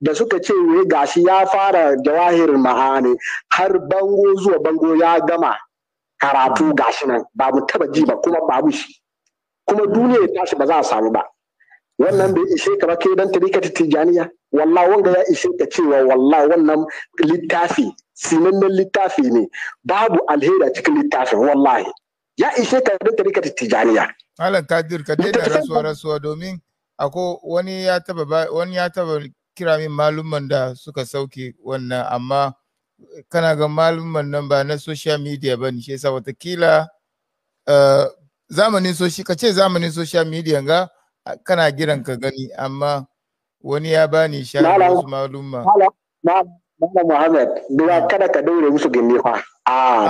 da suka ce wai gashi ya fara jawahirin ma'ani har bango zuwa bango ya gama karatu gashi nan ba mu taba ji ba kuma babu shi kuma duniya ya tashi ba za a samu ba wannan bai ishe ka ba ke dan tarikata tijaniya wallahi wanga ya ishe ka cewa wallahi wannan littafi sinannen littafi ne babu alheri a cikin littafin wallahi ya ishe ka dan tarikata tijaniya malam kadir ka daina rasuwa rasuwa domin akwai wani ya taba wani ya taba kira min malumman da suka sauke wannan amma kana ga malumman nan ba na social media ba ne shi yasa watakila eh, zamanin social ka ce zamanin social media ga kana giran ka gani amma wani ya bani shari'a wasu malumma Mala Muhammad, duba ah. kada ka daure musu gindi fa. Ah, ah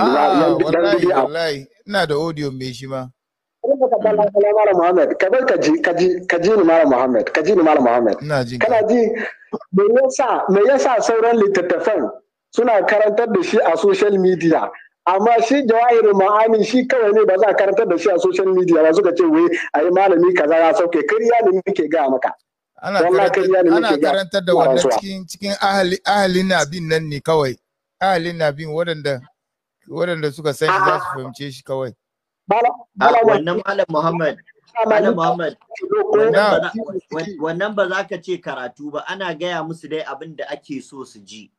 wallahi, wallahi, ina da audio mai shi ma. Malam Muhammad, ka bar ka ji ni Malam Muhammad, ka ji ni Malam Muhammad. Kana ji me yasa sauran littattafan suna karantar da shi a social media amma shi jawahirin ma'ani shi kawai ne ba za a karantar da shi a social media ba suka ce wai a yi malami kaza ya sauke kariya ne muke gaya maka ana karantar da wannan cikin ahalin ahali nan ne kawai ahalin na waɗanda waɗanda suka san za su fahimce shi kawai Ah, wannan malam Muhammad malam Muhammad wannan ba za ka ce karatu ba ana gaya musu dai abin da ake so su ji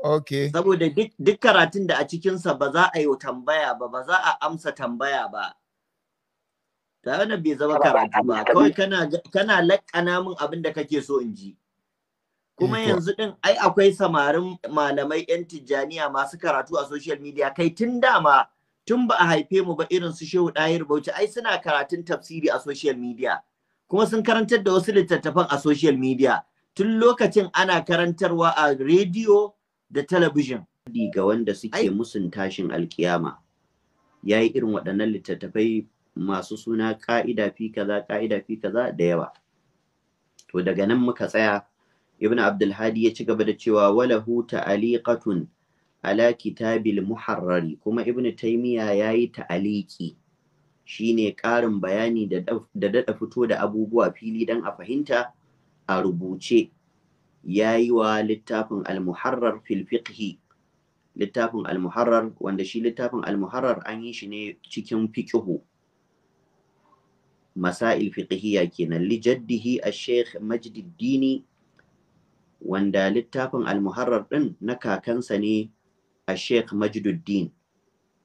Okay. Saboda duk karatun da a cikinsa ba za a yi tambaya ba, ba za a amsa tambaya ba. ta yana bai zama karatu ba kawai kana kana lakkana min abin da kake so in ji kuma yanzu ɗin, ai akwai samarin malamai yan tijjaniya masu karatu a social media kai tun dama tun ba a haife mu ba irin su Shehu Dahir Bauchi ai suna karatun tafsiri a social media kuma sun karantar da wasu littattafan a social media tun lokacin ana karantarwa a rediyo da talabijin ga wanda suke musun tashin alkiyama ya yi irin waɗannan littattafai masu suna ka'ida fi kaza ka'ida fi kaza da yawa to daga nan muka tsaya ibn abdulhadi ya ci gaba da cewa walahu ta'aliqatun ala kitabil muharrari kuma ibn ya yayi ta'aliki shine ƙarin bayani da daɗa fito da abubuwa fili don a fahimta a rubuce ya yi wa littafin almuharrar filfiqhi littafin almuharrar wanda shi littafin almuharrar an yi shi ne cikin fiƙihu masail fiqhiyya kenan li jaddihi ash-shaykh majduddini wanda littafin almuharrar din na kakansa ne Sheikh Majduddin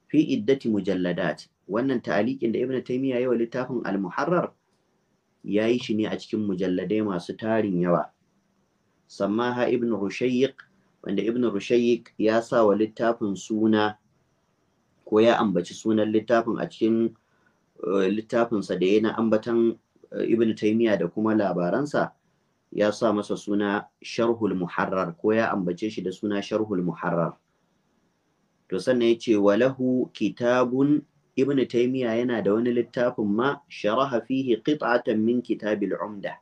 fi iddati mujalladat wannan ta'alikin da Ibn Taymiyyah yawa littafin Al-Muharrar ya yi shi ne a cikin mujalladai masu tarin yawa sammaha Ibn Rushayyiq wanda Ibn Rushayyiq ya sa wa littafin suna ko ya ambaci sunan littafin a cikin eh, littafinsa da ya na ambatan eh, Ibn Taymiyyah da kuma labaransa ya sa masa suna Sharhul Muharrar ko ya ambace shi da suna Sharhul Muharrar to sannan yace walahu kitabun ibn taymiya yana da wani littafin ma sharaha fihi qit'atan min kitabil umda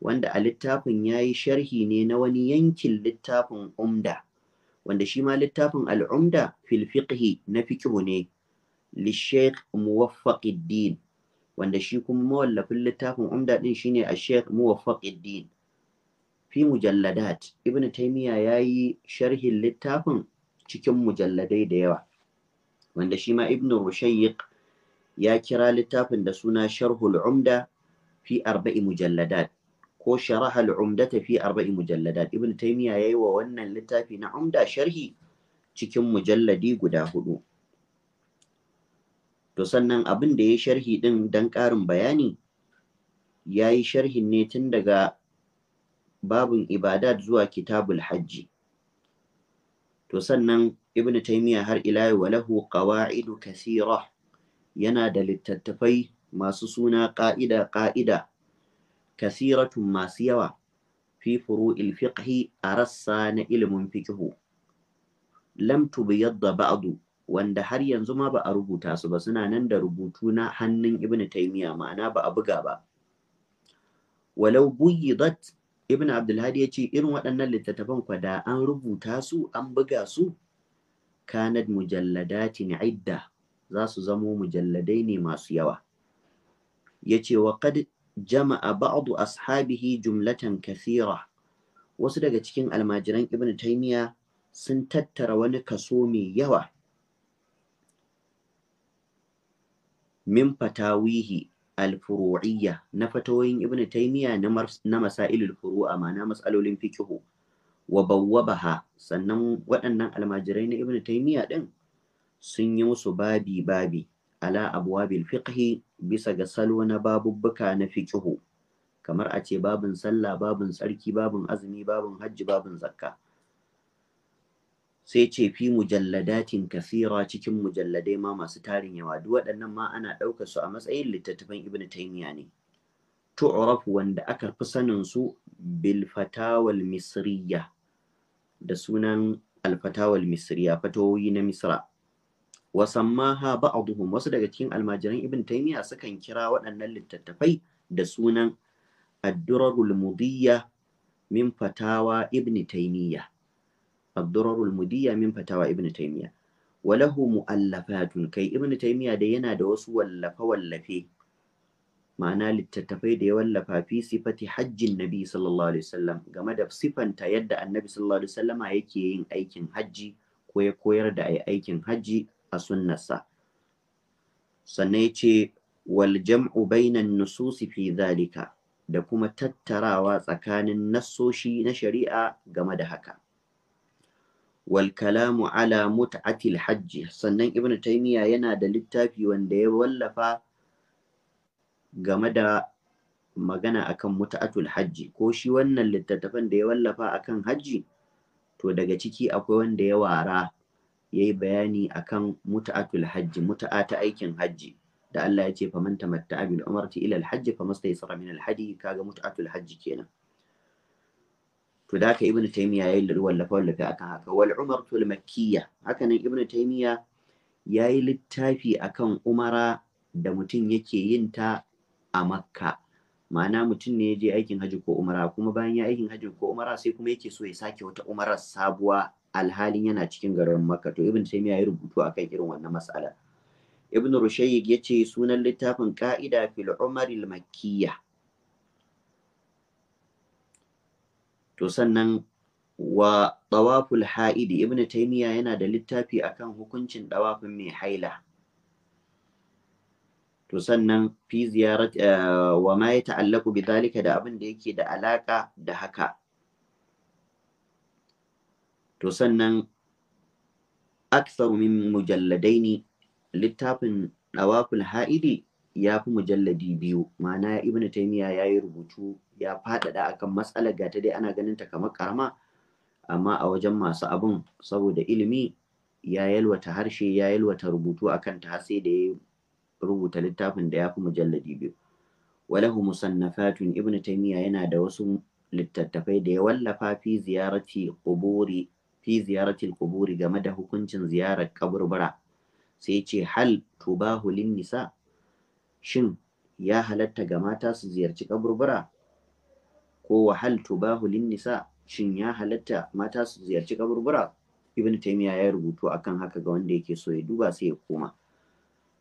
wanda a littafin yayi sharhi ne na wani yankin littafin umda wanda shi ma littafin al'umda fil fiqhi na fiqhu ne li موفق muwaffaqiddin wanda shi kuma mawallafin littafin umda din shine a sheikh muwaffaqiddin fi mujalladat ibn taymiya yayi sharhin littafin cikin mujalladai da yawa wanda shi ma ibn rushayyiq ya kira littafin da suna sharhul umda fi arba'i mujalladat ko sharhal umdata fi arba'i mujalladat ibn taymiya yayi wa wannan littafi na umda sharhi cikin mujalladi guda hudu to sannan abin da ya sharhi din dan ƙarin bayani ya yi sharhin ne tun daga babun ibadat zuwa kitabul hajji to sannan ibnu taymiya har ila wa lahu qawaidu kathira yana da littattafai masu suna ƙa'ida ƙa'ida kasiratun masu yawa fi furu'il fiqhi a rassa na ilimin fiqhu lam tubyadda ba'du wanda har yanzu ma ba a rubuta su ba suna nan da rubutu na hannun ibn taymiya ma'ana ba a buga ba walau buyidat ibn abdulhadi ya ce irin waɗannan littattafan kwada an rubuta su an buga su kanad mujalladatin idda za su zamo mujalladai ne masu yawa ya ce wa kad jama'a ba'du ashabihi jumlatan kathira wasu daga cikin almajiran ibn taymiya sun tattara wani kaso mai yawa min fatawihi alfuru'iyya na fatawoyin Ibn Taymiyyah na masailul furu'a ma'ana matsalolin fiqhu wa bawwabaha sannan waɗannan almajirai na Ibn Taymiyyah din sun yi musu babi babi ala abwabil fiqhi bisa ga salo na babubbuka na fiqhu kamar a ce babin sallah babin tsarki babin azumi babin hajji babin zakka sai ce fi mujalladatin kasira cikin mujalladai ma masu tarin yawa duk waɗannan ma ana ɗaukar su a matsayin littattafan ibn taymiya ne tu'raf wanda aka fi sanin su bil fatawal misriya da sunan al fatawal misriya fatawoyi na misra a ba'dhum wasu daga cikin almajiran ibn taymiya sukan kira waɗannan littattafai da sunan ad-durarul mudiyya min fatawa ibn taymiya الضرر المدية من فتاوى ابن تيمية وله مؤلفات كي ابن تيمية دينا دوس ولف ولفي معنى للتتفي دي ولف في صفة حج النبي صلى الله عليه وسلم كما دب صفة تيد النبي صلى الله عليه وسلم يكي أيكين حجي كوي كوير دا أيكين حجي السنة سا سنيتي والجمع بين النصوص في ذلك da kuma tattarawa tsakanin nassoshi na shari'a game da haka. wal kalamu ala mut'atil hajji sannan ibn taymiya yana da littafi wanda ya wallafa game da magana akan mut'atul hajji ko shi wannan littattafan da ya wallafa akan hajji to daga ciki akwai wanda ya wara ya yi bayani akan mut'atul hajji mut'a ta aikin hajji da Allah ya ce faman tamatta'a bil umrati ila al hajji famastaysara min al hadi kaga mut'atul hajji kenan to da haka ibnu taymiya yayi wallafe wallafe akan haka wal umartul makkiya haka nan ibnu taymiya yayi littafi akan umara da mutum yake yin ta a makka ma'ana mutum ne ya je aikin hajji ko umara kuma bayan ya aikin haji ko umara sai kuma yake so ya sake wata umarar sabuwa alhalin yana cikin garin makka to ibn taymiya ya rubutu akan irin wannan mas'ala ibn rushayyik ce sunan littafin ka'ida fil umar al to sannan wa tawaful ha'idi ibnu taymiya yana da littafi akan hukuncin tawafin mai haila to sannan fi ziyarat eh, wa ma ya ta'allaku bi zalika da abin da yake da alaka da haka to sannan aksar min mujalladaini littafin tawaful ha'idi ya fi mujalladi biyu ma'ana ibnu taymiya ya yi rubutu ya faɗaɗa akan matsalar ta dai ana ganin ta kamar karama amma a wajen masu abin, saboda ilimi ya yalwata harshe ya yalwata rubutu akan ta har sai da ya rubuta littafin da ya fi mujalladi biyu walahu musannafatun ibn taymiya yana da wasu littattafai da ya wallafa fi ziyarati quburi fi game da hukuncin ziyarar kaburbura sai ce hal tubahu lin nisa shin ya halatta ga mata su ziyarci kaburbura ko wahal tubahu lin nisa shin ya halatta mata su ziyarci kaburbura ibn taymiya ya rubutu akan haka ga wanda yake so ya duba sai ya koma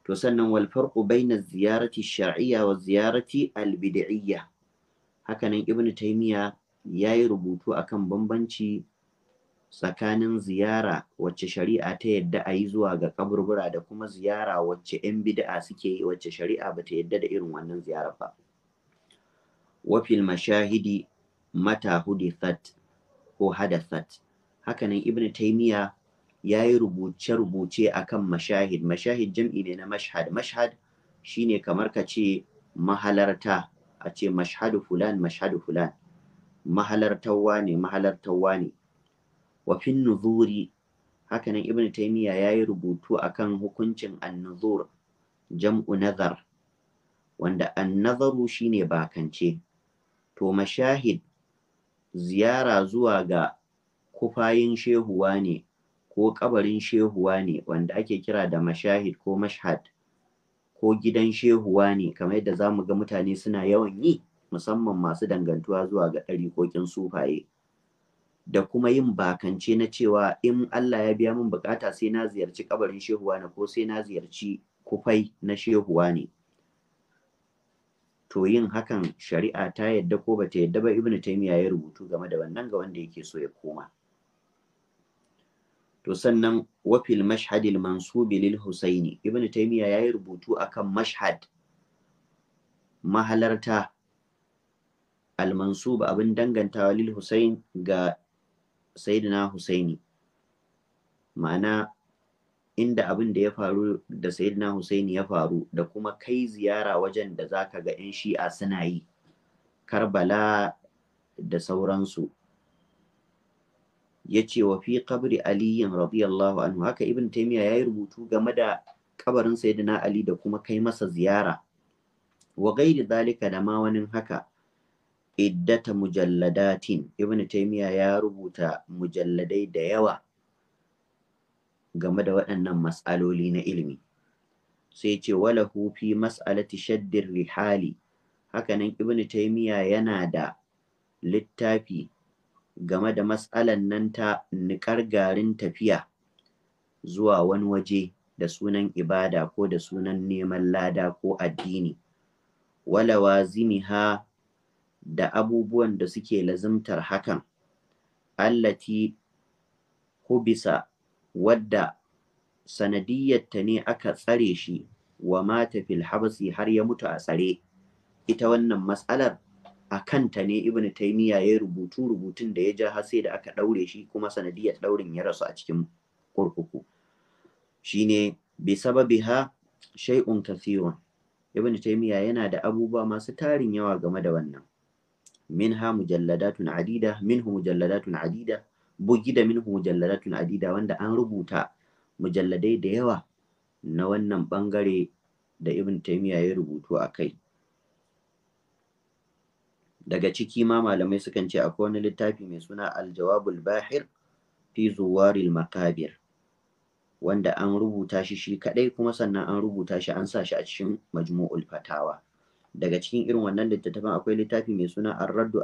to sannan wal farqu baina ziyarati shar'iyya wa ziyarati al bid'iyya hakanan ibn taymiya yi rubutu akan bambanci tsakanin ziyara wacce shari'a ta yadda a yi zuwa ga kaburbura da kuma ziyara wacce 'yan bid'a suke yi wacce shari'a ba ta yadda da irin wannan ziyara ba wafil mashahidi mata hudithat ko hadathat hakanan ibnu taymiya ya yi rubuce-rubuce akan mashahid mashahid jam'i ne na mashhad mashhad shine kamar ka ce mahalarta a ce mashhadu fulan mashhadu fulan mahalartawa ne mahalartawa ne wafin nuzuri hakanan ibnu taymiya ya yi rubutu akan hukuncin annuzur jam'u nazar wanda annazaru shine bakance to mashahid ziyara zuwa ga kufayin shehuwa ne ko kabarin shehuwa ne wanda ake kira da mashahid ko mashhad ko gidan shehuwa ne kamar yadda za mu ga mutane suna yawan yi musamman masu dangantuwa zuwa ga kokin sufaye da kuma yin bakance na cewa in Allah ya biya min bukata sai na ziyarci kabarin shehuwa ne ko sai na ziyarci kufai na shehuwa ne. to yin hakan shari'a ta yadda ko bata yadda ba ibnu taymiya ya rubutu game da wannan ga wanda yake so ya koma to sannan wafil mashhadil mansubi lil husaini ibnu taymiya yi rubutu akan mashhad mahalarta al mansub abin dangantawa lil husain ga sayyidina husaini ma'ana inda abin da ya faru da sayyidina Husaini ya faru da kuma kai ziyara wajen da za ka ga 'yan shi'a suna yi Karbala da sauransu ya ce wa fi kabri aliyin radiyallahu anhu haka ibn taimiya ya yi rubutu game da kabarin sayyidina ali da kuma kai masa ziyara wa gairi zalika da ma wani haka iddata mujalladatin ibn taimiya ya rubuta mujalladai da yawa game da waɗannan matsaloli na ilimi sai ce wala fi mas'alati shaddir rihali hakanan ibnu taymiya yana da littafi game da matsalan nan ta niƙar garin tafiya zuwa wani waje da sunan ibada ko da sunan neman lada ko addini wala ziniha, da abubuwan da suke lazimtar hakan allati hubisa wadda sanadiyyarta ne aka tsare shi wa mata fil habsi har ya mutu a tsare ita wannan matsalar a kanta ne ibnu taymiya ya rubutu rubutun da ya ja har sai da aka daure shi kuma sanadiyyar daurin ya rasu a cikin kurkuku shine bi ha shay'un kathirun ibnu taymiya yana da abubuwa masu tarin yawa game da wannan minha mujalladatun adida minhu mujalladatun adida bugi da minhu mujalladatun adida wanda an rubuta mujalladai da yawa na wannan bangare da ibn taymiya ya rubutu a kai daga ciki ma malamai sukan ce akwai wani littafi mai suna aljawabul bahir fi zuwaril makabir wanda an rubuta shi shi kadai kuma sannan an rubuta shi an sa shi a cikin majmu'ul fatawa daga cikin irin wannan littattafan akwai littafi mai suna arraddu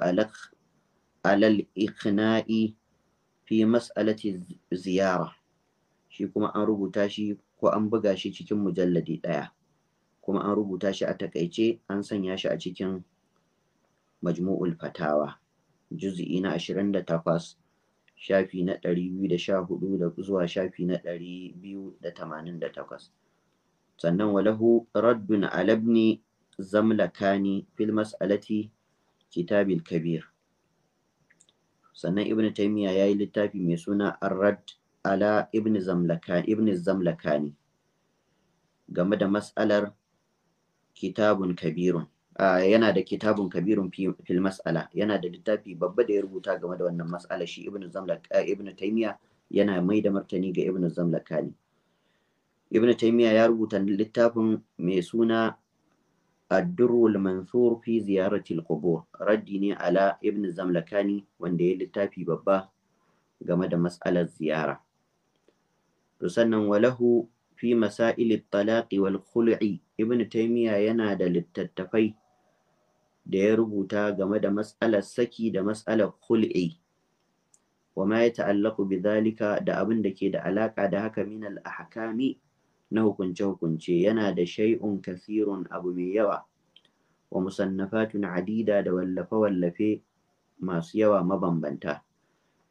alal ikhna'i fi mas'alati ziyara shi kuma an rubuta shi ko an buga shi cikin mujalladi ɗaya kuma an rubuta shi a takaice an sanya shi a cikin majmu'ul fatawa juz'i na 28 shafi na 214 da zuwa shafi na 288 sannan walahu raddun alabni zamlakani fil mas'alati kitabil kabir sannan ibn taymiya ya yi littafi mai suna arrad ala ibn zamlakani ibn zamlakani game da mas'alar kitabun kabirun yana da kitabun kabirun fil mas'ala yana da littafi babba da ya rubuta game da wannan mas'ala shi ibn Taimiyya yana mai da martani ga ibn zamlakani ibn taymiya ya rubuta littafin mai suna الدر المنثور في زيارة القبور ردني ala ابن zamlakani wanda ya yi littafi babba game da mas'alar ziyara to sannan walahu fi masaili talaqi wal khul'i ibn taymiya yana da littattafai da ya rubuta game da mas'alar saki da mas'alar khul'i wa ya ta'allaku bidhalika da abin da ke da alaƙa da haka min al ahkami na hukunce-hukunce yana da shay'un kasirun abu mai yawa wa musannafatun adida da wallafe-wallafe masu yawa mabambanta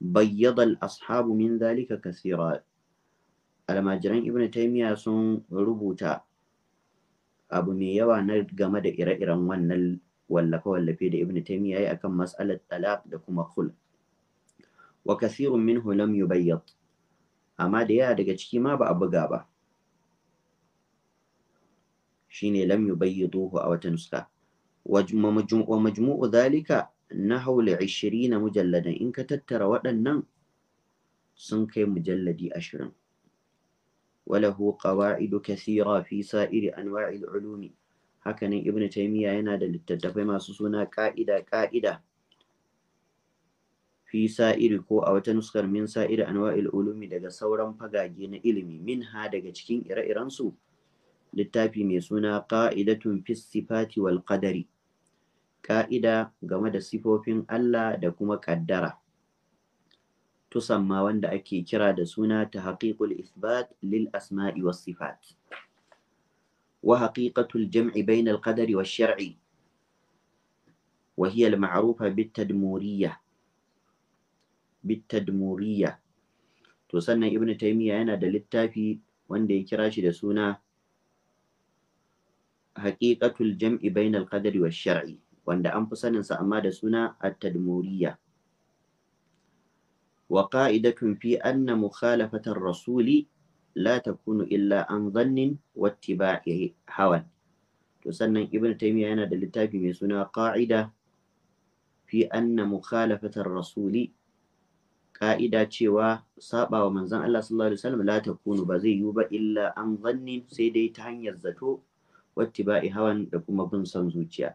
bayyadal ashabu min zalika kasira almajiran ibn taymiya sun rubuta abu mai yawa na game da ire-iren wannan wallafe-wallafe da ibn taymiya ya akan mas'alar talaq da kuma kul. wa kasirun minhu lam yubayyad amma da yawa daga ciki ma ba a buga ba shine lam yubayyiduhu a wata nuska wa majmu'u dhalika nahwu li 20 mujalladan in ka tattara waɗannan sun kai mujalladi 20 walahu qawa'idu kathira fi sa'iri anwa'il ulumi hakanan ibnu taymiya yana da littattafai masu suna ka'ida ka'ida fi sa'iri ko a wata nuskar min sa'iri anwa'il ulumi daga sauran fagage na ilimi minha daga cikin ire-irensu su littafi mai suna ƙa'idatun fis sifati wal qadari ƙa'ida game da sifofin Allah da kuma ƙaddara tusamma wanda ake kira da suna ta haƙiƙul isbat lil asma'i was sifat wa haƙiƙatul jam'i bainal qadari wa shar'i wa hiya al ma'rufa bit tadmuriyya to sannan ibnu taymiya yana da littafi wanda ya kira shi da suna haƙiƙatul jam'i bainal qadari wa shar'i wanda an fi saninsa amma da suna at-tadmuriyya wa qa'idatun fi anna mukhalafatar rasuli la takunu illa an dhannin wa ittiba'i hawan to sannan ibnu taymiya yana da littafi mai suna qa'ida fi anna mukhalafatar rasuli ka'ida cewa saba wa manzon Allah sallallahu alaihi wasallam la takunu ba zai yiwu ba illa an zannin sai dai ta hanyar zato wattiba'i hawan da kuma bin son zuciya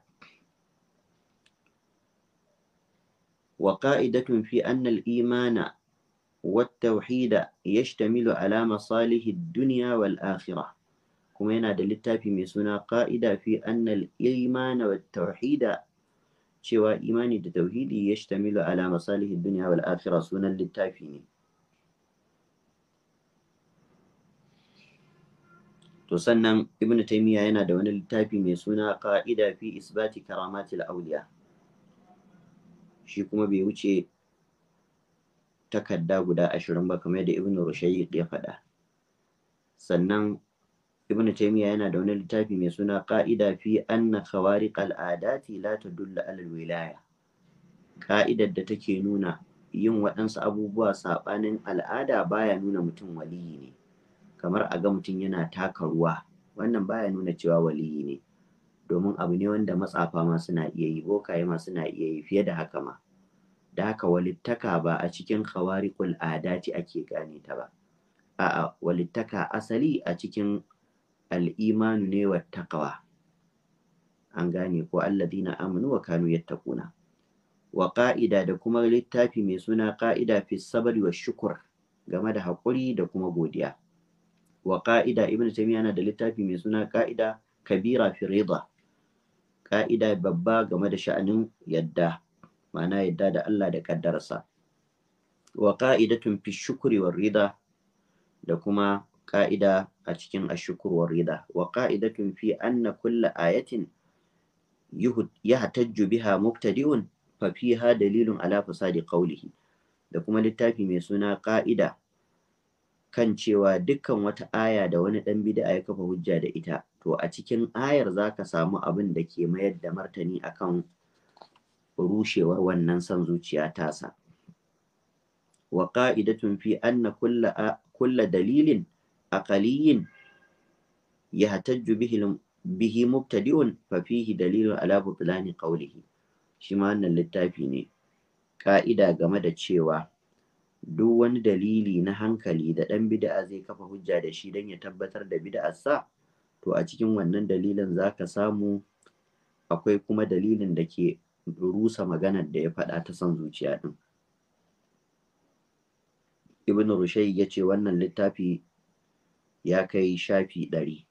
wa qa'idatun fi anna al-imana wa at-tauhid yashtamilu ala masalih duniya dunya wal akhirah kuma yana da littafi mai suna qa'ida fi anna al-imana wa at cewa imani da tauhidi yashtamilu ala masalih duniya dunya wal akhirah sunan littafi ne to sannan ibnu taymiya yana da wani littafi mai suna qa'ida fi isbati karamatil awliya shi kuma bai wuce takarda guda ashirin ba kamar yadda ibnu rushayyid ya faɗa sannan ibnu taymiya yana da wani littafi mai suna qa'ida fi anna khawariq adati la tadullu ala wilaya ka'idar da take nuna yin waɗansu abubuwa saɓanin al'ada baya nuna mutum waliyi ne kamar a ga mutum yana taka ruwa wannan baya nuna cewa waliyi ne domin abu ne wanda matsafa ma suna iya yi bokaye ma suna iya yi fiye da haka ma da haka walittaka ba a cikin khawariqul adati ake gane ta ba a'a walittaka asali a cikin al'imanu ne wa taqwa an gane ko alladina amanu wa kanu yattaquna wa ƙa'ida da kuma littafi mai suna ƙa'ida fi sabri wa shukur game da haƙuri da kuma godiya wa ka'ida ibn taymiya yana da littafi mai suna ka'ida kabira fi rida ka'ida babba game da sha'anin yadda ma'ana yadda da Allah da kaddarsa wa ka'idatun fi shukri wa da kuma ka'ida a cikin ashukur wa rida wa ka'idatun fi anna kulla ayatin yahtajju biha mubtadi'un fa fiha dalilun ala fasadi qawlihi da kuma littafi mai suna ka'ida kan cewa dukkan wata aya da wani ɗan bid'a ya kafa hujja da ita to a cikin ayar za ka samu abin da ke mayar da martani akan rushewar wannan son zuciya tasa wa qa'idatun fi anna kulla kulla dalilin aqaliyyin yahtajju bihi bihi mubtadi'un fa fihi dalilun ala butlani qawlihi shi ma wannan littafi ne ka'ida game da cewa duk wani dalili na hankali da ɗan bida'a zai kafa hujja da shi don ya tabbatar da sa to a cikin wannan dalilin za ka samu akwai kuma dalilin da ke rusa maganar da ya faɗa ta son zuciya ɗin ibn rushai ya ce wannan littafi ya kai shafi ɗari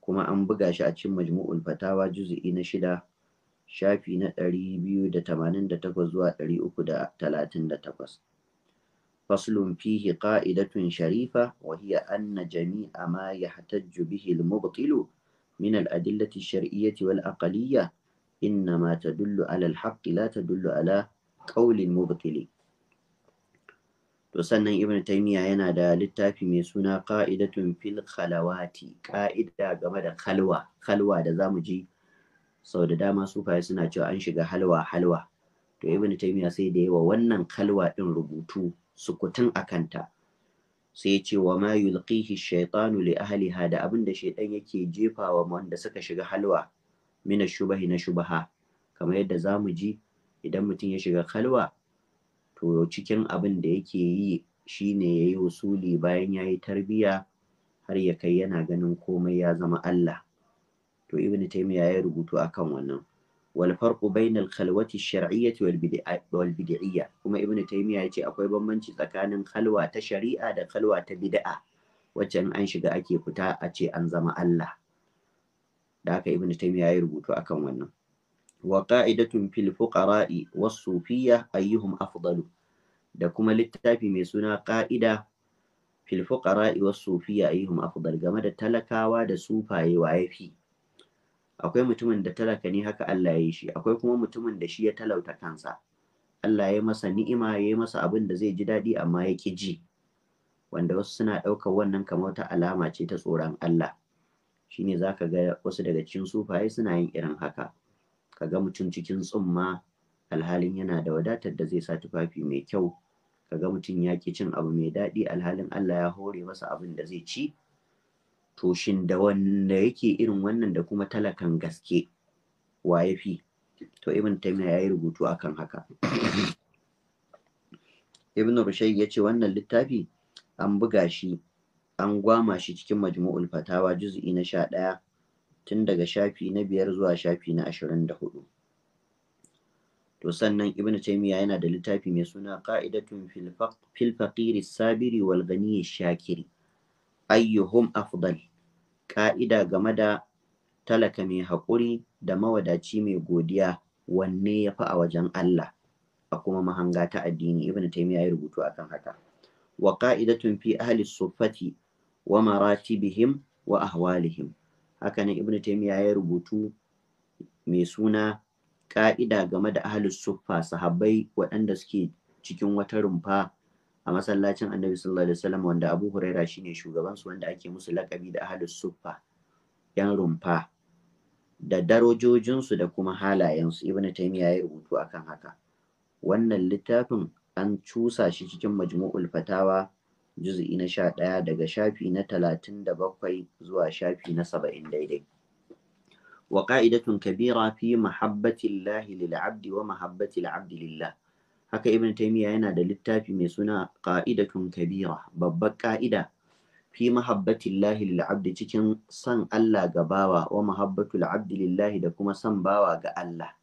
kuma an buga shi a cikin majmu'ul fatawa juzu'i na shida shafi na ɗari biyu da tamanin da takwas zuwa ɗari uku da talatin da takwas فصل فيه قائدة شريفة وهي أن جميع ما يحتج به المبطل من الأدلة الشرعية والأقلية إنما تدل على الحق لا تدل على قول المبطل وسنن ابن تيمية هنا دا للتافي ميسونا قائدة في الخلوات قائدة جمد خلوة خلوة دا زامجي sau da dama sufaye suna cewa an shiga halwa halwa to ibn taymiya sai da yawa wannan kalwa din rubutu sukutun a kanta sai ce wa ma yulqihi shaytanu li ahliha da abin da shaytan yake jefawa wanda suka shiga halwa mina shubahi na shubaha kamar yadda zamu ji idan mutum ya shiga halwa to cikin abin da yake yi shi shine yayi usuli bayan yayi tarbiyya, har ya kai yana ganin komai ya zama Allah to ibnu taymiya ya rubutu akan wannan والفرق بين الخلوة الشرعية والبدعية كما ابن تيمية يتي أكوي بمبنشي تكان خلوة تشريعة دا خلوة بدعة وجن أن شغا أكي فتا أتي أنزم الله داك ابن تيمية يربط أكم ونم وقاعدة في الفقراء والصوفية أيهم أفضل da kuma littafi mai suna ƙa'ida fil fuqara'i was sufiya ayyuhum afdal game da talakawa da sufaye waye fi akwai mutumin da talaka ne haka Allah ya yi shi akwai kuma mutumin da shi ya talauta kansa Allah ya yi masa ni'ima ya yi masa abin da zai ji daɗi amma ya ki ji wanda wasu suna ɗaukar wannan kamar wata alama ce ta tsoron Allah shine za ka ga wasu daga cikin sufaye suna yin irin haka ka ga mutum cikin tsumma alhalin yana da wadatar da zai sa tufafi mai kyau ka ga mutum ya ki cin abu mai daɗi alhalin Allah ya hore masa abin da zai ci to shin da wanda yake irin wannan da kuma talakan gaske wa ya fi to ibn taymiya ya yi rubutu akan haka ibn rushayy ya ce wannan littafi an buga shi an gwama shi cikin majmu'ul fatawa juz'i na sha ɗaya tun daga shafi na biyar zuwa shafi na ashirin da hudu to sannan ibn taymiya yana da littafi mai suna qa'idatun fil sabiri wal ghani shakiri ayyuhum afdal ka'ida game da talaka mai haƙuri da mawadaci mai godiya wanne ya fi a wajen Allah a kuma mahanga ta addini ibn taymiya ya rubutu akan haka wa qa'idatun fi ahli suffati wa maratibihim wa ahwalihim haka ne ibn taymiya ya rubutu mai suna ƙa'ida game da ahli suffa sahabbai waɗanda suke cikin wata rumfa a masallacin annabi sallallahu alaihi wasallam wanda abu huraira shine shugaban su wanda ake musu lakabi da ahlus suffa yan rumfa da darojojinsu da kuma halayensu ibn taymiya ya rubutu akan haka wannan littafin an cusa shi cikin majmu'ul fatawa juz'i na sha ɗaya daga shafi na talatin da bakwai zuwa shafi na saba'in daidai wa ka'idatun kabira fi mahabbati llahi abdi wa mahabbati abdi lillah haka ibn taymiya yana da littafi mai suna qa'idatun kabira babbar ka'ida fi mahabbatillahi lil abdi cikin san Allah ga bawa wa mahabbatul abdi lillahi da kuma san bawa ga Allah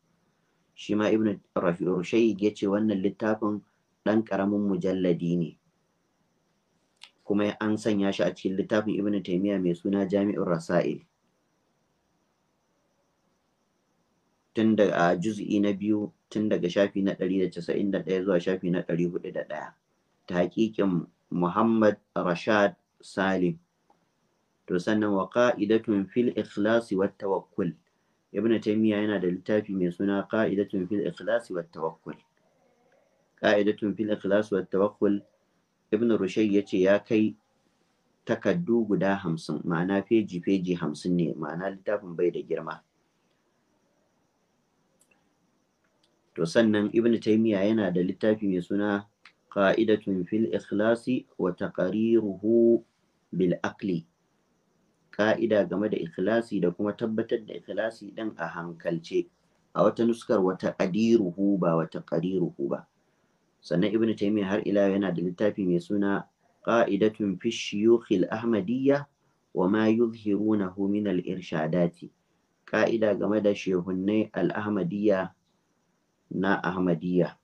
shi ma ibn rafi'ur ya ce wannan littafin dan karamin mujalladi ne kuma an sanya shi a cikin littafin ibn taymiya mai suna jami'ur rasail tun da a juz'i na biyu tun daga shafi na ɗaya zuwa shafi na ɗari ɗaya ta hakikin Muhammad Rashad Salim to sannan wa qa'idatun fil ikhlasi wa tawakkul Ibn Taymiyyah yana da littafi mai suna qa'idatun fil ikhlasi wa tawakkul qa'idatun fil ikhlasi wa tawakkul Ibn Rushay yace ya kai takardu guda hamsin ma'ana feji feji hamsin ne ma'ana littafin bai da girma to sannan ibn taymiya yana da littafi mai suna qa'idatun fil ikhlasi wa taqariruhu bil aqli ka'ida game da ikhlasi da kuma tabbatar da ikhlasi ɗin a hankalce a wata nuskar wata qadiruhu ba wata qariruhu ba sannan ibn taymiya har ila yana da littafi mai suna ƙa'idatun fi ahmadiyya wa ma yuzhirunahu min al irshadati ka'ida game da shehunnai al ahmadiyya na ahmadiyya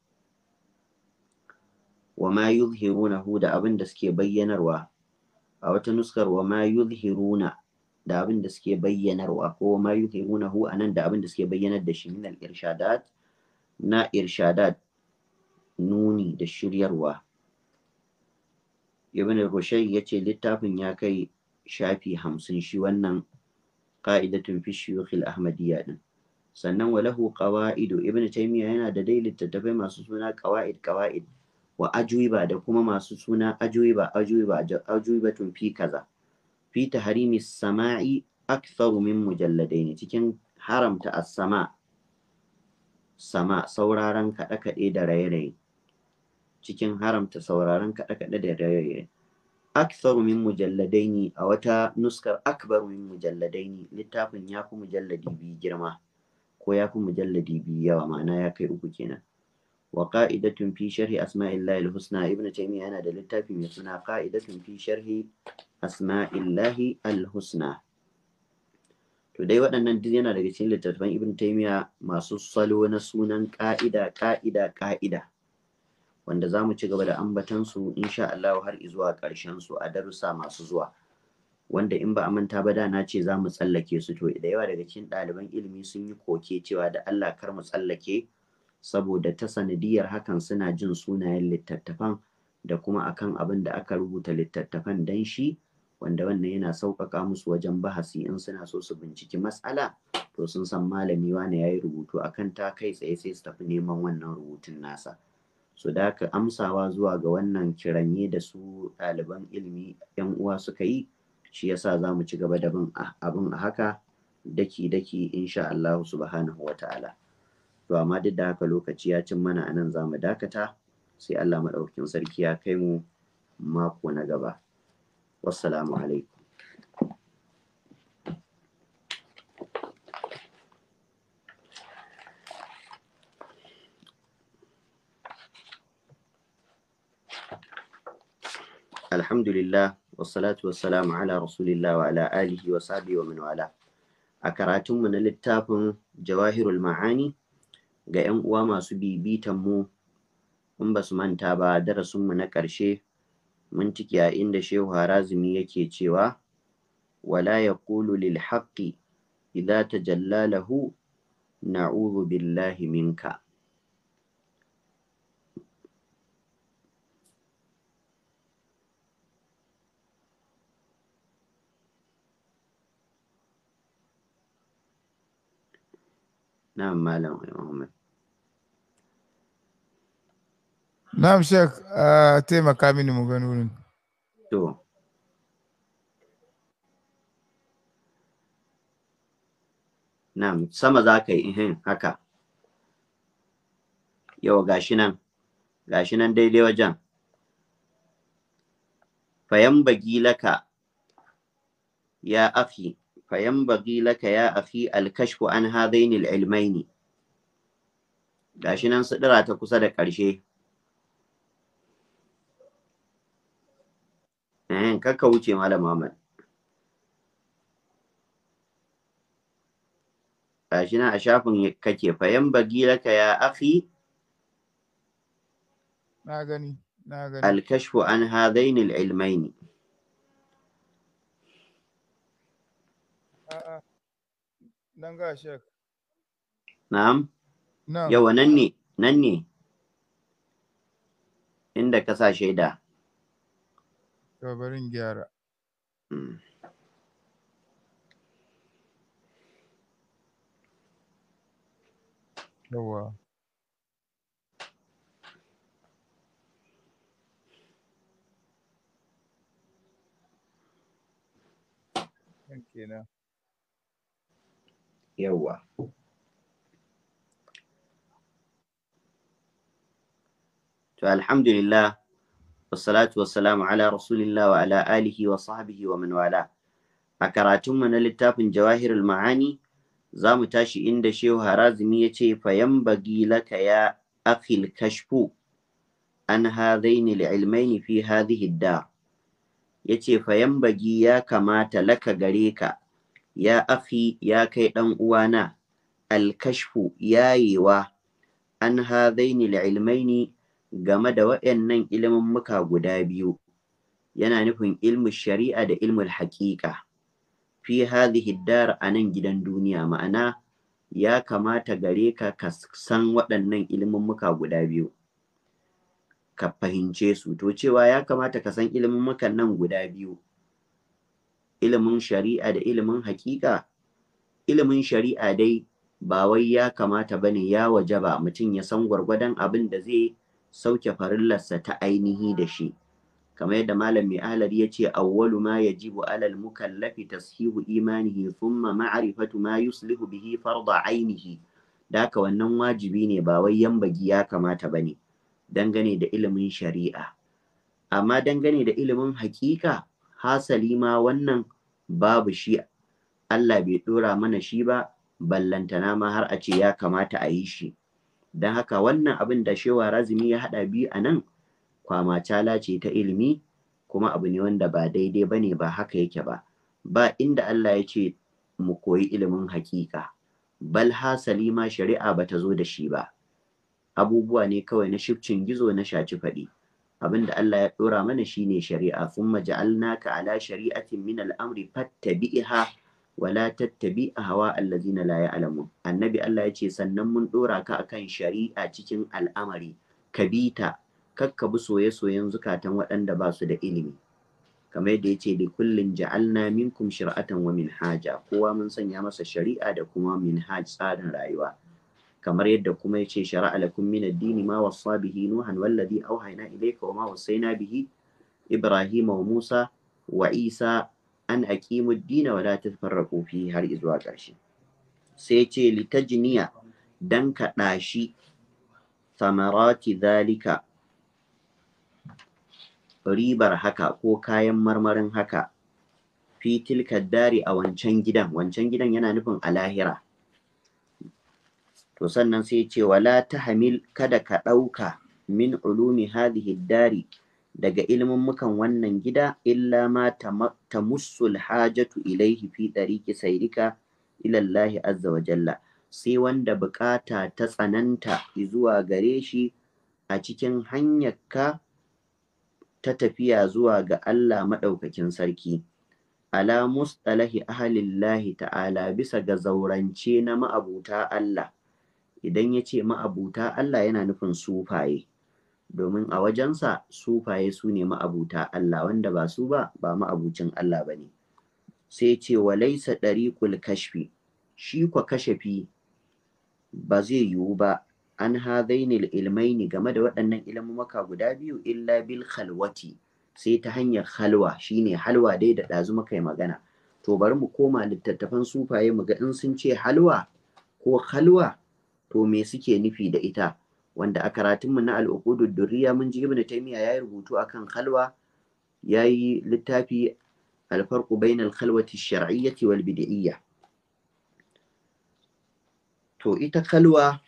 wa ma hu, da abin da suke bayyanarwa a wata nuskar wa ma yuzhiruna da abin da suke bayyanarwa ko wa ma hu anan da abin da suke bayyanar da shi min al irshadat na irshadat nuni da shiryarwa ibn rushai ya ce littafin ya kai shafi hamsin shi wannan ka'idatun fi shiyukhil ahmadiyya din sannan walahu qawa'idu ibnu taymiya yana da dai littattafai masu suna qawa'id qawa'id wa ajuiba da kuma masu suna ajuiba ajuiba tun fi kaza fi taharimi sama'i aktharu min mujalladain cikin haramta as-sama sama sauraron kaɗe-kaɗe da raye-raye cikin haramta sauraron kaɗe-kaɗe da raye-raye mujalladain a wata nuskar akbaru min mujalladain littafin ya fi mujalladi مجلدي girma ko ya fi mujalladi biyu yawa ma'ana ya kai uku kenan wa qa'idatun fi sharhi asma'illahi al-husna ibnu taymiya yana da littafi mai suna qa'idatun fi sharhi asma'illahi al-husna to dai waɗannan duk yana daga cikin littattafan ibn taymiya masu salo na sunan ƙa'ida ƙa'ida ƙa'ida wanda za mu ci gaba da ambatansu insha Allah har zuwa ƙarshen su a darussa masu zuwa wanda in ba a manta ba da na ce za mu tsallake su to da yawa daga cikin ɗaliban ilimi sun yi koke cewa da Allah kar mu tsallake saboda ta sanadiyar hakan suna jin sunayen littattafan da kuma akan abin da aka rubuta littattafan dan shi wanda wannan yana sauƙaƙa musu wajen bahasi in suna so su binciki matsala to sun san malami wane ya yi rubutu akan ta kai tsaye sai su tafi neman wannan rubutun nasa. su da amsawa zuwa ga wannan kiranye da su ɗaliban ilimi yan uwa suka yi shi yasa za mu ci gaba da bin abin a haka daki-daki insha Allah subhanahu wa ta'ala to amma duk da haka lokaci ya cin mana anan za mu dakata sai Allah maɗaukakin sarki ya kai mu mako na gaba wassalamu alaikum Alhamdulillah wassalatu wassalamu ala rasulillah wa ala alihi wa sahbihi wa man wala. A karatunmu na littafin Jawahirul Ma'ani ga 'yan uwa masu bibitan mu in ba su manta ba darasinmu na ƙarshe mun tiki a inda Shehu Harazumi yake cewa wala yaqulu lil haqqi idza tajalla lahu na'udhu billahi minka Na'am Malam Muhammad. Na'am Sheikh taimaka mini mu gani wurin. To. Na'am sama za ka yi ihin eh, haka. Yau gashi nan, gashi nan daidai wajen. Fayan bagi laka ya afi Fayan laka ya فينبغي لك يا أخي الكشف عن هذين العلمين gashi nan sidira ta kusa da ƙarshe eh kakka wuce malam Muhammad gashi nan a shafin kake fayan bagi laka ya akhi na gani na gani al-kashfu an hadain al-ilmaini Nan ga shek. Na'am? Na'am. Yawa nan ne, nan ne. Inda ka sa shaida. To barin gyara. Thank you now. yawwa to alhamdulillah wassalatu wassalamu ala rasulillah wa ala alihi wa sahbihi wa man wala a karatunmu na littafin jawahirul ma'ani za mu tashi inda shehu harazimi ya ce fayan bagi laka ya akhil kashfu an hadaini li'ilmaini fi hadhihi dar yace fayan bagi ya kamata laka gare ka ya akhi ya kai ɗan uwana alkashfu yayewa an hadaini ilmaini game da waɗannan muka guda biyu yana nufin ilmin shari'a da ilmin haƙiƙa fi hadhihi dar a nan gidan duniya ma'ana ya kamata gare ka ka san waɗannan muka guda biyu ka fahimce su to cewa ya kamata ka san ilmummukan nan guda biyu ilimin shari'a da ilimin hakika ilimin shari'a dai ba wai ya kamata bane ya waje ba mutum ya san gwargwadon abin da zai sauke farillarsa ta ainihi da shi kamar yadda malam mai alar ya ce awwalu ma yajibu alal mukallafi tashihu imanihi thumma ma'rifatu ma yuslihu bihi farda ainihi daka wannan wajibi ne ba wai 'yan yambagi ya kamata bane dangane da ilimin shari'a amma dangane da ilimin hakika hasali ma wannan babu shi Allah bai ɗora mana shi ba ballantana ma har a ce ya kamata a yi shi don haka wannan abin da shewa razumi ya haɗa biyu a nan kwamacala ce ta ilimi kuma abu ne wanda ba daidai ba ne ba haka yake ba ba inda Allah ya ce mu koyi ilimin hakika bal hasali ma shari'a bata zo da shi ba abubuwa ne kawai na shifcin gizo na shaci faɗi. abin da Allah ya ɗora mana shine shari'a sun maja'alna ja'alnaka ala shari'atin min al'amri fattabi'ha wa la tattabi ahwa allazina la alamu. annabi Allah ya ce sannan mun ɗora ka akan shari'a cikin al'amari Ka kabita bi soye-soyen zukatan waɗanda ba su da ilimi kamar yadda ya ce da kullum ja'alna minkum shir'atan wa minhaja kowa mun sanya masa shari'a da kuma minhaj tsarin rayuwa kamar yadda kuma ya ce lakum min ad-din ma wassa bihi nuhan wallazi awhayna ilayka wa ma wassayna bihi ibrahim wa musa wa isa an aqimu ad-din wa la tafarraqu fihi har zuwa ƙarshe sai yace litajniya dan ka dashi samarati zalika ribar haka ko kayan marmarin haka fi tilka dari a wancan gidan wancan gidan yana nufin a lahira to sannan sai ce wala ta hamil kada ka ɗauka min ulumi hadhihi dari daga ilimin mukan wannan gida illa ma ta musul hajatu ilaihi fi dariki sairika ilallahi azza wa jalla sai wanda bukata ta tsananta zuwa gare shi a cikin hanyarka ta tafiya zuwa ga Allah maɗaukakin sarki. Ala mustalahi ahalillahi ta'ala bisa ga zaurance na ma'abuta Allah, idan ya ce ma'abuta Allah yana nufin sufaye domin a wajensa sufaye su ne ma'abuta Allah wanda ba su ba ba ma'abucin Allah ba ne sai ce wa laisa ɗariƙul kashfi shi kwa kashafi ba zai yiwu ba an hadainil ilmaini game da waɗannan maka guda biyu illa bil khalwati sai ta hanyar halwa shine halwa dai da ɗazu maka magana to bari mu koma littattafan sufaye mu ga in sun ce halwa ko halwa to me suke nufi da ita wanda a karatunmu na al'uqudud durriya mun ji ibnu taymiya yayi rubutu akan khalwa yayi littafi al-farqu bainal khalwati ash-shar'iyyati wal bid'iyyah to ita khalwa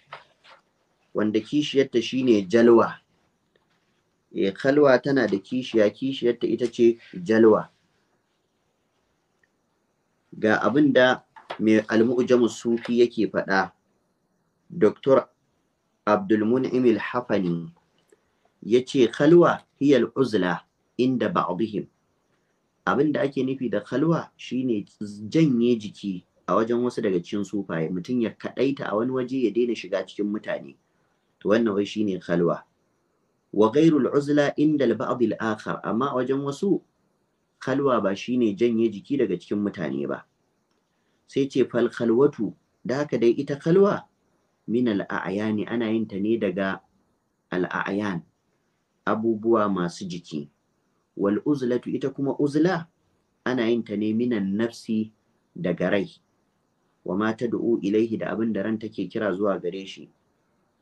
wanda kishiyarta shine jalwa e khalwa tana da kishiya kishiyarta ita ce jalwa ga abin da mai almu'jamus sufi yake faɗa Dr. Abdulmun'im al-Hafani ya ce kalwa hiyal uzla inda ba'dihim abin da ake nufi da khalwa shine janye jiki a wajen wasu daga cikin sufaye mutum ya kadaita a wani waje ya daina shiga cikin mutane to wannan wai shine kalwa. wa ghairul uzla inda al-ba'd al-akhar amma a wajen wasu kalwa ba shine janye jiki daga cikin mutane ba sai ce fal khalwatu da haka dai ita kalwa. min al'ayani ana yin ta ne daga al'ayan abubuwa masu jiki wal uzlatu ita kuma uzla ana yin ta ne minan nafsi daga rai wa ma da’u ilaihi da abin da ran take kira zuwa gare shi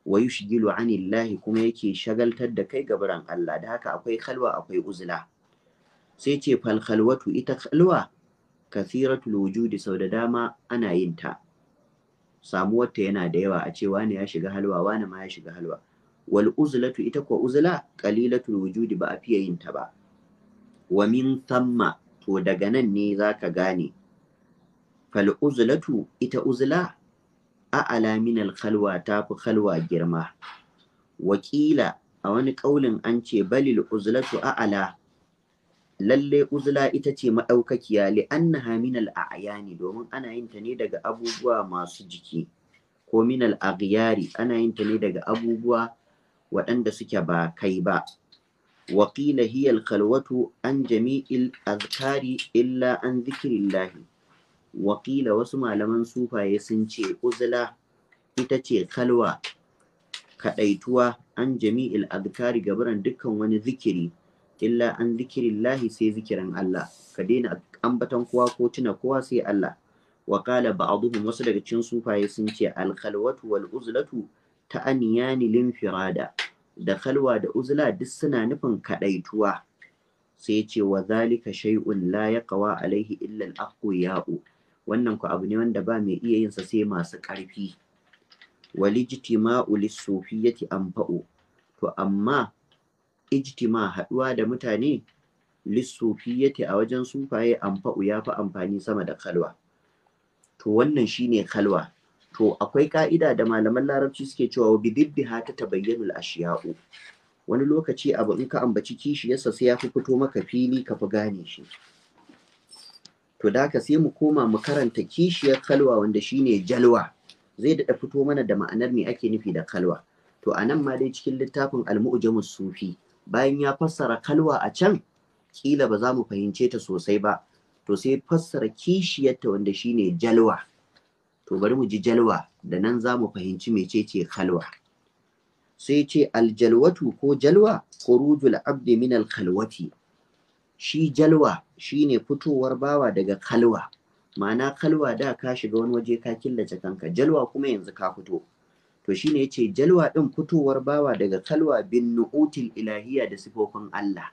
wa yushgilu anillahi kuma yake shagaltar da kai gabaran Allah da haka akwai kalwa, akwai uzla sai ce fal kalwatu ita khalwa kathiratul wujudi sau da dama ana yin ta samuwarta yana da yawa a ce wani ya shiga halwa wani ma ya shiga halwa wal uzlatu ita ko uzla qalilatul wujudi ba a fiye yin ta ba wa min thamma to daga nan ne zaka gane fal uzlatu ita uzla a minal khalwa ta fi khalwa girma wakila a wani kaulin an ce balil uzlatu a'ala. lalle uzla ita ce maɗaukakiya li annaha minal a'yani domin ana yin ta ne daga abubuwa masu jiki ko minal aghyari ana yin ta ne daga abubuwa waɗanda suke ba kai ba Wakila hiya al-khalwatu an jami'il azkari illa an wa Wakila wasu malaman sufaye sun ce uzla ita ce kalwa kaɗaituwa an jami'il azkari gabaran dukkan wani zikiri illa an zikirillahi sai zikirin Allah ka daina ambaton kowa ko tuna kowa sai Allah wa qala ba'dhum wasu daga cikin sufaye sun ce al khalwatu wal uzlatu Aniyani lin firada da kalwa da uzla duk suna nufin kadaituwa sai ce wa zalika Shai'un la yaqwa alaihi illa al aqwiya'u wannan ku abu ne wanda ba mai iya yinsa sai masu ƙarfi walijtima'u lis-sufiyyati anfa'u to amma ijtima haɗuwa da mutane lissufiyyati a wajen sufaye amfa'u ya fi amfani sama da kalwa to wannan shine kalwa to akwai ka'ida da malaman larabci suke cewa wa ha ta tabayyanul ashiya'u wani lokaci abu in ka ambaci kishiyarsa sai ya fi fito maka fili ka fi gane shi to da ka sai mu koma mu karanta kishiyar kalwa wanda shine jalwa zai daɗa fito mana da ma'anar me ake nufi da kalwa to a nan ma dai cikin littafin al-mu'jamus sufi bayan ya fassara kalwa a can kila ba za mu fahimce ta sosai ba to sai fassara kishiyarta wanda shine jalwa to bari mu ji jalwa da nan za mu fahimci mecece kalwa sai ce aljalwatu ko jalwa khurujul abdi min alkhalwati shi jalwa shine fitowar bawa daga kalwa ma'ana kalwa da ka shiga wani waje ka killace kanka jalwa kuma yanzu ka fito to shine yace jalwa din fitowar bawa daga kalwa bin nu'util ilahiyya da sifofin Allah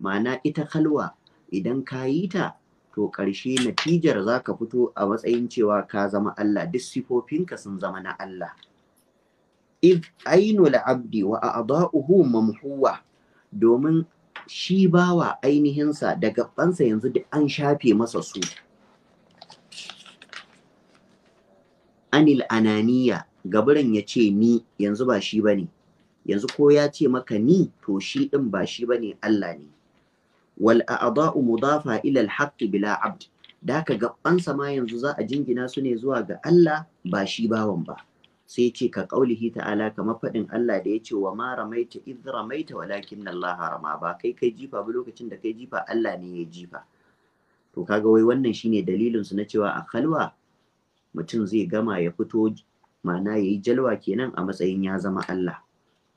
ma'ana ita kalwa idan ka yi ta to ƙarshe natijar za ka fito a matsayin cewa ka zama Allah duk sifofinka sun zama na Allah if la abdi wa adauhu mamhuwa domin shi bawa ainihinsa da gabansa yanzu duk an shafe masa su anil ananiya Gabirin ya ce ni yanzu ba shi bane yanzu ko ya ce maka ni to shi din ba shi bane Allah ne wal a'da'u mudafa ila al-haqq bila 'abd da ka gabansa ma yanzu za a jingina su ne zuwa ga Allah ba shi bawan ba sai ce ka qaulihi ta'ala kamar faɗin Allah da ya ce wa ma ramaita idh ramaita walakin Allah rama ba kai kai jifa ba lokacin da kai jifa Allah ne ya jifa to kaga wai wannan shine dalilin su na cewa a kalwa mutum zai gama ya fito ma'ana yayi jalwa kenan a matsayin ya zama Allah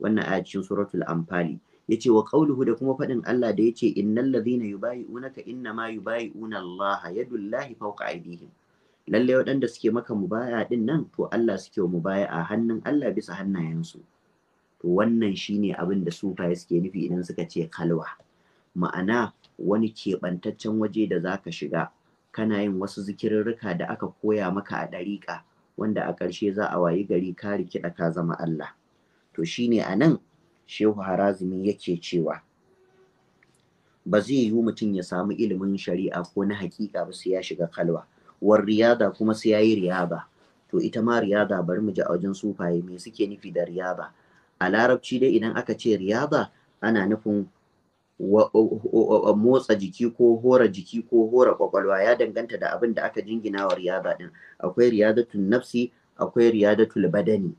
wannan aya cikin suratul anfali yace wa qawluhu da kuma faɗin Allah da yace innal ladhina yubayi'unaka innama yubayi'una Allah yadullahi fawqa aydihim Lallai waɗanda suke maka mubaya din nan to Allah suke mubaya a hannun Allah bisa hannayensu to wannan shine abin da sufaye suke nufi idan suka ce kalwa ma'ana wani keɓantaccen waje da zaka shiga kana yin wasu zikirarruka da aka koya maka a ɗariƙa wanda a ƙarshe za a wayi gari ka kiɗa ka zama Allah to shine a nan shehu harazumi yake cewa ba zai yiwu mutum ya samu ilimin shari'a ko na haƙiƙa ba sai ya shiga kalwa war riyada kuma sai ya yi riyaba to ita ma riyada bari mu ji a wajen sufaye me suke nufi da riyaba a larabci dai idan aka ce riyaba ana nufin motsa jiki ko hora jiki ko hora kwakwalwa ya danganta da abin da aka jingina wa riyada din akwai riyadatul nafsi akwai riyadatul badani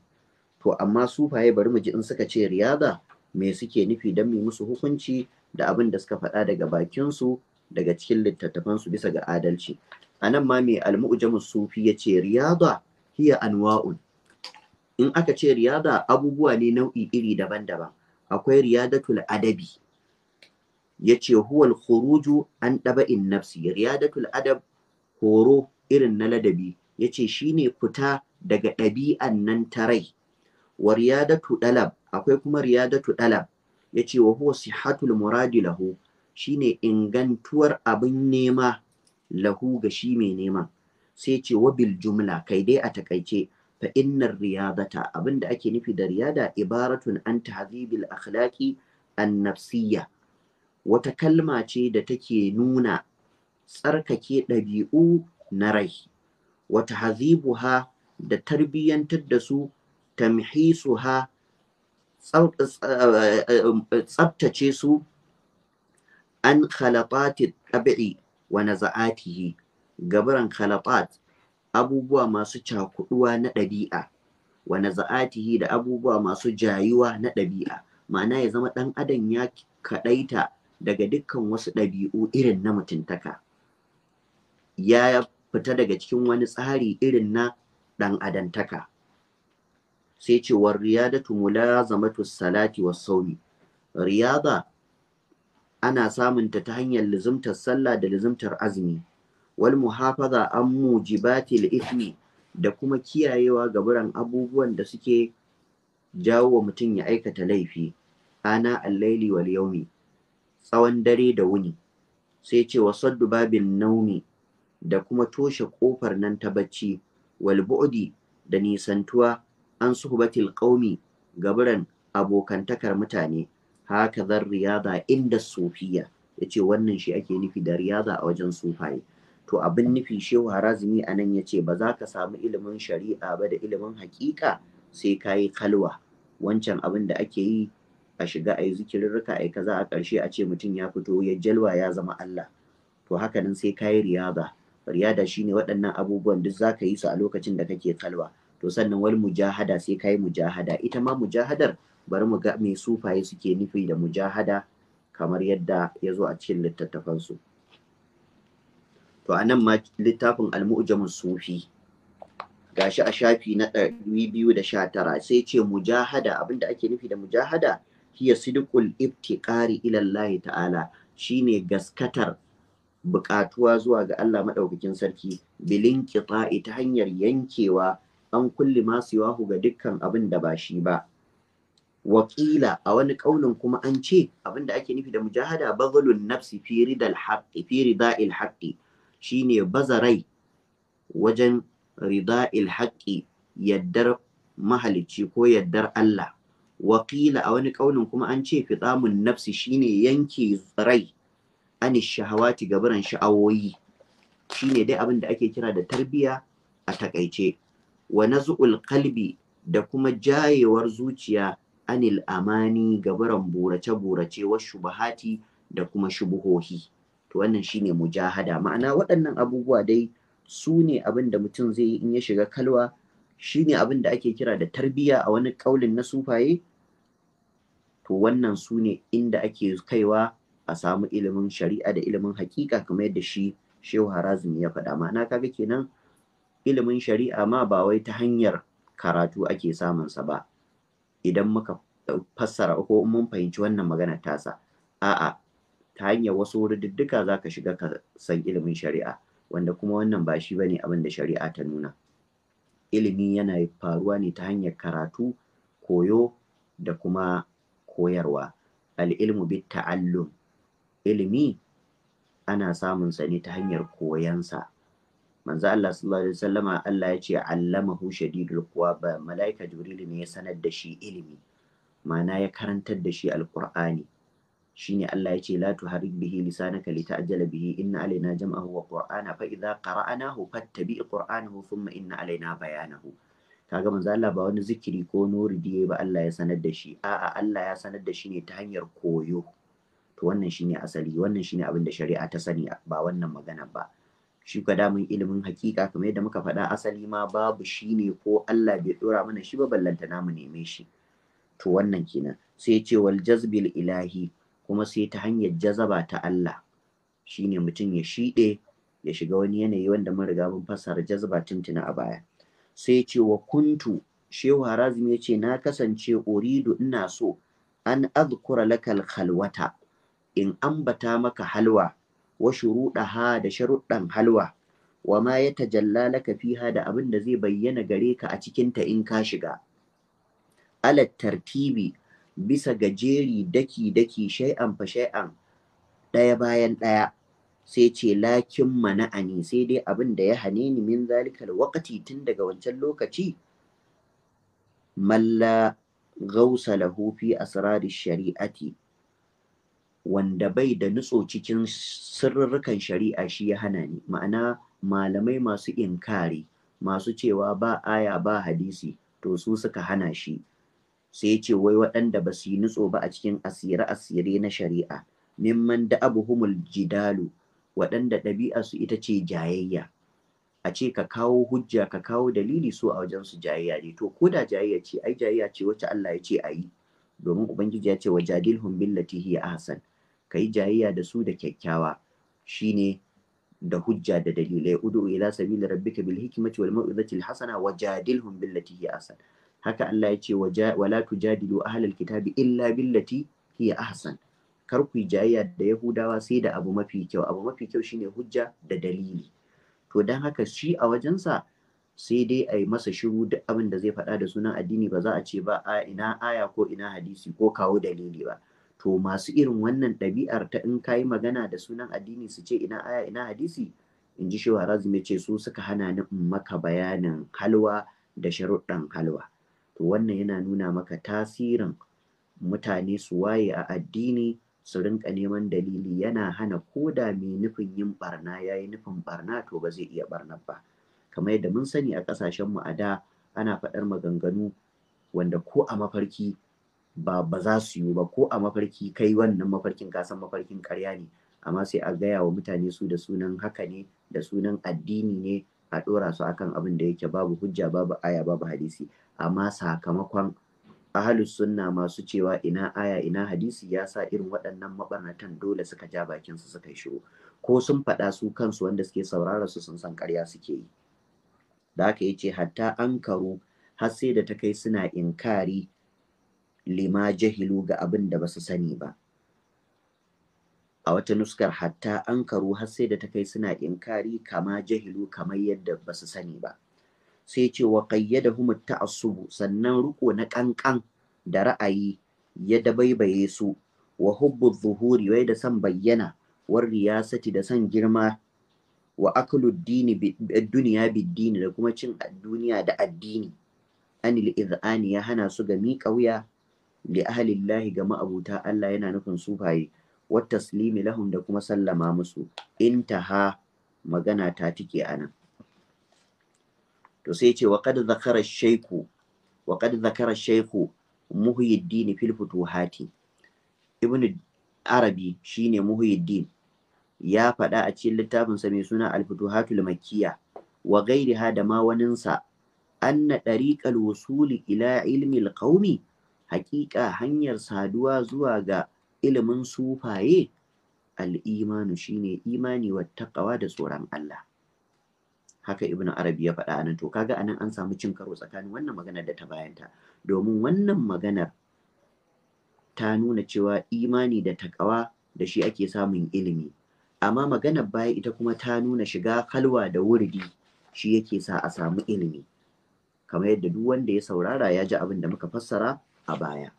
to amma sufaye bari mu ji in suka ce riyada me suke nufi don mu musu hukunci da abin da suka faɗa daga bakinsu daga cikin su bisa ga adalci anan ma mai almu'jamu sufi ya ce riyada hiya anwa'un in aka ce riyada abubuwa ne nau'i iri daban-daban akwai riyadatul adabi yace huwal khuruju an daba'in nafsi riyadatul adab horo irin na ladabi yace shine fita daga ɗabi'an nan ta rai wa riyadatu dalab akwai kuma riyadatu dalab yace wa huwa sihhatul muradi lahu shine ingantuwar abin nema lahu ga shi mai nema sai ce wa bil jumla kai dai a takaice fa innar riyadata abinda ake nufi da riyada ibaratun an tahzibil akhlaqi an nafsiyya wata kalma ce da take nuna tsarkake ɗabi'u na rai wata ha da tarbiyyantar da su ha, tsabtace su an khalafati ɗabi'i wa na za'atihi gabaran khalafat abubuwa masu cakuduwa na ɗabi'a wa na za'atihi da abubuwa masu jayuwa na ɗabi'a ma'ana ya zama ɗan adam ya kaɗaita daga dukkan wasu ɗabi'u irin na mutuntaka ya fita daga cikin wani tsari irin na ɗan adantaka sai ce wa riyadatu mulazamatu salati wa sauni riyada ana samunta ta hanyar lizimtar sallah da lizumtar azumi wal muhafaza an mujibatil ithmi da kuma kiyayewa ga gaburan abubuwan da suke jawo wa mutum ya aikata laifi ana allaili wal yaumi tsawon dare da wuni sai ce wa saddu babin naumi da kuma toshe kofar nan ta bacci wal bu'di da nisantuwa an suhbatil qaumi gabaran abokantakar mutane haka zan riyada inda sufiya yace wannan shi ake nufi da riyada a wajen sufaye to abin nufi shehu harazimi a nan ya ba za ka samu ilimin shari'a ba da ilimin hakika sai ka kalwa wancan abin da ake yi a shiga a yi zikirirka a yi kaza a ƙarshe a ce mutum ya fito ya jalwa ya zama Allah to haka nan sai kayi riyada riyada shine waɗannan abubuwan duk za ka yi su a lokacin da kake kalwa to sannan wal mujahada sai kayi mujahada ita ma mujahadar bari mu ga me sufaye suke nufi da mujahada kamar yadda ya zo a cikin littattafansu to a nan ma littafin al mujamus sufi gashi a shafi na 219 sai ce mujahada abinda ake nufi da mujahada hiya Sidikul ibtiqari ila ta'ala shine gaskatar bukatuwa zuwa ga Allah madaukakin sarki bilin qita'i ta hanyar yankewa an kulli masu siwahu ga dukkan abin da ba shi ba wakila a wani kaulin kuma an ce abin da ake nufi da mujahada bazalun nafsi fi ridal haqqi fi rida'il haqqi shine bazarai wajen rida'il haqqi yaddar mahalicci ko yaddar Allah wakila a wani ƙaunin kuma an ce fitsamun nafsi shine yanke rai ani shahawati gabaran sha'awoyi shine dai abin da ake kira da tarbiya a takaice wa naz'ul qalbi da kuma jayewar zuciya anil amani gabaran burace burace wa shubahati da kuma shubuhohi to wannan shine mujahada ma'ana waɗannan abubuwa dai su ne abin da mutum zai yi in ya shiga kalwa Shi ne abin da ake kira da tarbiyya a wani kaulin na sufaye to wannan su ne inda ake kaiwa a samu ilimin shari'a da ilimin hakika kamar yadda shi Shehu harazmi ya faɗa ma'ana kaga kenan ilimin shari'a ma ba wai ta hanyar karatu ake samun sa ba idan muka fassara ko mun fahimci wannan magana tasa a'a ta hanyar wasu wuridduka za ka shiga ka san ilimin shari'a wanda kuma wannan ba shi bane abin da shari'a ta nuna ilimi yana faruwa ne ta hanyar karatu koyo da kuma koyarwa al'ilmu bit ta'allum ilimi ana samun sa ne ta hanyar koyansa manzo Allah sallallahu alaihi wasallama Allah ya ce allamahu shadidul quwa ba malaika jibril ne ya sanar da shi ilimi ma'ana ya karantar da shi alqur'ani shine Allah ya ce la tuharik bihi lisanaka lita'jala bihi inna alaina jam'ahu wa qur'ana fa idza qara'nahu fattabi qur'anahu thumma inna alaina bayanahu kaga manzo Allah ba wani zikiri ko nuridi ba Allah ya sanar da shi a'a Allah ya sanar da shi ne ta hanyar koyo to wannan shine asali wannan shine abin da shari'a ta sani ba wannan magana ba shi ka damun ilimin hakika kamar yadda muka faɗa asali ma babu shine ko Allah bai dora mana shi ba ballanta namu neme shi to wannan kenan sai ya ce wal jazbil ilahi kuma sai ta hanyar jazaba ta Allah shine mutum ya shiɗe ya shiga wani yanayi wanda mun riga mun fassara jazaba tuntuna a baya sai ce wa kuntu shehu harazim ya ce na kasance uridu ina so an azkura lakal khalwata in ambata maka halwa wa shuruɗaha da sharuɗan halwa wa ma ya tajalla laka fiha da abin da zai bayyana gare ka a cikinta in ka shiga alat tartibi bisa ga jeri daki-daki shay'an fa shay'an ɗaya bayan ɗaya sai ce lakin mana'ani sai dai abin da ya hane ni min zalikal waqati tun daga wancan lokaci malla gausa lahu fi asrari shari'ati wanda bai da nutso cikin sirrukan shari'a shi ya hana ni ma'ana malamai masu inkari masu cewa ba aya ba hadisi to su suka hana shi sai ya ce wai waɗanda ba su yi nutso ba a cikin asire-asire na shari'a mimman da abuhumul jidalu waɗanda ɗabi'a su ita ce jayayya a ce ka kawo hujja ka kawo dalili so a wajen su jayayya ne to ko da jayayya ce ai jayayya ce wacce Allah ya ce a yi domin ubangiji ya ce wa jadilhum billati hiya ahsan kai jayayya da su da kyakkyawa shine da hujja da dalilai udu ila sabila rabbika bil hikmati wal mau'izati al hasana wa jadilhum billati hiya ahsan haka Allah ya ce la tujadilu ahlal kitabi illa billati hiya ahsan kar ku jayayya da yahudawa sai da abu mafi kyau abu mafi kyau shine hujja da dalili to dan haka shi a wajensa sai dai a yi masa shiru duk abin da zai faɗa da sunan addini ba za a ce ba a ina aya ko ina hadisi ko kawo dalili ba to masu irin wannan ɗabi'ar ta in kayi magana da sunan addini su ce ina aya ina hadisi in ji shewa razumi ce su suka hana ni in maka bayanin halwa da sharuɗɗan halwa to wannan yana nuna maka tasirin mutane su waye a addini su rinka neman dalili yana hana ko da mai nufin yin ɓarna ya yi nufin ɓarna to ba zai iya barna ba kamar yadda mun sani a ƙasashenmu a da ana faɗar maganganu wanda ko a mafarki ba ba za su yiwu ba ko a mafarki kai wannan mafarkin ka san mafarkin ƙarya ne amma sai a gaya wa mutane su da sunan haka ne da sunan addini ne a ɗora su akan abin da yake babu hujja babu aya babu hadisi amma sakamakon ahalus sunna masu cewa ina aya ina hadisi ya sa irin waɗannan mabarnatan dole suka ja bakin su suka shiru ko sun faɗa su kansu wanda suke saurara su sun san ƙarya suke yi da yi yace hatta an karu har sai da ta kai suna inkari lima jahilu ga abin da basu sani ba a wata nuskar hatta an karu har sai da ta kai suna inkari kama jahilu kamar yadda basu sani ba sai ce wa qayyadahum ta'assub sannan ruko na ƙanƙan da ra'ayi ya dabaibaye su wa hubbu zuhuri wai da san bayyana war riyasati da san girma wa aklu dini duniya biddini da kuma cin duniya da addini anil iz'ani ya hana su ga miƙa wuya li ahlillahi ga ma'abuta Allah yana nufin sufaye wa taslimi lahum da kuma sallama musu intaha magana ta tike anan to sai ce wa Zakarar zakara shaiku wa qad zakara shaiku muhyiddin fil futuhati ibnu arabi shine muhyiddin ya faɗa a cikin littafin sa mai suna al-futuhatul makkiya wa ghairiha da ma waninsa anna ɗariƙar wusuli ila ilmi qaumi haƙiƙa hanyar saduwa zuwa ga ilimin sufaye al-imanu shine imani wa taqwa da tsoron Allah haka ibnu arabi ya faɗa anan to kaga anan an samu cin karo tsakanin wannan maganar da ta bayanta domin wannan maganar ta nuna cewa imani da takawa da shi ake samun ilimi amma maganar baya ita kuma ta nuna shiga kalwa da wurdi shi yake sa a samu ilimi kamar yadda duk wanda ya saurara ya ji abin da muka fassara a baya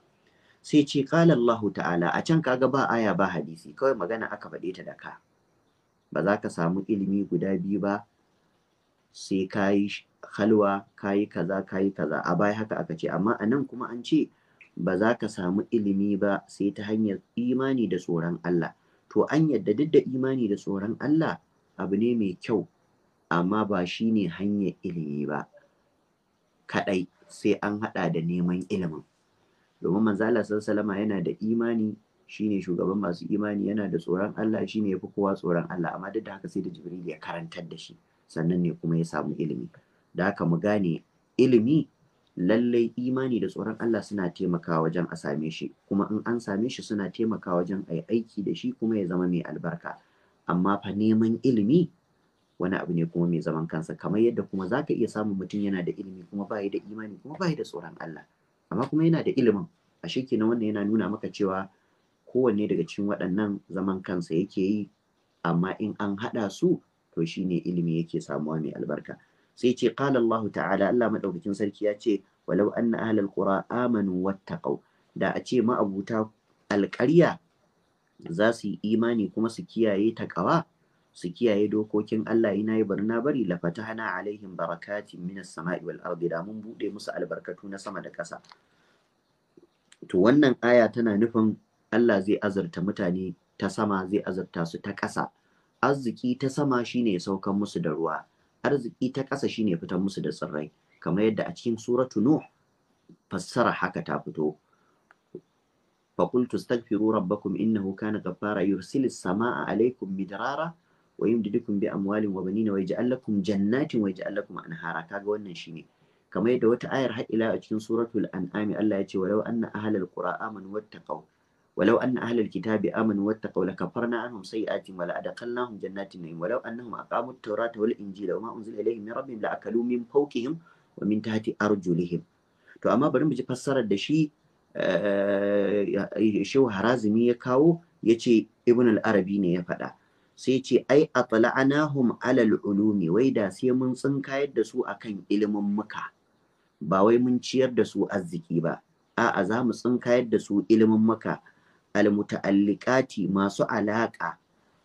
sai ce kala Allah ta'ala a can kaga ba aya ba hadisi kawai magana aka faɗe ta da ka ba za ka samu ilimi guda biyu ba sai ka yi halwa ka yi kaza ka yi kaza a baya haka aka ce amma a nan kuma an ce ba za ka samu ilimi ba sai ta hanyar imani da tsoron Allah to an yadda duk da imani da tsoron Allah abu ne mai kyau amma ba shi ne hanyar ilimi ba kaɗai sai an haɗa da neman ilimin domin manzala sallama yana da imani shine shugaban masu imani yana da tsoron Allah shine yafi kowa tsoron Allah amma duk da haka sai da Jibril ya karantar da shi sannan ne kuma ya samu ilimi da haka mu gane ilimi lallai imani da tsoron Allah suna taimakawa wajen a same shi kuma in an same shi suna taimakawa wajen a yi aiki da shi kuma ya zama mai albarka amma fa neman ilimi wani abu ne kuma mai zaman kansa kamar yadda kuma za ka iya samun mutum yana da ilimi kuma bayi da imani kuma bayi da tsoron Allah amma kuma yana da ilimin a kenan wannan yana nuna maka cewa kowanne daga cikin waɗannan zaman kansa yake yi amma in an haɗa su to shine ilimi yake samuwa mai albarka sai ce qala Allah ta'ala Allah madaukakin sarki ya ce walau anna ahlal qura amanu wattaqau da a ce ma'abuta alƙarya za su yi imani kuma su kiyaye takawa su kiyaye dokokin Allah ina yi na bari lafata. Hana alaihim barakatin minas sama'i wal ardi da mun buɗe musu albarkatu na sama da ƙasa to wannan aya tana nufin Allah zai azurta mutane ta sama zai azurta su ta ƙasa arziki ta sama shine saukan musu da ruwa arziki ta ƙasa shine fitan musu da tsirrai kamar yadda a cikin suratu nuh fassara haka ta fito yursil as-samaa'a 'alaykum midrara wa yumdidukum bi amwalin wa banina, wa yaj'al lakum jannatin wa yaj'al lakum anhara kaga wannan shine kamar yadda wata ayar har a cikin suratul an'ami Allah ya ce walau anna ahlal qura'a man wattaqaw ولو أن أهل الكتاب آمنوا واتقوا لكفرنا عنهم سيئاتهم ولأدخلناهم جنات النعيم ولو أنهم أقاموا التوراة والإنجيل وما أنزل إليهم من ربهم لأكلوا من فوقهم ومن تحت أرجلهم to amma bari mu ji fassarar da shi shehu harazimi ya kawo ya ce ibn al-arabi ne ya faɗa sai ce ai atla'anahum alal ulumi wai da sai mun tsinkayar da su akan ilimin muka ba wai mun ciyar da su arziki ba a'a za mu tsinkayar da su ilimin muka almuta'alliqati masu alaƙa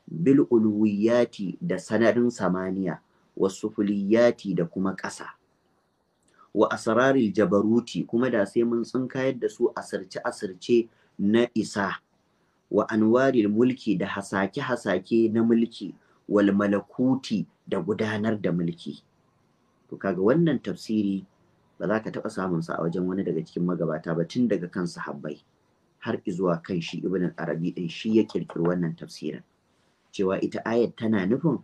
bil uluwiyati da sanarin samaniya wa sufuliyati da kuma ƙasa wa asraril jabaruti kuma da sai mun tsinkayar da su asirce asirce na isa wa anwaril mulki da hasake hasake na mulki wal malakuti da gudanar da mulki to kaga wannan tafsiri ba za ka taɓa samunsa a wajen wani daga cikin magabata ba tun daga kan sahabbai har izuwa kan shi ibn al-arabi din shi ya kirkiri wannan tafsirin cewa ita ayat tana nufin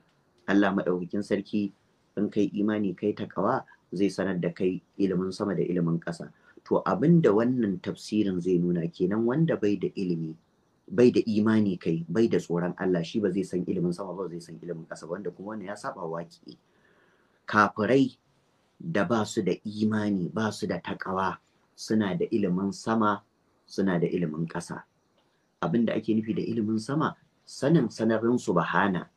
Allah maɗaukakin sarki in kai imani kai takawa zai sanar da kai ilimin sama da ilimin ƙasa to abinda wannan tafsirin zai nuna kenan wanda bai da ilimi bai da imani kai bai da tsoron Allah shi ba zai san ilimin sama ba zai san ilimin ƙasa wanda kuma wannan ya saba waki kafirai da basu da imani basu da takawa suna da ilimin sama suna da ilimin ƙasa abin da ake nufi da ilimin sama sanin sanarin subhana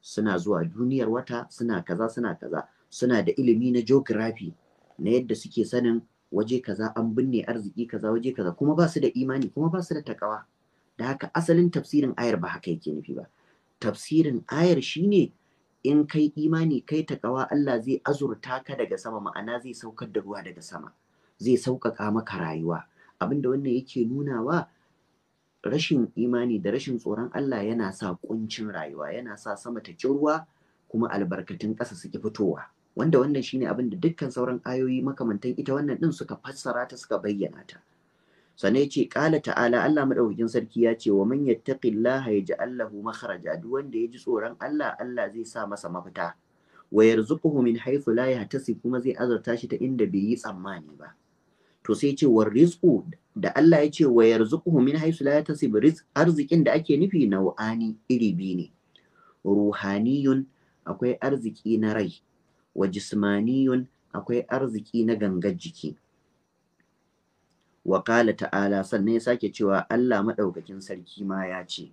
suna zuwa duniyar wata suna kaza suna kaza suna da ilimi na geography na yadda suke sanin waje kaza an binne arziki kaza waje kaza kuma ba su da imani kuma ba su da takawa da haka asalin tafsirin ayar ba haka yake nufi ba tafsirin ayar shine in kai imani kai takawa Allah zai azurta ka daga sama ma'ana zai saukar da ruwa daga sama zai sauƙaƙa maka rayuwa abinda wannan yake wa rashin imani da rashin tsoron Allah yana sa ƙuncin rayuwa yana sa sama ta ruwa kuma albarkatun ƙasa suke fitowa wanda wannan shine abin da dukkan sauran ayoyi makamantan ita wannan din suka fassara ta suka bayyana ta sannan yace qala ta'ala Allah madaukakin sarki ya ce wa man yattaqillaha yaj'al lahu makhraja duk wanda ya ji tsoron Allah Allah zai sa masa mafita wa yarzuquhu min haythu la yahtasib kuma zai azurta shi ta inda bai yi tsammani ba to sai ce wa rizqu da Allah ya ce wa yarzuquhu min haythu la yahtasib arzikin da ake nufi nau'ani iri biyu ne ruhaniyun akwai arziki na rai wa jismaniyun akwai arziki na gangar jiki wa ta'ala sannan ya sake cewa Allah maɗaukakin sarki ma ya ce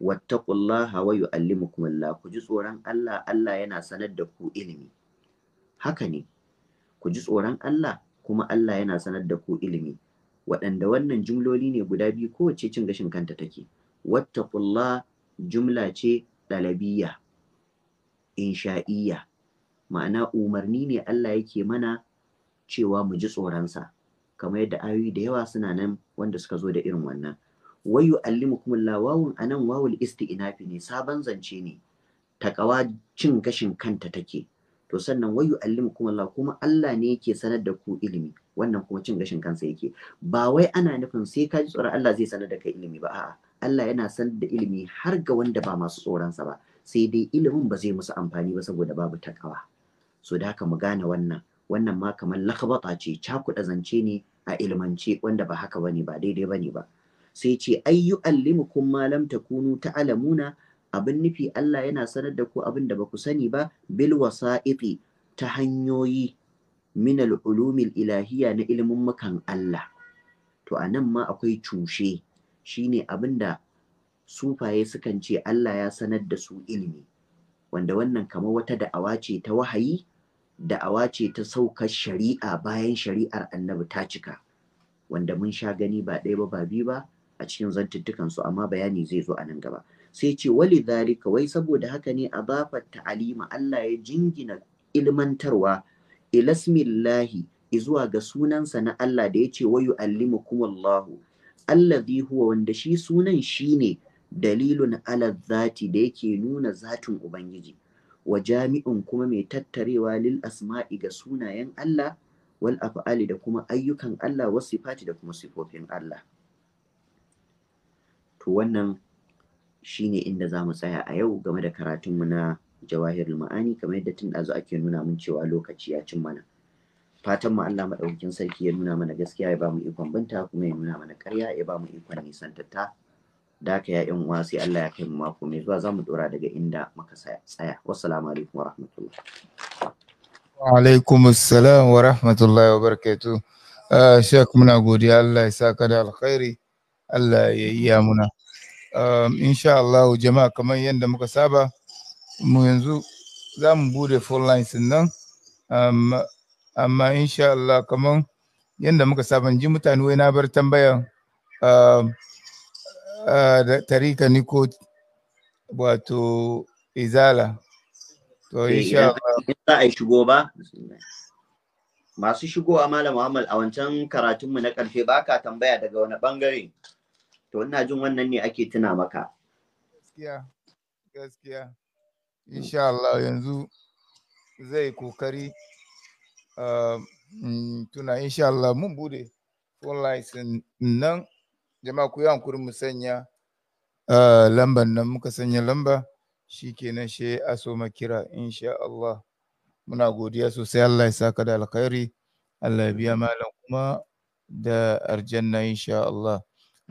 wattaqullaha wa yu'allimukum Allah ku ji tsoron Allah Allah yana sanar da ku ilimi haka ne ku ji tsoron Allah kuma Allah yana sanar da ku ilimi waɗanda wannan jumloli ne guda biyu kowace cin gashin kanta take wattaqullah jumla ce ɗalabiyya insha'iyya ma'ana umarni ne Allah yake mana cewa mu ji tsoronsa kamar yadda ayoyi da yawa suna nan wanda suka zo da irin wannan wayu allimukumullah wawun anan wawul isti'nafi ne sabon zance ne takawa cin gashin kanta take to sannan wayu allimukum Allah kuma Allah ne yake sanar da ku ilimi wannan kuma cin gashin kansa yake ba wai ana nufin sai ka ji tsoron Allah zai sanar da kai ilimi ba a'a Allah yana sanar da ilimi har ga wanda ba masu tsoron sa ba sai dai ilimin ba zai musu amfani ba saboda babu takawa so da haka mu gane wannan wannan ma kamar lakabata ce cakuɗa zance ne a ilmance wanda ba haka bane ba daidai bane ba sai ce ayyu allimukum ma lam takunu ta'lamuna abin nufi Allah yana sanar da ku abin da ba ku sani ba bil wasa'iqi ta hanyoyi min al-ulumil ilahiyya na ilimin mukan Allah to anan ma akwai cushe shine abin da sufaye sukan ce Allah ya sanar da su ilimi wanda wannan kamar wata da'awa ce ta wahayi da'awa ce ta saukar shari'a bayan shari'ar annabi ta cika wanda mun sha gani ba ɗaya ba ba biyu ba a cikin zantuttukan su amma bayani zai zo a nan gaba sai ce wali zalika wai saboda haka ne a bafar ta'alima Allah ya jingina ilmantarwa ilasmillahi izuwa ga sunansa na Allah da ya ce wayu allimukum Allah zai huwa wanda shi sunan shi ne dalilun ala zati da yake nuna zatin ubangiji wa jami'un kuma mai tattarewa lil asma'i ga sunayen Allah wal af'ali da kuma ayyukan Allah wasu sifati da kuma sifofin Allah to wannan shine inda zamu tsaya a yau game da karatunmu na jawahirul ma'ani kamar yadda tun ɗazu ake nuna mun cewa lokaci ya cin mana Fatanmu Allah maɗaukakin sarki ya nuna mana gaskiya ya ba mu ikon binta kuma ya nuna mana ƙarya ya ba mu ikon nisantatta da haka ya yan uwa sai Allah ya kai mu mako mai zuwa za mu ɗora daga inda muka tsaya wassalamu alaikum wa rahmatullah wa alaikum assalam wa rahmatullahi wa barakatuh ah, Sheikh muna godiya Allah ya saka da alkhairi Allah ya yi muna insha Allah jama'a kamar yadda muka saba mu yanzu za mu bude phone lines nan amma insha Allah kamar yadda muka saba ji mutane wai na bar tambaya da tarika ni ko wato izala to eh, insha Allah za a shigo ba masu shigowa malam Muhammad a wancan karatunmu na karfe baka tambaya daga wani bangare to ina jin wannan ne ake tuna maka gaskiya gaskiya insha Allah yanzu zai kokari ah, tuna insha Allah mun bude phone lines nan jama'a ku yi hankuri mu sanya ah, lambar nan muka sanya lamba shikenan shi a so kira insha Allah muna godiya sosai Allah ya saka da alkhairi Allah ya biya malam kuma da arjanna insha Allah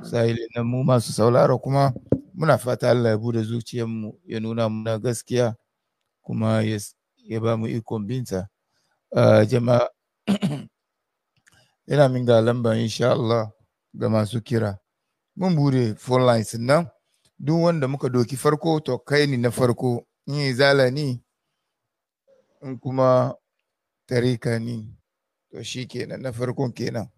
sahili nan mu masu sauraro kuma muna fata Allah ya bude zuciyarmu ya nuna muna gaskiya kuma ya ba mu ikon binta jama'a yana min ga lamba insha Allah ga masu kira mun bude phone lines nan duk wanda muka doki farko to kai ni na farko in zala ni in kuma tarika ni to shi kenan na farkon kenan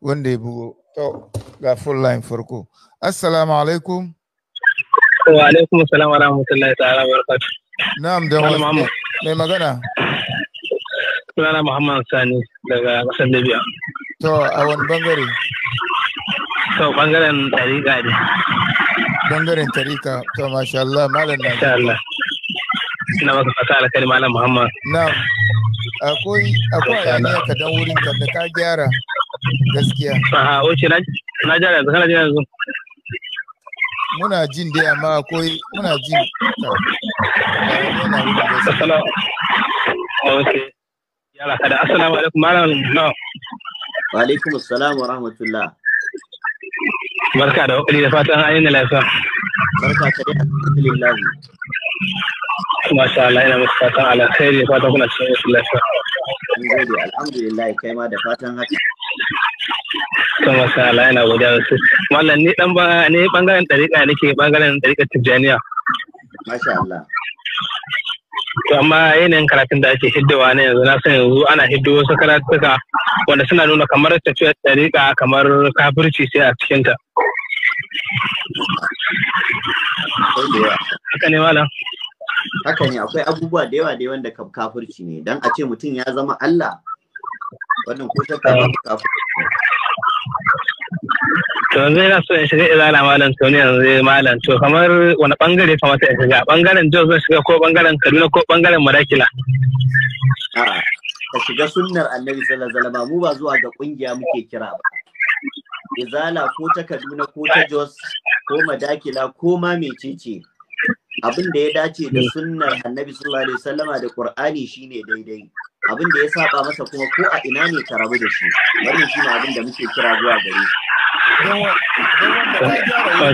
wanda ya bugo To, ga full line farko. Assalamu alaikum. Wa alaikum assalam wa rahmatullahi ta'ala wa barakatuh. Na'am da wani mai magana. Sunana Muhammad Sani daga ƙasar Libya. To, a wani bangare? To, bangaren tarika ne. Bangaren tarika, to, masha Allah, malam na. Masha Allah. Ina maka fata alkali malam Muhammad. Na'am. Akwai, akwai a ka dan wurin ka da ka gyara. gaskiya a wace na jara yanzu kana jara yanzu muna jin dai amma akwai muna jin assalamu alaikum malam na wa alaikum assalam wa rahmatullah barka da wakili da fatan an yi lafiya barka ka dai alhamdulillah masha Allah ina muku fatan da fatan kuna cikin lafiya Mun gode alhamdulillah kai ma da fatan haka. To masha Allah yana godiya su. Mallam ni dan ba ne bangaren dariƙa nake bangaren dariƙa Tijjaniya. Masha Allah. To amma yanayin karatun da ake hiddawa na yanzu na san yanzu ana hiddo wasu karatuka wanda suna nuna kamar tafiyar dariƙa kamar kafirci sai a cikinta. Haka ne malam. haka ne akwai abubuwa da yawa da wanda kafirci ne dan a ce mutum ya zama Allah wannan ko shakka ba kafirci to zai yana so in shiga izala malam to ne yanzu malam to kamar wani bangare kamata in shiga bangaren Jos zai shiga ko bangaren Kaduna ko bangaren Marakila ka shiga sunnar Annabi sallallahu alaihi mu ba zuwa ga kungiya muke kira ba izala ko ta Kaduna ko ta Jos ko Madakila ko ma mecece abin da ya dace da eh. sunnar annabi sallallahu alaihi wasallama da qur'ani shine daidai abin da ya saba masa kuma ko a ina ne ka rabu da shi wannan shine abin da muke kira zuwa gare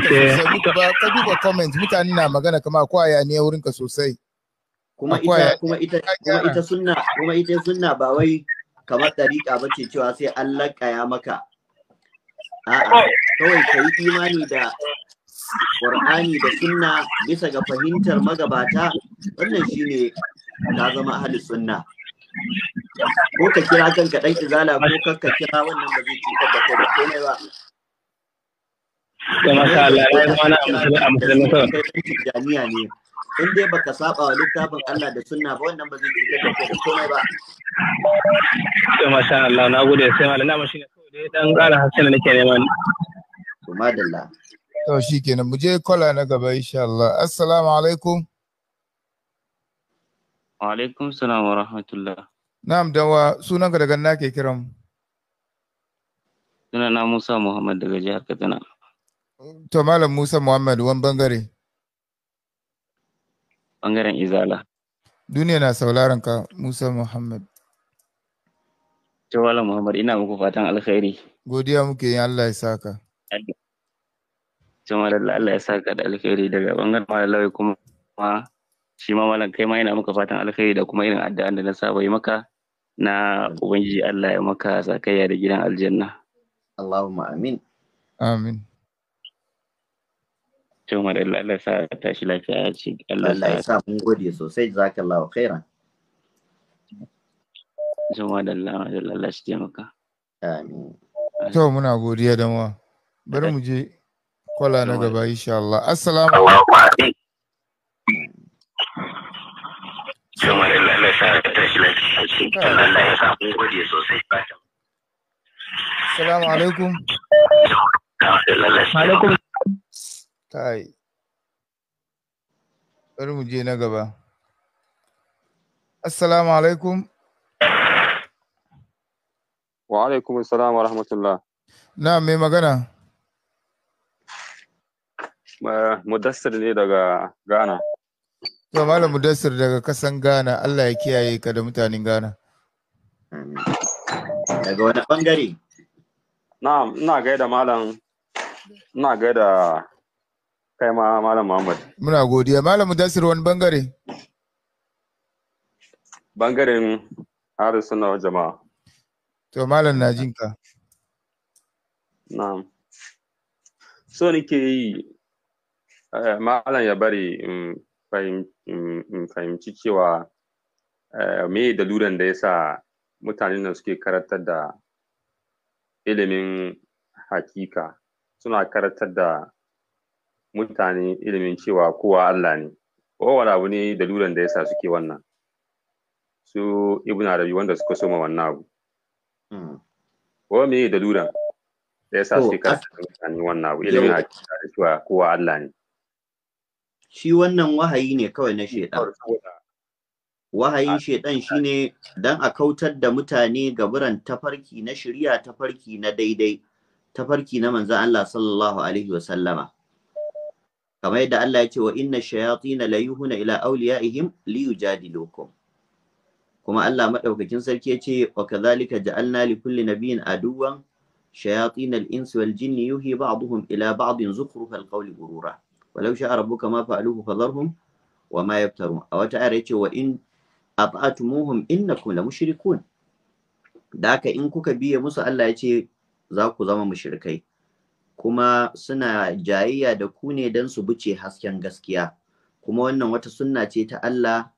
shi ka duba comment mutane na magana kama kwaya ne wurin ka sosai kuma ita kuma ita kuma ita sunna kuma ita sunna ba wai kamar dariƙa bace cewa sai Allah kaya maka a'a kawai ka yi imani da Qur'ani da sunna bisa ga fahimtar magabata wannan shine ta zama ahli sunna ko ka kira kanka dan izala ko kar ka kira wannan ba zai cutar da kai ba ko ne ba ya masha Allah ya mana a musulmi jami'a ne in dai baka saba wa littafin Allah da sunna ba wannan ba zai cutar da kai da komai ba to masha Allah na gode sai malama shine kawai dai dan ƙara hasana nake neman to madalla to shi kenan mu je kwala na gaba insha Allah assalamu alaikum wa alaikum salam wa rahmatullah na'am dawa sunan ka daga nake kiran suna na Musa Muhammad daga jihar Katsina to malam Musa Muhammad wani bangare bangaren Izala duniya na sauraron ka Musa Muhammad to Muhammad ina muku fatan alkhairi godiya muke yin Allah ya saka Cima da Allah ya saka da alkhairi daga bangaren malam kuma shi ma malam kai ma ina maka fatan alkhairi da kuma irin addu'an da na saba yi maka na ubangiji Allah ya maka sakayya da gidan aljanna. Allahumma amin. Amin. Cuma da Allah sa tashi lafiya ya ce Allah ya sa mun gode sosai jazakallahu khairan. Cuma da Allah Allah shi maka. Amin. To muna godiya da mu. Bari mu je kwala na gaba insha Allah assalamu alaikum Jama'a tashi lafiya Allah ya sa mun gode sosai fatan. Assalamu alaikum. Alaikum. Kai. Bari mu je na gaba. Assalamu alaikum. Wa alaikum assalam wa rahmatullah. Na mai magana? Mudassir ne daga Ghana. To Malam Mudassir daga kasan Ghana, Allah ya kiyaye ka da mutanen Ghana. Daga wani bangare? Na ina gaida Malam, ina gaida kai ma Malam Muhammad. Muna godiya. Malam Mudassir wani bangare? Bangaren suna jama'a. To Malam na jinka. Na'am. So ke yi Eh, malam ya bari in fahimci cewa eh, me daluran da ya sa mutanen nan suke karatar da ilimin hakika suna karatar da mutane ilimin cewa kowa Allah ne kowane abu ne daluran da ya sa suke wannan su ibn arabi wanda suka soma wannan abu hmm. ko me daluran da ya sa suke karatar da mutane wannan abu ilimin hakika da cewa kowa Allah ne shi wannan wahayi ne kawai na shaidan wahayin shaidan shine dan a kautar da mutane gaburan tafarki na shirya tafarki na daidai tafarki na manzon Allah sallallahu alaihi wa sallama kamar yadda Allah ya ce wa inna shayatin la yuhuna ila awliyaihim li yujadilukum kuma Allah maɗaukakin sarki ya ce wa kadhalika ja'alna li kulli nabiyin aduwan shayatin al-insi wal jinni yuhi ba'dhum ila ba'din zukhrufa al-qawli ghurura walau sha'a rabbuka ma fa'aluhu fadharhum wa yaftarun a wata ayar yace wa in at'atumuhum innakum la mushrikun da haka in kuka biye musu Allah yace za ku zama mushrikai kuma suna jayayya da ku ne dan su buce hasken gaskiya kuma wannan wata sunna ce ta Allah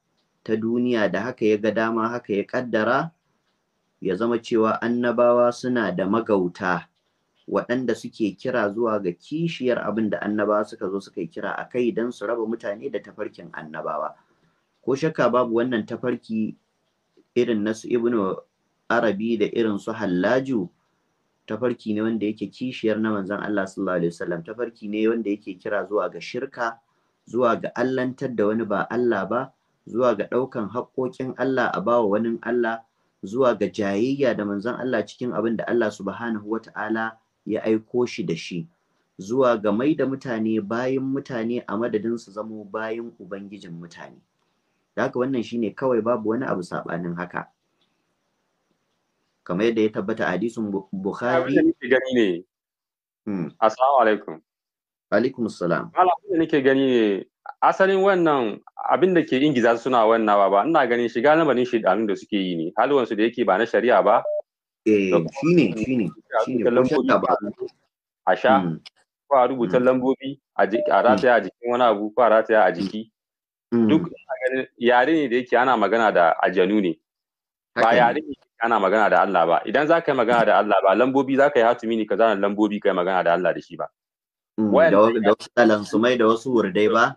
ta duniya da haka ya ga dama haka ya kaddara ya zama cewa annabawa suna da magauta waɗanda suke kira zuwa ga kishiyar abin da annabawa suka zo suka yi kira a kai don su raba mutane da tafarkin annabawa ko shakka babu wannan tafarki irin na Ibn arabi da irin su hallaju tafarki ne wanda yake kishiyar na manzon Allah sallallahu alaihi wasallam tafarki ne wanda yake kira zuwa ga shirka zuwa ga allantar da wani ba Allah ba zuwa ga ɗaukan haƙƙoƙin Allah a bawa wani Allah zuwa ga jayayya da manzon Allah cikin abin da Allah subhanahu wata'ala ya aiko shi da shi zuwa ga mai da mutane bayan mutane a madadin su zamo bayan ubangijin mutane haka wannan shine kawai babu wani abu sabanin haka kamar yadda ya tabbata a hadisin bukhari gani ne hmm. assalamu alaikum alaikum assalam abin da nake gani ne asalin wannan abin da ke ingiza suna wannan ba ina ganin shiga na banin shi da suke yi ne halwansu da yake ba na shari'a ba eh shi ne shi ne shi ne ba a sha hmm. ko a rubuta hmm. lambobi a hmm. rataya a jikin wani abu ko a rataya a jiki duk yare ne da yake ana magana da ajanu ne ba yare ne ana magana da Allah ba idan za ka yi magana da Allah ba lambobi za ka yi hatumi ne ka zana lambobi ka yi magana da Allah da shi ba da wasu talansumai da wasu wurdai ba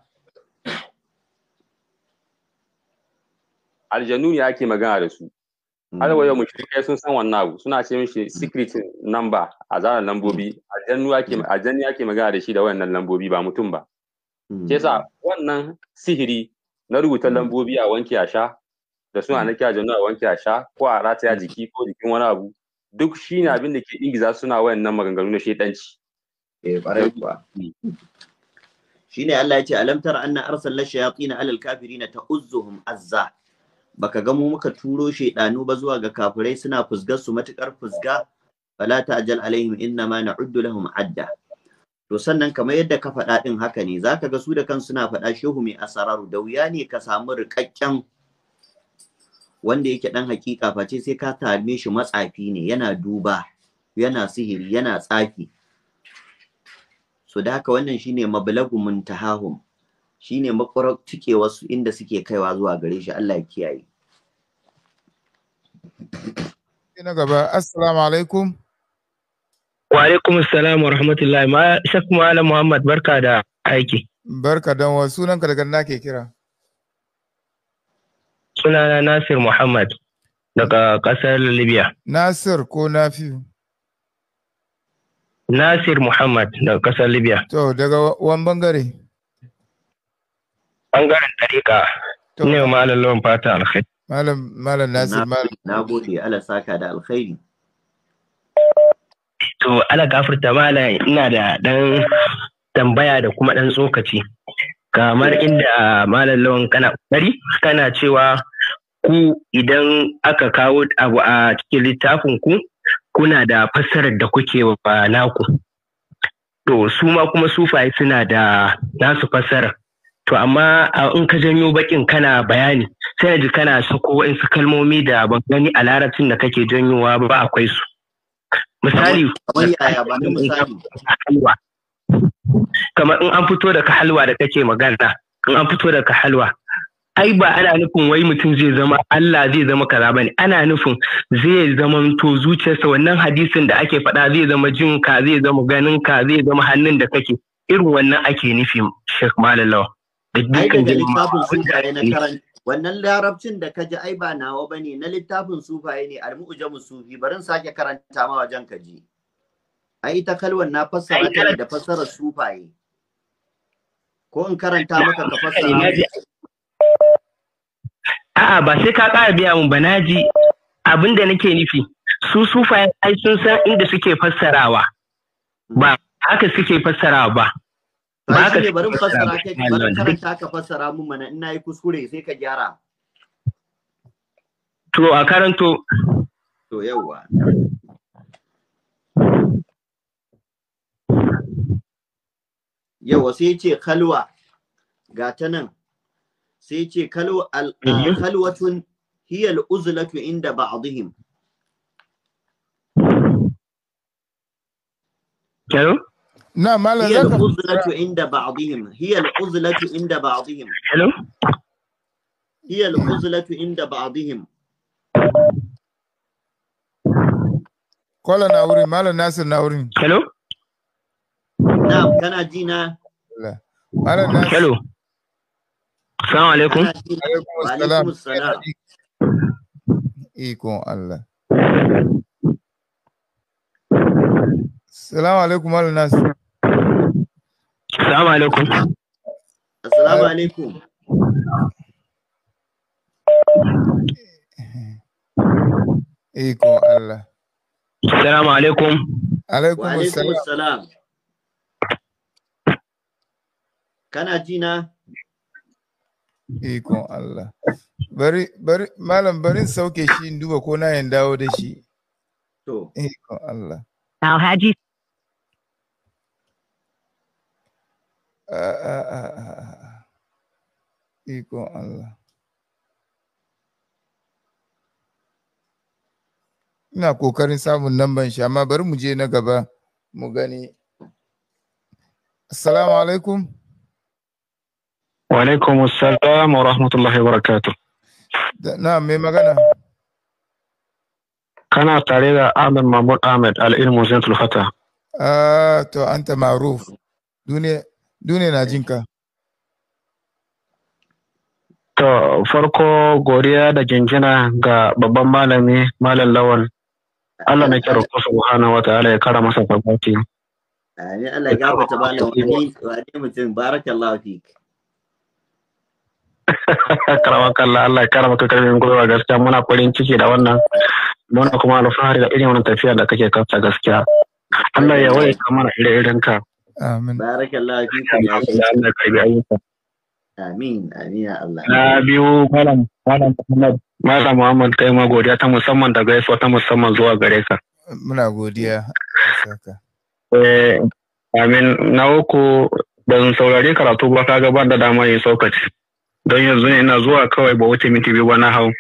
aljanu ne ake magana da su har ya mm. mu shirya sun san wannan abu suna ce mishi secret number a zanen lambobi yake mm. a ake magana da shi da wannan lambobi ba mutum ba ke mm. sa wannan sihiri na rubuta lambobi a wanke a sha da suna na jannu a wanke a sha ko a rataya jiki ko jikin wani abu duk shi ne abin da ke ingiza suna wayannan maganganu na shaidanci eh bare kuwa shine Allah ya ce alam tara anna arsalna shayatin alal kafirina ta'uzzuhum azza baka ga mu muka turo shaidanu ba zuwa ga kafirai suna fusgar su matukar fusga fala ajal alaihim inna ma na'uddu lahum adda to sannan kamar yadda ka faɗa ɗin haka ne zaka ga su da kan suna faɗa shehu mai asararu da wuya ne ka samu rikakken wanda yake dan hakika face sai ka tame shi matsafi ne yana duba yana sihiri yana tsafi so da haka wannan shine mablagu muntahahum shine makwarar wasu inda suke kaiwa zuwa gare shi Allah ya kiyaye na gaba assalamu alaikum wa alaikum assalam wa rahmatullahi ma shak malam muhammad barka da aiki barka dan wa ka daga nake ke kira sunana nasir muhammad daga kasar libya nasir ko nafiu nasir muhammad daga kasar libya to daga wani bangare bangaren tarika ne malam lawan fata alkhair Malam Malam Nasir Malam. Na gode Allah saka da alkhairi. To Allah gafarta malam ina da dan tambaya da kuma dan tsokaci. Kamar inda ah, malam lawan kana kokari kana cewa ku idan aka kawo abu a cikin littafin ku kuna da fassarar da kuke wa naku. To su ma kuma sufaye suna da nasu fassarar. to amma in ka janyo bakin kana bayani sai ji kana sako su kalmomi da ban gani a larabcin da kake janyowa ba akwai su misali kamar in an fito daga halwa da kake magana in an fito daga halwa ai ba ana nufin wai mutum zai zama Allah zai zama kaza bane ana nufin zai zama to zuciyarsa wannan hadisin da ake faɗa zai zama jin ka zai zama ganin ka zai zama hannun da kake irin wannan ake nufi Sheikh Malalawa Ai da littafin sufaye na karanta. Wannan larabcin da ka ji ai ba nawa ba ne na littafin sufaye ne almu'ujamu sufi barin sake karanta ma wajen ka ji. Ai ita kalwan na fassara ta da fassara sufaye. Ko in karanta maka ka fassara. A'a ba sai ka ƙara biya mun ba na ji abin da nake nufi. Su sufaye ai sun san inda suke fassarawa. Ba haka suke fassarawa ba. ba ka ne bari fassara kai bari karanta ka fassara mun mana ina yi kuskure sai ka gyara to a karanto to yawa yawa sai ce kalwa ga ta nan sai ce eh, eh. kalwatun hiyal al'uzlatu inda ba'dihim Hello? na malam hiya al-uzlatu inda ba'dihim hiya al-uzlatu inda ba'dihim hello hiya al-uzlatu inda ba'dihim kola na wurin malam nasir na wurin hello na'am kana ji na malam nasir hello assalamu alaikum wa alaikum Assalamu alaikum. Assalamu alaikum. Eh, Ikon Allah. Assalamu alaikum. Alaikum assalam. Kana jina? na? Allah. Bari, bari, malam barin sauke shi in duba ko na yin dawo da shi. To. Ikon Allah. Alhaji Ah, ah, ah, Iko Allah. Ina kokarin samun namban shi, amma bari mu je na gaba mu gani. Assalamu alaikum. Wa alaikum assalam wa rahmatullahi wa barakatuh. Na mai magana. Kana tare da Ahmed Mahmud Ahmed al'ilmu Zentul hata? Ah, to, anta maruf. Duniya Dune na jinka. To farko godiya da jinjina ga babban malami Malam Lawan, Allah na kira ku subhanahu wa ta'ala ya kara masa tabbati. Amin Allah ya gafarta malam wani wani mutum barakallahu fik. Karamaka Allah ya kara maka karfin gwiwa gaskiya muna farin ciki da wannan muna kuma alfahari da irin wannan tafiya da kake kansa gaskiya. Allah ya waye mana ire-irenka. ka. آمين بارك الله فيكم يا شيخ Amin, amin ya Allah. Na biyu Malam Muhammad. Malam Muhammad kai ma godiya ta musamman da gaisuwa ta musamman zuwa gare ka. Muna godiya. Eh, amin. Na uku ban saurari karatu ba ka gaban da dama yin saukaci. Don yanzu ne ina zuwa kawai ba wuce minti biyu ba na hau.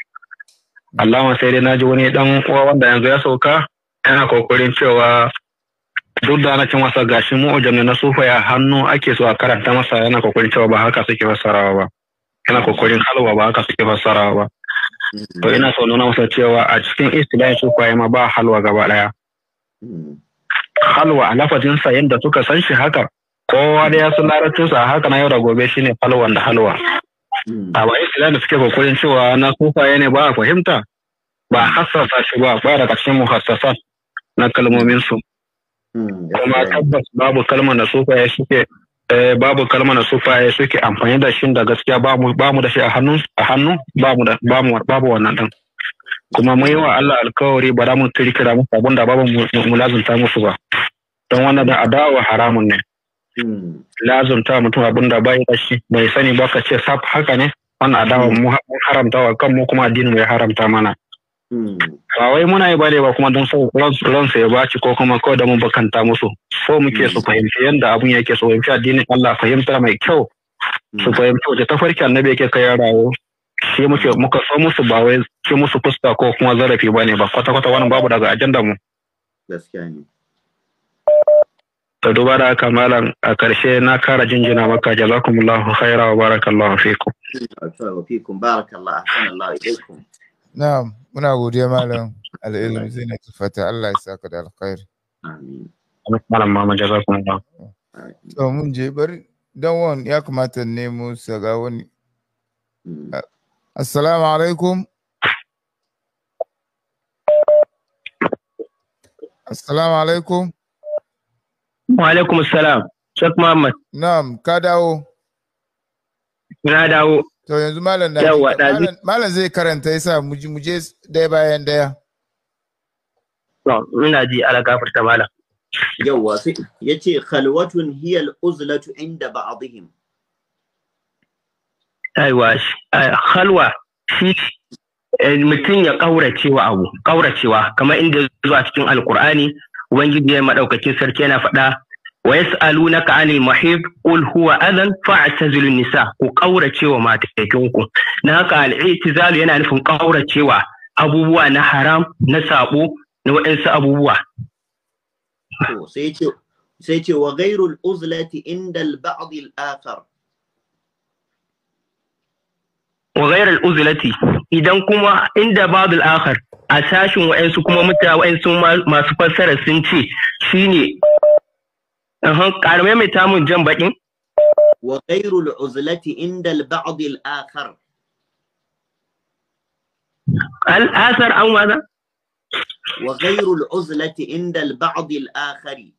Allama sai dai na ji wani dan uwa wanda yanzu ya sauka yana kokarin cewa duk da ana cin wasa gashi mu ne na sufaya hannu ake so a karanta masa yana kokarin cewa ba haka suke fassarawa ba yana kokarin halwa ba haka suke fassarawa ba to mm. ina so nuna masa cewa a cikin istilahin sufaye ma ba halwa gaba daya mm. halwa a lafazinsa yadda suka san shi haka kowa da ya san a haka na yau da gobe shine halwan da halwa mm. a ba istilahin da suke kokarin cewa na sufaya ne ba a fahimta ba hassasa shi ba ba da cikin muhassasat na kalmomin su kuma tabbas babu kalmar da sufaye suke eh, babu kalmar da sufaye suke amfani da shi da gaskiya ba mu da shi a hannu a hannu babu wannan din kuma mun yi wa Allah alkawari ba za mu kirkira mu abin da babu mu lazunta musu ba don wannan da adawa haramun ne hmm. Lazunta mutum abin da bai da shi bai sani ba ka ce sab haka ne wannan adawa hmm. mu haramta wa kanmu kuma addinin mu ya haramta mana ba wai muna yi bane ba kuma don so ransa ya baci ko kuma kawai da mun bakanta musu so muke su fahimci yadda abun yake su fahimci addinin Allah fahimtar mai kyau su mm. fahimci wace tafarki annabi yake kai rawo shi muke muka so musu ba wai shi musu fuska ko kuma zarafi bane ba kwata kwata wannan babu daga ajandar mu gaskiya ne ta duba da haka malam a karshe na kara jinjina maka jazakumullahu khaira wa barakallahu fikum barakallahu fikum barakallahu alaikum Na'am, muna godiya malam al'ilmi zai na tufata Allah ya saka da alkhairi. Amin. Malam Mama jaza kuma To mun je bari dan wan ya kamata nemo saga wani. Hmm. Assalamu alaikum. Assalamu alaikum. Wa alaikum assalam. Sheikh Muhammad. Na'am, ka dawo. Na dawo. To yanzu malam na malam zai karanta yasa mu je dai bayan daya. To ina ji ala gafarta malam. Yawwa sai yace khalwatun hiya al-uzlatu inda ba'dihim. Aiwa khalwa shi eh, mutum ya kauracewa abu kauracewa kamar inda zuwa cikin Alƙur'ani, ubangiji ya madaukakin sarki yana faɗa wa yas'alunaka 'anil mahid qul huwa adan fa'tazilun nisa ku kauracewa matakaitunku na haka al-i'tizalu yana nufin kauracewa abubuwa na haram na sabo na waɗansu abubuwa sai ce wa ghairul uzlati inda al-ba'd al wa ghairul uzlati idan kuma inda ba'd a sashin waɗansu kuma masu fassara sun ce shine Ƙara maimaita mun jan baƙin? Wa ghairul uzlati inda al-ba'd al-akhar. al an wada? Wa ghairul uzlati inda al-ba'd al-akhari.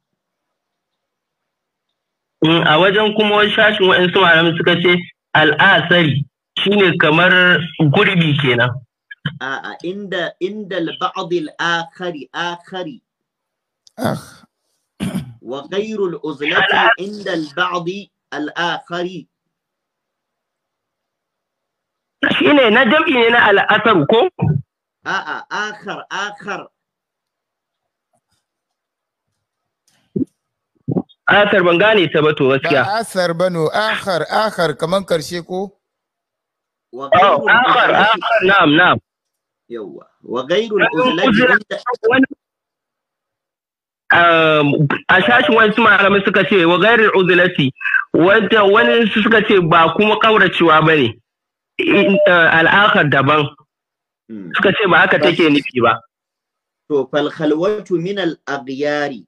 Mm, a wajen kuma wani shashin wa'ansu malamai suka ce al'asari ne kamar gurbi kenan. A'a inda inda al-ba'd al-akhari akhari. Ah. wa ghairul inda al-ba'd al-akhari na jam'i ne na al'asar ko a'a akhar akhar Asar ban gane ta ba gaskiya. Ba bano akhar akhar kaman karshe ko? Um, a shashin wasu malami suka ce wa gairin uzulati wani suka ce ba kuma kauracewa ba ne uh, al'akar daban hmm. suka ce ba haka take nufi ba to falhalwatu min al'aghyari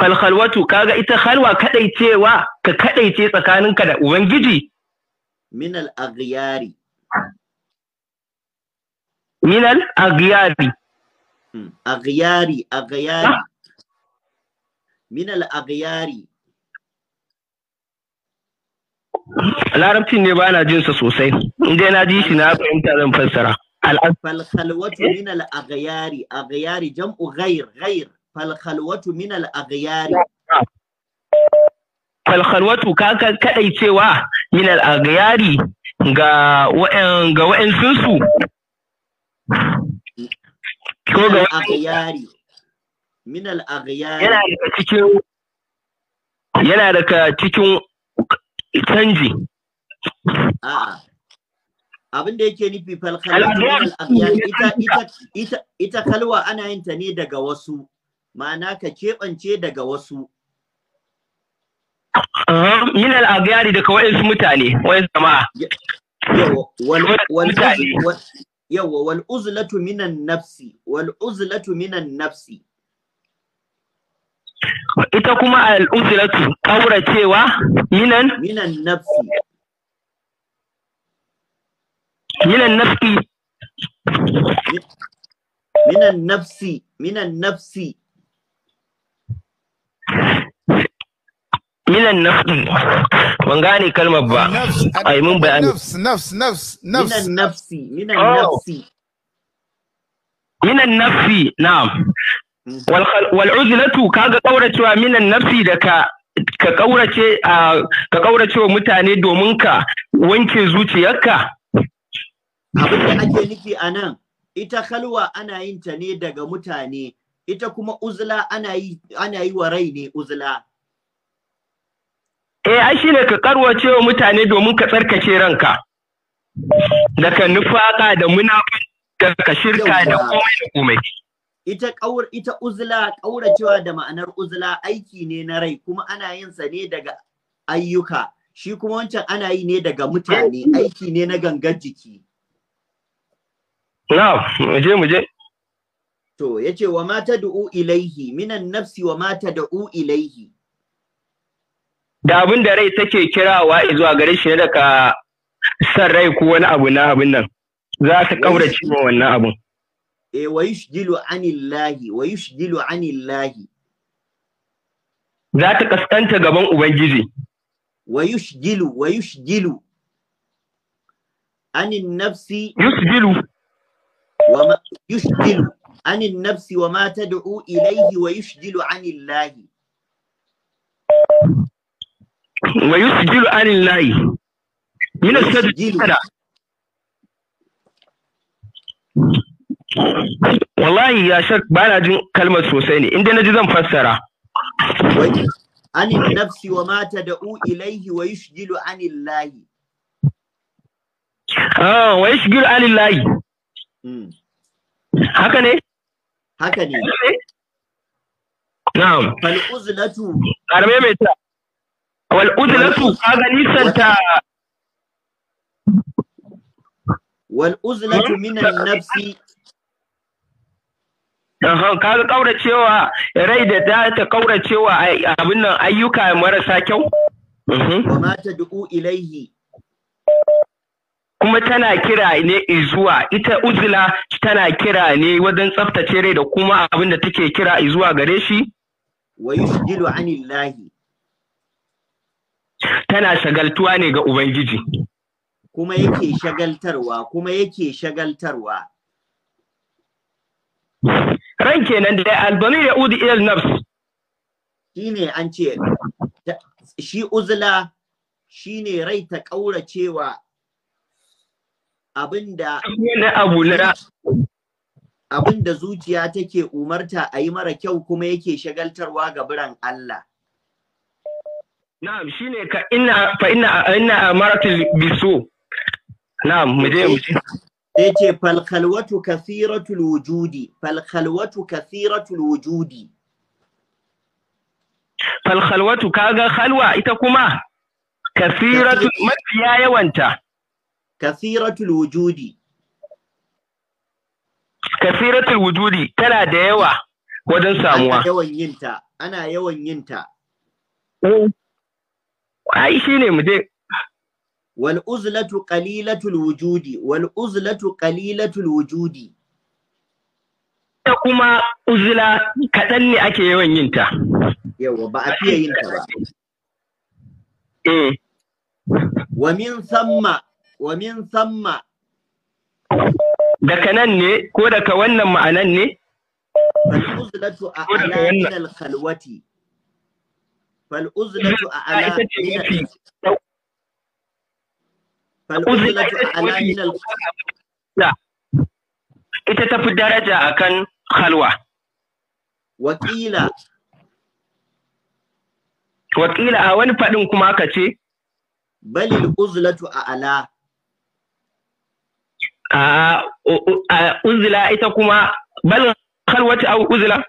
falhalwatu kaga ita halwa cewa ka kadaice tsakaninka da ubangiji min al'aghyari min al'aghyari Hmm. aghyari aghyari ah. min al aghyari larabcin ne ba na jin sa sosai Inda na ji shi na fahimta zan fassara fal khalwatu min al aghyari aghyari jam'u ghayr ghayr fal khalwatu min al aghyari fal khalwatu ka kadai cewa min al aghyari ga wa'en ga wa'en sunsu ko ga aghyari min al aghyari yana daga cikin yana daga cikin canji a'a abin da yake nufi fal ita ita ita kalwa ana yin ta ne daga wasu ma'ana ka keɓance daga wasu min al aghyari daga wa'insu mutane wa'insu jama'a yawa wal uzlatu minan nafsi wal uzlatu minan nafsi ita kuma al uzlatu kauracewa minan minan nafsi minan nafsi minan nafsi minan nafsi minan nafsi ban gane kalmar ba ai mun bayani nafs minan nafsi minan oh. nafsi minan nafsi na'am wal uzlatu kaga kauracewa minan nafsi daga ka kaurace ka kauracewa mutane domin ka wanke zuciyarka abin da ake nufi anan ita kalwa ana yin ta ne daga mutane ita kuma uzla ana yi ana yi wa rai ne uzla Eh, ai shi ne ka karwace wa mutane domin ka tsarkake ranka. Da ka nufaka da munafin da ka shirka da komai da komai. Ita kaur ita uzla kauracewa da ma'anar uzla aiki ne na rai kuma ana yin sa ne daga ayyuka. Shi kuma wancan ana yi ne daga mutane aiki ne na gangan jiki. Na, muje muje. To, yace wa mata da'u ilaihi minan nafsi wa mata da'u ilaihi da abin da rai take kirawa zuwa gare shi daga san rai ko wani abu na abin nan za ta kaurace ma wannan abun eh wa yushjilu anillahi wa yushjilu anillahi za ta kaskanta gaban ubangiji wa yushjilu wa yushjilu anin nafsi yushjilu wa yushjilu anin nafsi wa ma tad'u ilayhi wa yushjilu anillahi wa yusjilu anil layi min as-sajda wallahi ya shak ba na jin kalmar sosai ne inda na ji zan fassara anil nafsi wa ma tad'u ilayhi wa yusjilu anil layi ah wa yusjilu anil layi hmm. haka ne haka ne na'am fal uzlatu karme mai ta wal uzlatu kaga ta wal uzlatu min nafsi kaga kauracewa rai da ta ta kauracewa abin nan ayyuka marasa kyau mhm. wa ta tad'u ilaihi kuma tana kira ne izuwa ita uzula tana kira ne wajen tsaftace rai da kuma abin da take kira izuwa gare shi wa yusjilu anillahi tana shagaltuwa ne ga Ubangiji. Kuma yake shagaltarwa, kuma yake shagaltarwa. Ran kenan da albani ya udu il nafs. Shi ne an ce, shi uzula shi ne rai ta ƙaura abinda abin da abinda zuciya take umarta a yi mara kyau kuma yake shagaltarwa ga biran Allah. Na'am shine ka ina fa ina ina amaratul bisu. Na'am mu je mu je. Yace fal khalwatu kathiratul wujudi fal khalwatu kathiratul wujudi. Fal khalwatu kaga khalwa ita kuma kathiratul mafiya yawanta. Kathiratul wujudi. Kathiratul wujudi tana da yawa wajen samuwa. Ana yawan yinta, ana yawan yinta. Eh. ai shine ne muje? wal uzlatu qalilatul wujudi wal uzlatu qalilatul wujudi ita kuma uzla kaɗan ne ake yawan yin ta yawa ba a fiye yin ta ba eh. wa min thamma wa min thamma daga nan ne ko daga wannan ma'anan ne fal uzlatu a'la min al khalwati fal uzlatu a'la fal uzlatu a'la ila ita tafi daraja akan khalwa wakila a wani faɗin kuma aka ce a'la a uzla ita kuma bal khalwatu au uzla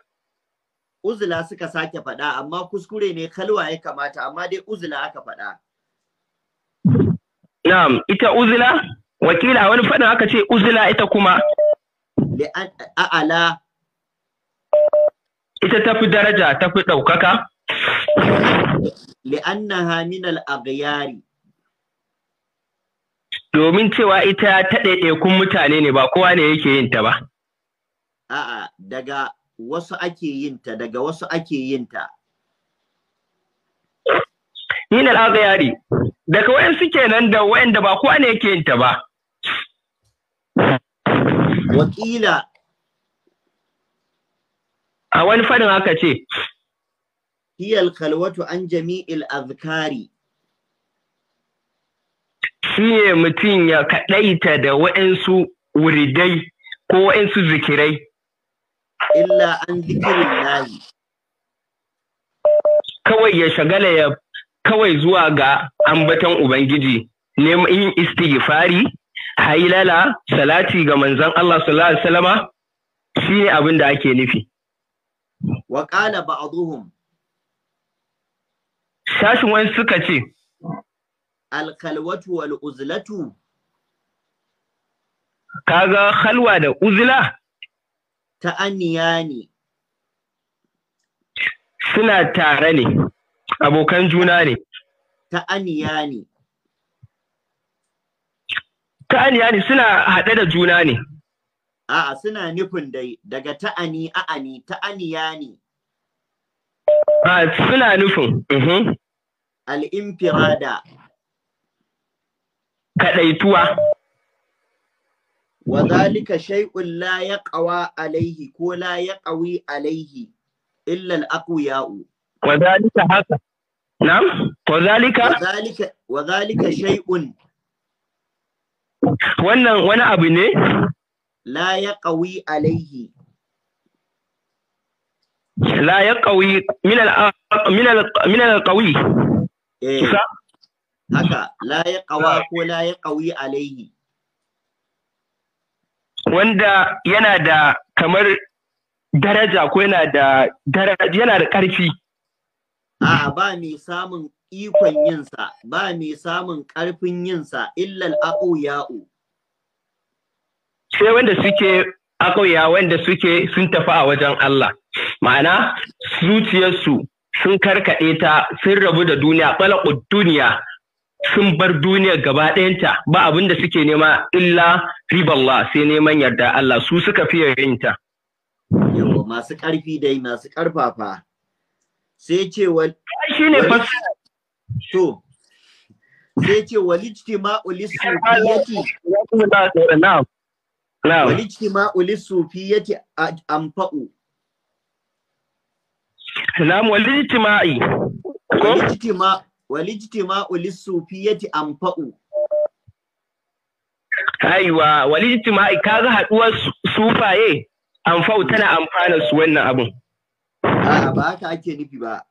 uzula suka sake faɗa amma kuskure ne kalwa ya kamata amma dai uzula aka faɗa na'am ita uzula wakila wani faɗin aka ce uzula ita kuma a'ala ita tafi daraja tafi ɗaukaka li'annaha min al-aghyari domin cewa ita ta ɗaiɗaikun mutane ne ba kowa ne yake yin ta ba a'a daga wasu ake yin ta daga wasu ake yin ta Ni na da yari. daga wayan suke nan da wayan da ba kowa ne yake yin ta ba wakila a wani fadin haka ce hiyal kalwatu an jami'il azkari shine mutum ya kaɗaita da waɗansu wuridai ko waɗansu zikirai illa an zikirin lahi kawai ya shagala ya kawai zuwa ga ambaton ubangiji neman yin istighfari hailala salati ga manzon Allah sallallahu alaihi wasallama shine abin da ake nufi wa qala ba'dhum sashin wani suka ce alkalwatu wal uzlatu kaga khalwa da uzla ta aniya ne suna tare ne abokan juna ne ta aniya ne ta'aniya ne suna haɗe da juna ne. A'a suna nufin dai daga ta'ani a'ani ta'aniya ne. A ah, suna nufin. Mhm. Al'infirada. Kaɗaituwa. wa zalika shay'un la yaqawa alaihi ko la yaqawi alaihi illa al-aqwiya'u haka na'am wa zalika wa wannan wani abu ne la yaqawi alaihi la yaqawi min min al min eh. ko la yaqawi alaihi wanda yana da kamar daraja ko yana da daraja yana da ƙarfi. A ba mai samun ikon yinsa, ba mai samun ƙarfin yinsa, illal aƙo ya'u. Sai wanda suke aƙoya wanda suke sun tafi a wajen Allah. Ma'ana, zuciyarsu sun karkaɗe ta sun rabu da duniya, ɓalaƙu duniya sun bar duniya gaba ɗayanta ba abin da suke nema illa riballah sai neman yarda Allah su suka fiye yinta. Yawa masu ƙarfi dai masu ƙarfafa sai ce wal. Shi ne To, sai ce walijti ma'ulis sufiyati. Walijti ma'ulis sufiyati amfa'u. Na'am walijti ma'i. Walijti ma'u. walijtima'u lissufiyyati anfa'u Aiwa, walijtima'i kaga haduwar sufaye anfa'u tana amfana su wannan abun. A'a ba haka ake nufi ba.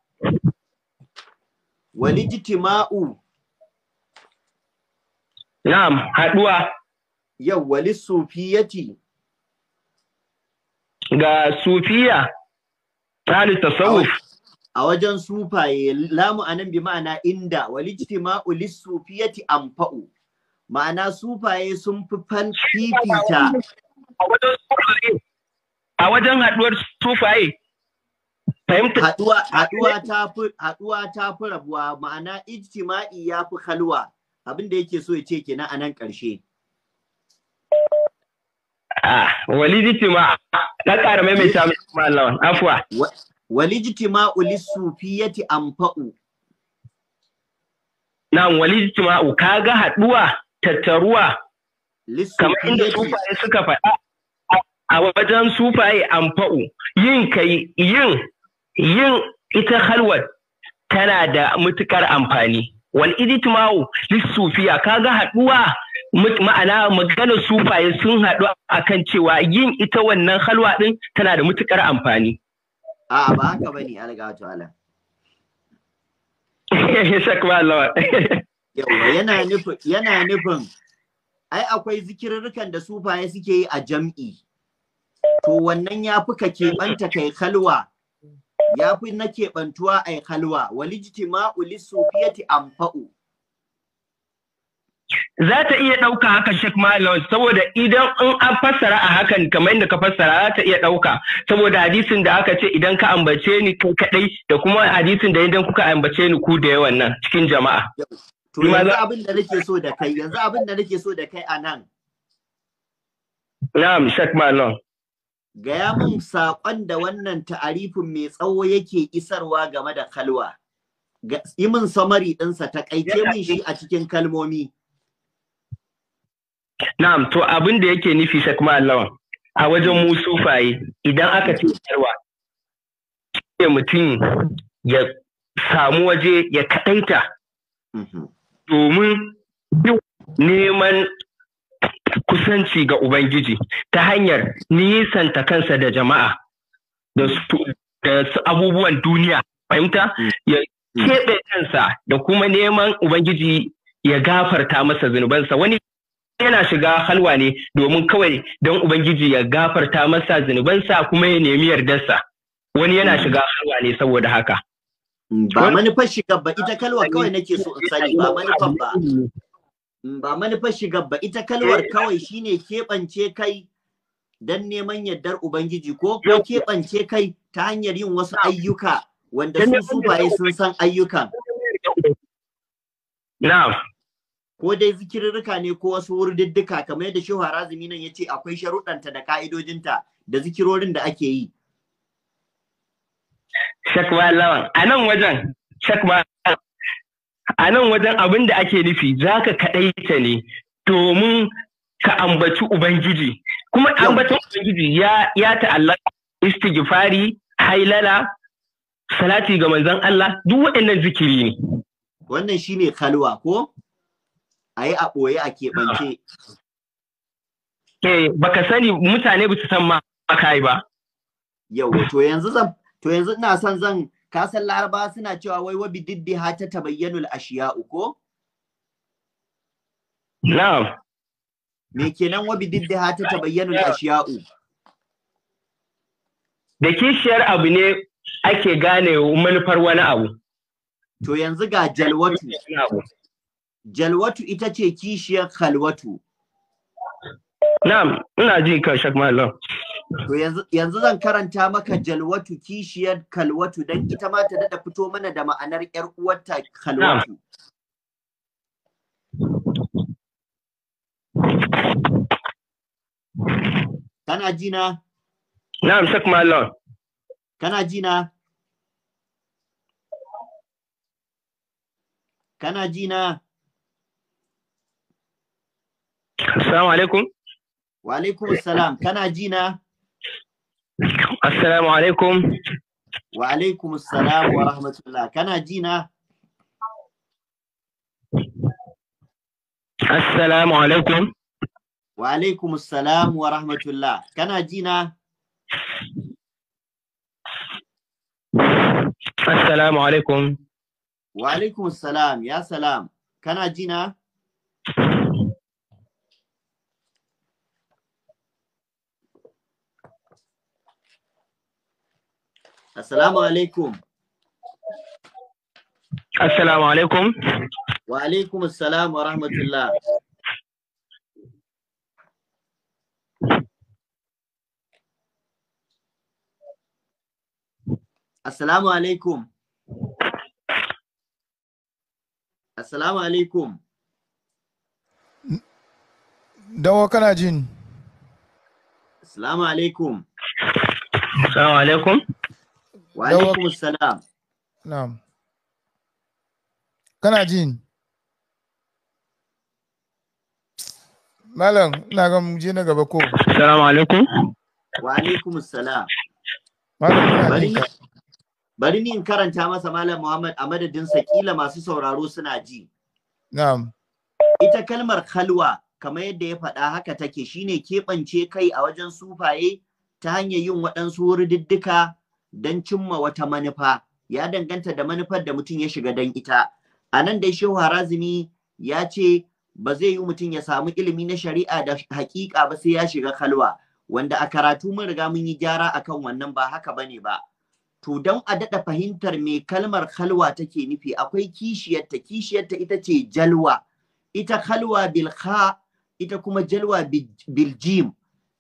Walijtima'u Na'am, haduwa. Yau walis sufiyati ga sufiya ta tasawuf. a wajen sufaye lamu anan bi ma'ana inda walijtima'u lisufiyati amfa'u ma'ana sufaye sun fi fan fifita a wajen haduwar sufaye haduwa haduwa ta fi haduwa ta fi rabuwa ma'ana ijtima'i ya fi halwa abin da yake so ya ce kenan a nan ƙarshe Ah, walijtima, ka ƙara maimaita mai malawan, afuwa. walijtima'u lisufiyyati anfa'u na'am walijtima'u kaga haduwa tattaruwa kamar inda sufaye suka faɗa a wajen sufaye anfa'u yin kai yin yin ita halwat tana da mutukar amfani wal ijtima'u lisufiya kaga haduwa ma'ana maganar sufaye sun haɗu akan cewa yin ita wannan halwa ɗin tana da mutukar amfani A'a ba haka ba ne alga wato ala. yana nufin yana nufin ai akwai zikirrukan da sufaye suke yi a jam'i. To wannan ya fi ka keɓanta kai halwa ya fi na keɓantuwa ai halwa walijtima'u sufiyati amfa'u. za ta iya ɗauka haka Sheikh Malam saboda idan in an fassara a hakan kamar inda ka fassara za ta iya ɗauka saboda hadisin da aka ce idan ka ambace ni kai kaɗai da kuma hadisin da idan kuka ambace ni ku da yawan nan cikin jama'a. To yanzu abin da nake so da kai yanzu abin da nake so da kai a nan. Na'am Sheikh Malam. Gaya mun saƙon da wannan ta'arifin mai tsawo yake isarwa game da kalwa. Yi min samari ɗinsa, kaice min shi a cikin kalmomi. Na'am, to abin da yake nufi kuma Allahwa a wajen mu sufaye idan aka ce yarwa sai mutum ya samu waje ya kaɗaita mhm. domin neman kusanci ga Ubangiji ta hanyar nisanta kansa da jama'a da abubuwan duniya fahimta mm. ya mm. keɓe kansa da kuma neman Ubangiji ya gafarta masa zunubansa wani yana shiga halwa ne domin kawai don Ubangiji ya gafarta masa zunubansa kuma ya nemi yardarsa. Wani yana shiga halwa ne saboda haka. Ba manufar shiga ba ita kalwar kawai nake so in sani ba manufar ba. Ba manufar shiga ba ita kalwar kawai shine keɓance kai don neman yardar Ubangiji ko ko keɓance kai ta hanyar yin wasu ayyuka wanda su sun san ayyukan. Na'am. ko dai zikirrika ne ko wasu wurdiddika kamar yadda shehu harazumi nan ya ce akwai sharuɗanta da ka'idojinta da zikirorin da ake yi shakwa lawan a nan wajen shakwa a nan wajen abin da ake nufi za ka kaɗaita ne domin ka ambaci ubangiji kuma ambacin ubangiji ya ya ta'allaka istighfari hailala salati ga manzon Allah duk waɗannan zikiri ne wannan shine kalwa ko a yi a ɓoye a keɓance. Eh, baka sani mutane ba su san ma yi ba. Yau, to yanzu zan to yanzu ina san zan ka san Laraba suna cewa wai wabi diddi ha ta tabayyanul ashiya uko? Na'am. Me kenan wabi diddi ha ta tabayyanul u? Da kishiyar abu ne ake gane manufar wani abu. To yanzu ga jalwatu. jalwatu ita ce kishiyar khalwatu na'am ina ji ka shak malam to yanzu zan karanta maka jalwatu kishiyar khalwatu don ita ma ta dada fito mana da ma'anar yar uwarta khalwatu kana ji na na'am shak malam kana ji na kana ji na السلام عليكم وعليكم السلام كان جينا السلام عليكم وعليكم السلام ورحمة الله كان جينا السلام عليكم وعليكم السلام ورحمة الله كان جينا السلام عليكم وعليكم السلام يا سلام كان جينا Assalamu alaikum. Assalamu alaikum. Wa alaikum assalam wa rahmatullah. Assalamu alaikum. Assalamu alaikum. Dawo kana jin. Assalamu alaikum. Assalamu alaikum. Wa alaikum salam. Kana jin? Malam, ina ga mu na gaba ko. Assalamu alaikum. Wa alaikum salam. Malam, bari ni in karanta masa Malam Muhammad a madadin sakila masu sauraro suna ji. Na'am. Ita kalmar kalwa kamar yadda ya faɗa haka take shine keɓance kai a wajen sufaye ta hanyar yin waɗansu rududduka don cimma wata manufa ya danganta da manufar da mutum ya shiga don ita a nan dai shehu harazimi ya ce ba zai yi mutum ya samu ilimi na shari'a da haƙiƙa ba sai ya shiga kalwa wanda a karatu mun riga mun yi gyara akan wannan ba haka bane ba to don a daɗa fahimtar me kalmar kalwa take nufi akwai kishiyarta kishiyarta ita ce jalwa ita kalwa bil kha ita kuma jalwa bil jim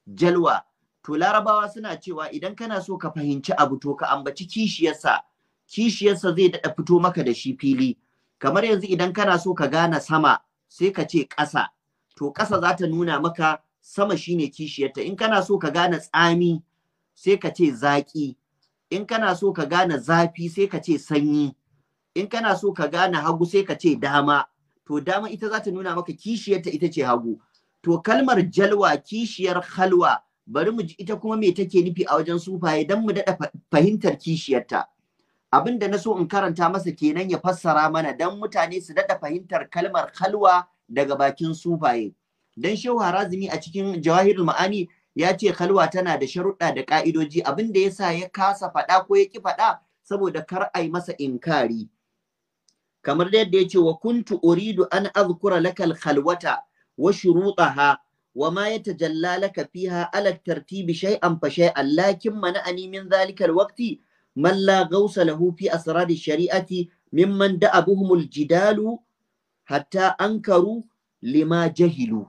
jalwa to larabawa suna cewa idan kana so ka fahimci abu to ka ambaci kishiyarsa kishiyarsa zai daɗa fito maka da shi fili kamar yanzu idan kana so ka gane sama sai ka ce ƙasa to ƙasa za ta nuna maka sama shine kishiyarta in kana so ka gane tsami sai ka ce zaƙi in kana so ka gane zafi sai ka ce sanyi in kana so ka gane hagu sai ka ce dama to dama ita za ta nuna maka kishiyarta ita ce hagu to kalmar jalwa kishiyar halwa bari mu ji ita kuma me take nufi a wajen sufaye don mu daɗa fahimtar kishiyarta abin da na so in karanta masa kenan ya fassara mana don mutane su daɗa fahimtar kalmar halwa daga bakin sufaye don shehu harazimi a cikin jawahirul ma'ani ya ce halwa tana da sharuɗa da ƙa'idoji abin da sa ya kasa faɗa ko ya ki faɗa saboda kar ai masa inkari kamar da yadda ya ce wa kuntu uridu an azkura lakal khalwata wa shurutaha wa ma tajalla laka fiha ala tartibi shay'an fa shay'an lakin mana'ani min dhalika alwaqti man la gausa lahu fi asrar shari'ati mimman da'abuhum aljidalu hatta ankaru lima jahilu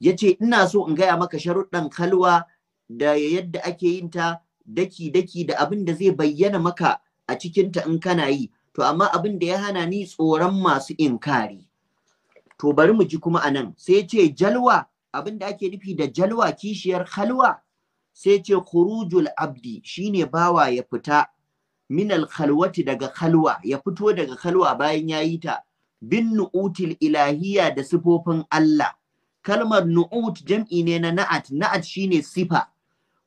yace ina so in gaya maka sharuɗan kalwa da yadda ake yin ta daki daki da abin da zai bayyana maka a cikinta in kana yi to amma abin da ya hana ni tsoron masu inkari to bari mu ji kuma anan sai ya ce jalwa abin da ake nufi da jalwa kishiyar khalwa sai ce khurujul abdi shine bawa ya fita minal khalwati daga khalwa ya fito daga khalwa bayan yayi ta bin nu'util ilahiyya da sifofin Allah kalmar nu'ut jam'i ne na na'at na'at shine sifa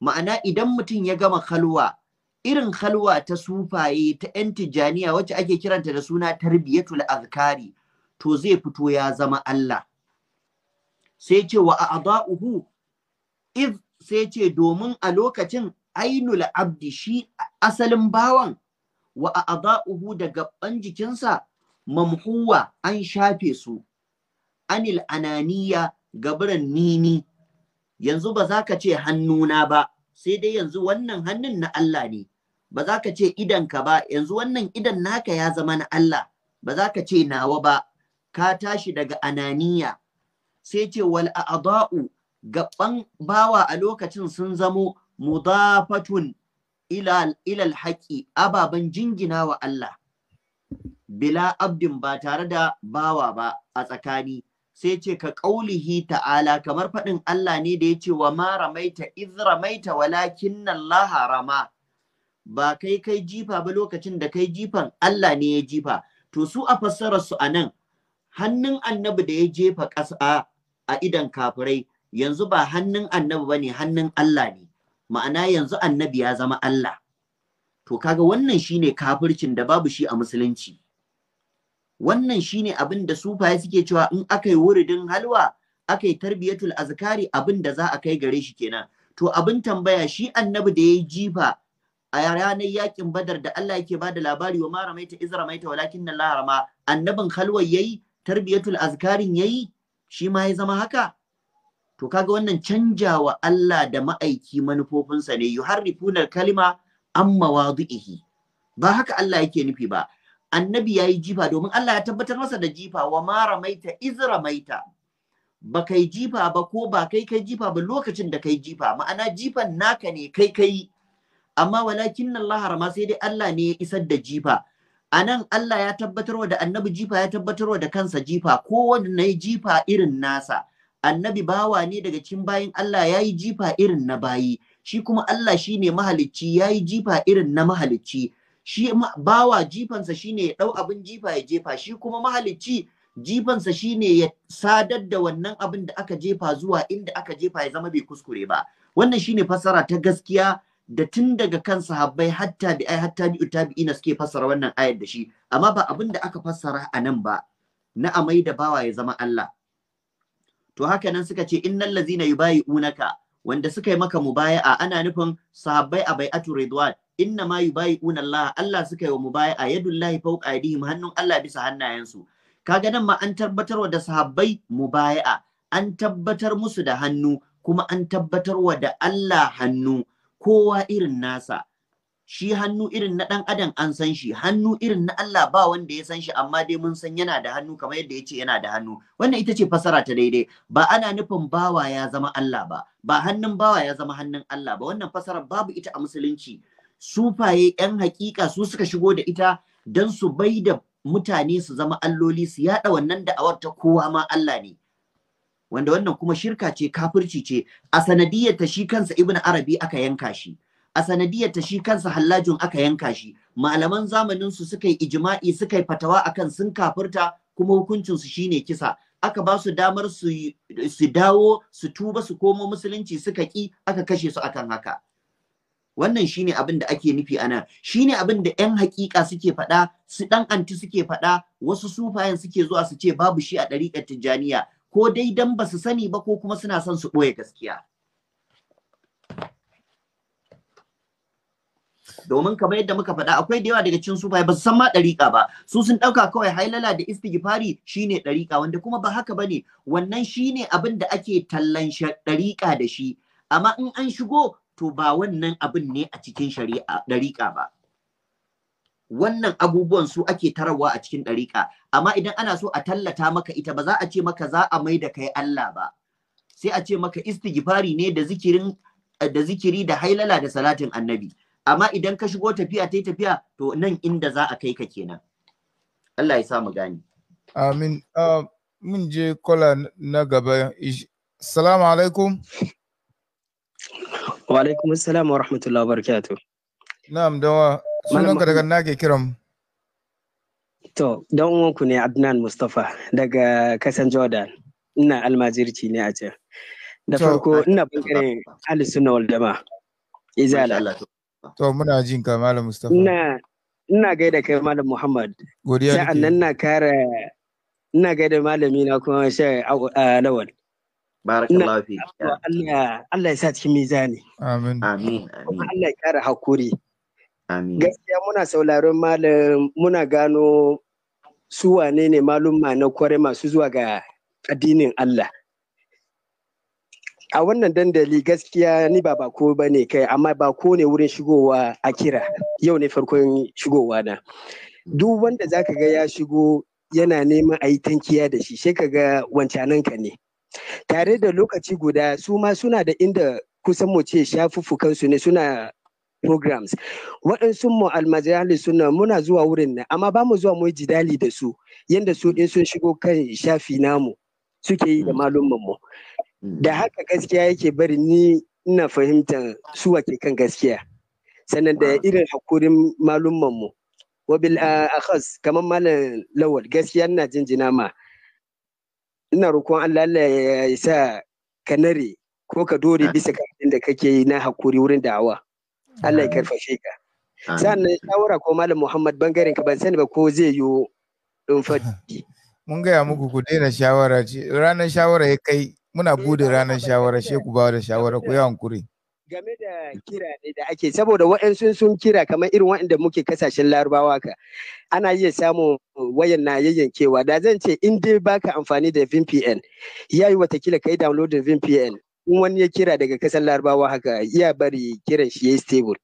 ma'ana idan mutum ya gama khalwa irin khalwa ta sufaye ta yan tijaniya wacce ake kiranta da suna tarbiyatul azkari to zai fito ya zama Allah sai ce wa a'da'uhu iz sai ce domin a lokacin ainul abdi shi asalin bawan wa uhu da gaban jikinsa mamhuwa an shafe su anil ananiya gabaran nini yanzu ba za ka ce hannuna ba sai dai yanzu wannan hannun na Allah ne ba za ka ce idanka ba yanzu wannan idan naka ya zama na Allah ba za ka ce nawa ba ka tashi daga ananiya sai ce wal a'da'u gaban bawa a lokacin sun zamo mudafatun ila ilal haƙi ababen jingina wa Allah bila abdin ba tare da bawa ba a tsakani sai ce ka ƙaulihi ta'ala kamar faɗin Allah ne da ya ce wa ma ramaita iz ramaita walakin Allah rama ba kai kai jifa ba lokacin da kai jifan Allah ne ya jifa to su a fassararsu a nan hannun annabi da ya jefa ƙasa a idan kafirai yanzu ba hannun annabi ba ne, hannun Allah ne ma'ana yanzu annabi ya zama Allah to kaga wannan shine kafircin da babu shi a musulunci wannan shine abin da sufaye suke cewa in aka yi wuridin halwa aka yi tarbiyatul azkari abin da za a kai gare shi kenan to abin tambaya shi annabi da ya yi jifa a ranar yakin badar da Allah yake da labari wa maramaita izramaita walakin Allah rama annabin halwar yayi tarbiyatul azkarin yayi shi ma ya zama haka to kaga wannan canjawa Allah da ma'aiki manufofinsa ne yuharrifuna kalima an wadu'ihi. ba haka Allah yake nufi ba annabi yayi jifa domin Allah ya tabbatar masa da jifa wa Mara maita, iz ramaita ba kai jifa ba ko ba kai kai jifa ba lokacin da kai jifa ma'ana jifan naka ne kai kai amma walakin Allah harama sai dai Allah ne ya isar da jifa a Allah ya tabbatarwa da annabi jifa ya tabbatarwa da kansa jifa Ko yi jifa irin nasa annabi bawa ne daga cikin bayin Allah ya yi jifa irin na bayi shi kuma Allah shi ne mahalicci ya yi jifa irin na mahalicci shi bawa jifansa shi ne ya ɗau abin jifa ya jefa shi kuma mahalicci jifansa shi ne ya sadar da wannan abin da aka jefa zuwa inda aka jefa ya zama bai kuskure ba wannan shi ne fassara ta gaskiya da tun daga kan sahabbai hatta bi ai hatta bi tabi'ina suke fassara wannan ayar da shi amma ba abin da aka fassara a nan ba na amai da bawa ya zama Allah to haka nan suka ce innal ladzina yubayyi'unaka wanda suka yi maka mubaya'a ana nufin sahabbai a bai'atu ridwan inna ma yubayyi'una Allah Allah suka yi wa mubaya'a yadullahi fawqa aydihim hannun Allah bisa hannayensu kaga nan ma an tabbatar wa da sahabbai mubaya'a an tabbatar musu da hannu kuma an tabbatar wa da Allah hannu kowa irin nasa shi hannu irin na ɗan adam an san shi hannu irin na Allah ba wanda ya san shi amma dai mun san yana da hannu kamar yadda ya ce yana da hannu wannan ita ce fasara ta daidai ba ana nufin bawa ya zama Allah ba ba hannun bawa ya zama hannun Allah ba wannan fasara babu ita a musulunci sufaye yan hakika su suka shigo da ita dan su bai da mutane su zama alloli su yaɗa wannan da'awar ta kowa ma Allah ne wanda wannan kuma shirka ce kafirci ce a sanadiyar ta shi kansa ibn arabi aka yanka shi a sanadiyar ta shi kansa hallajin aka yanka shi malaman zamanin su suka yi ijma'i suka yi fatawa akan sun kafirta kuma hukuncin su shine kisa aka ba su damar su su dawo su tuba su komo musulunci suka ki aka kashe su akan haka wannan shine abin da ake nufi anan. shine abin da yan hakika suke faɗa su dan anti suke faɗa wasu sufayen suke zuwa su ce babu shi a ɗariƙar tijjaniya ko dai dan ba su sani ba ko kuma suna son su ɓoye gaskiya domin kamar yadda muka faɗa akwai da yawa daga cikin sufaye ba su san ma ɗariƙa ba su sun ɗauka kawai hailala da istighfari shine ɗariƙa wanda kuma ba haka bane wannan shine abin da ake tallan ɗariƙa da shi amma in an shigo to ba wannan abin ne a cikin shari'a ɗariƙa ba wannan abubuwan su ake tarawa a cikin ɗariƙa amma idan ana so a tallata maka ita ba za a ce maka za a mai da kai Allah ba sai a ce maka istighfari ne da zikirin da zikiri da hailala da salatin annabi amma idan ka shigo tafiya tai tafiya to nan inda za a kai ka kenan Allah ya sa mu gani amin ah, mun je kola na gaba assalamu alaikum wa alaikum assalam wa rahmatullahi wa barakatuh na'am dawa sunanka daga na ke kiran to don uwanku ne Adnan Mustapha daga kasan Jordan ina almajirci ne a can da farko ina bangaren Ali Suna wal Jama'a izala to muna jin ka malam Mustapha ina ina gaida kai malam Muhammad godiya sa'an nan na kare ina gaida malami na kuma shi uh, Lawal Barakallahu fi. Allah ya sa cikin mizani. Amin. Amin. Kuma Allah ya kara hakuri. Gaskiya muna sauraron malam muna gano su wane ne malumma na kware masu zuwa ga addinin Allah. A wannan dandali gaskiya ni ba bako ba ne kai amma bako ne wurin shigowa a kira yau ne farkon shigowa na. Duk wanda za ka ga ya shigo yana neman a yi tankiya da shi sai ka ga wancananka ne. Tare da lokaci guda su ma suna da inda kusan mu ce shafuffukansu ne suna programs waɗansu mu suna muna zuwa wurin nan amma ba mu zuwa mu jidali da su yanda su in sun shigo kan shafi namu suke yi da mm. malumman mu mm. da haka gaskiya yake bari ni ina fahimta su wake kan gaskiya sannan da irin hakurin malumman mu wabil akhas kamar malam lawal gaskiya ina jinjina ma ina roƙon Allah Allah ya sa ka ko ka dore bisa kan da kake yi na hakuri wurin da'awa Allah ya karfashe ka sannan shawara ko malam Muhammad bangaren ka ban sani ba ko zai yi don fadi mun gaya muku ku daina shawara ce ranar shawara ya kai muna bude eh, ranar shawara she ku bawa da shawara ku yawan kure. game da kira ne da ake saboda waɗansu sun kira kamar irin waɗanda muke kasashen larabawa ka ana iya samun wayan na yayyankewa da zan ce in dai baka amfani da VPN yayi watakila kai downloading VPN in wani ya kira daga kasar larabawa haka iya bari kiran shi yayi stable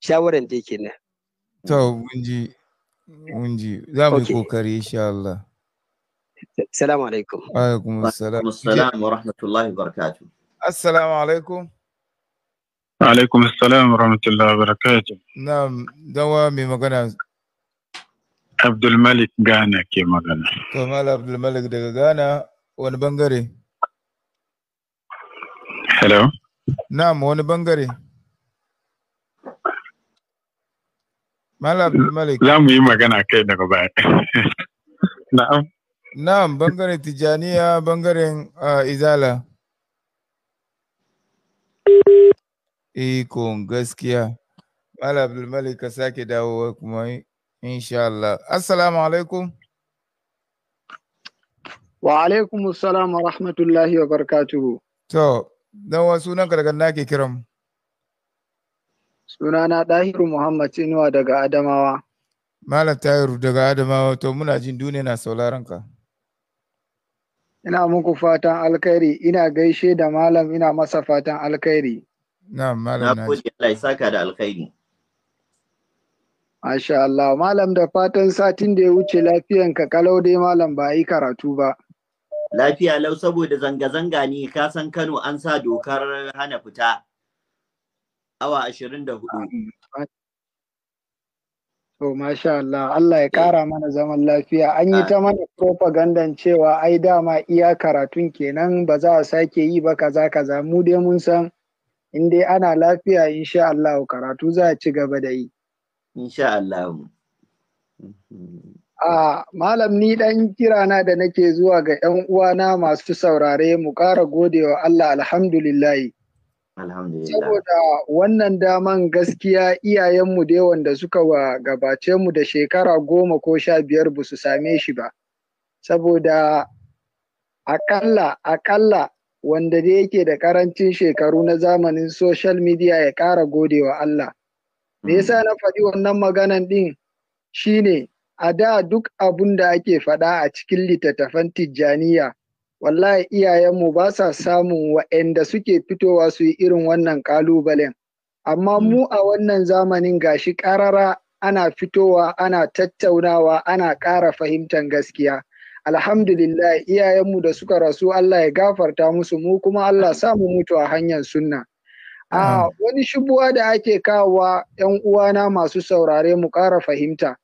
shawaran dai kenan to mun ji mun ji za mu yi kokari insha Allah assalamu alaikum wa alaikum assalam assalam wa rahmatullahi wa barakatuh assalamu alaikum alaikum assalam wa rahmatullahi wa barakatuh na'am dawa mai magana Abdulmalik Ghana ke magana. Kamal Abdulmalik daga Ghana wani bangare? Hello. Na'am wani bangare. Malam Malik. Za mu yi magana kai daga baya. Na'am. Na'am bangare Tijaniya bangaren uh, ah, Izala. Ikon eh, gaskiya. Malam Malik ka sake dawowa kuma insha Allah. Assalamu alaikum. Wa alaikum assalam wa rahmatullahi wa barakatuhu. To, Don wa sunan ka daga na ke kiran mu? Sunana Dahiru Muhammad Tinuwa daga Adamawa. Malam Tahiru daga Adamawa to muna jin duniya na sauraron ka. Ina muku fatan alkhairi, ina gaishe da malam ina masa fatan alkhairi. Na malam na. ji. Na saka da alkhairi. Masha Allah, malam da fatan satin da ya wuce lafiyanka kalau dai malam ba yi karatu ba. Lafiya lau saboda zanga-zanga ne ka san Kano an sa dokar hana fita awa ashirin da hudu. To, masha Allah, Allah ya kara mana zaman lafiya. An yi ta mana propaganda cewa ai dama iya karatun kenan ba za a sake yi ba kaza kaza mu dai mun san in dai ana lafiya insha Allah karatu za a ci gaba da yi. Insha Allah. A malam ni ɗan kirana da nake zuwa ga ‘yan uwana masu saurare mu ƙara godewa Allah alhamdulillahi. Saboda wannan daman gaskiya iyayenmu dai wanda suka wa gabace mu da shekara goma ko sha biyar ba su same shi ba. Saboda akalla akalla wanda da yake da karancin shekaru na zamanin social media ya ƙara godewa Allah. Me yasa na faɗi wannan maganan ɗin shine a da duk abun da ake faɗa a cikin littattafan tijjaniya wallahi iyayenmu ba sa samun wa'anda suke fitowa su yi irin wannan ƙalubalen amma hmm. mu a wannan zamanin gashi ƙarara ana fitowa ana tattaunawa ana ƙara fahimtar gaskiya alhamdulillah iyayenmu da suka rasu Allah ya gafarta musu mu kuma Allah samu mutu a hanyar sunna a wani shubuwa da ake kawowa yan uwana masu saurare mu ƙara fahimta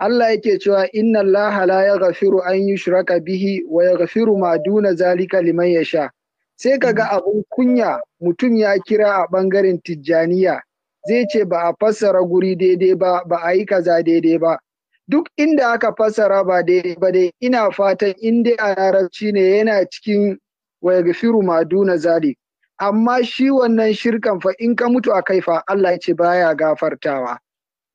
Allah yake cewa inna Allah la yaghfiru an yushraka bihi wa yaghfiru ma duna zalika liman yasha sai kaga abun kunya mutum ya kira a bangaren tijjaniya zai ce ba a fassara guri daidai ba ba a yi kaza daidai ba duk inda aka fassara ba daidai ba dai ina fatan in dai a larabci ne yana cikin wa yaghfiru ma duna zalik amma shi wannan shirkan fa in ka mutu a kai fa Allah ya ce baya gafartawa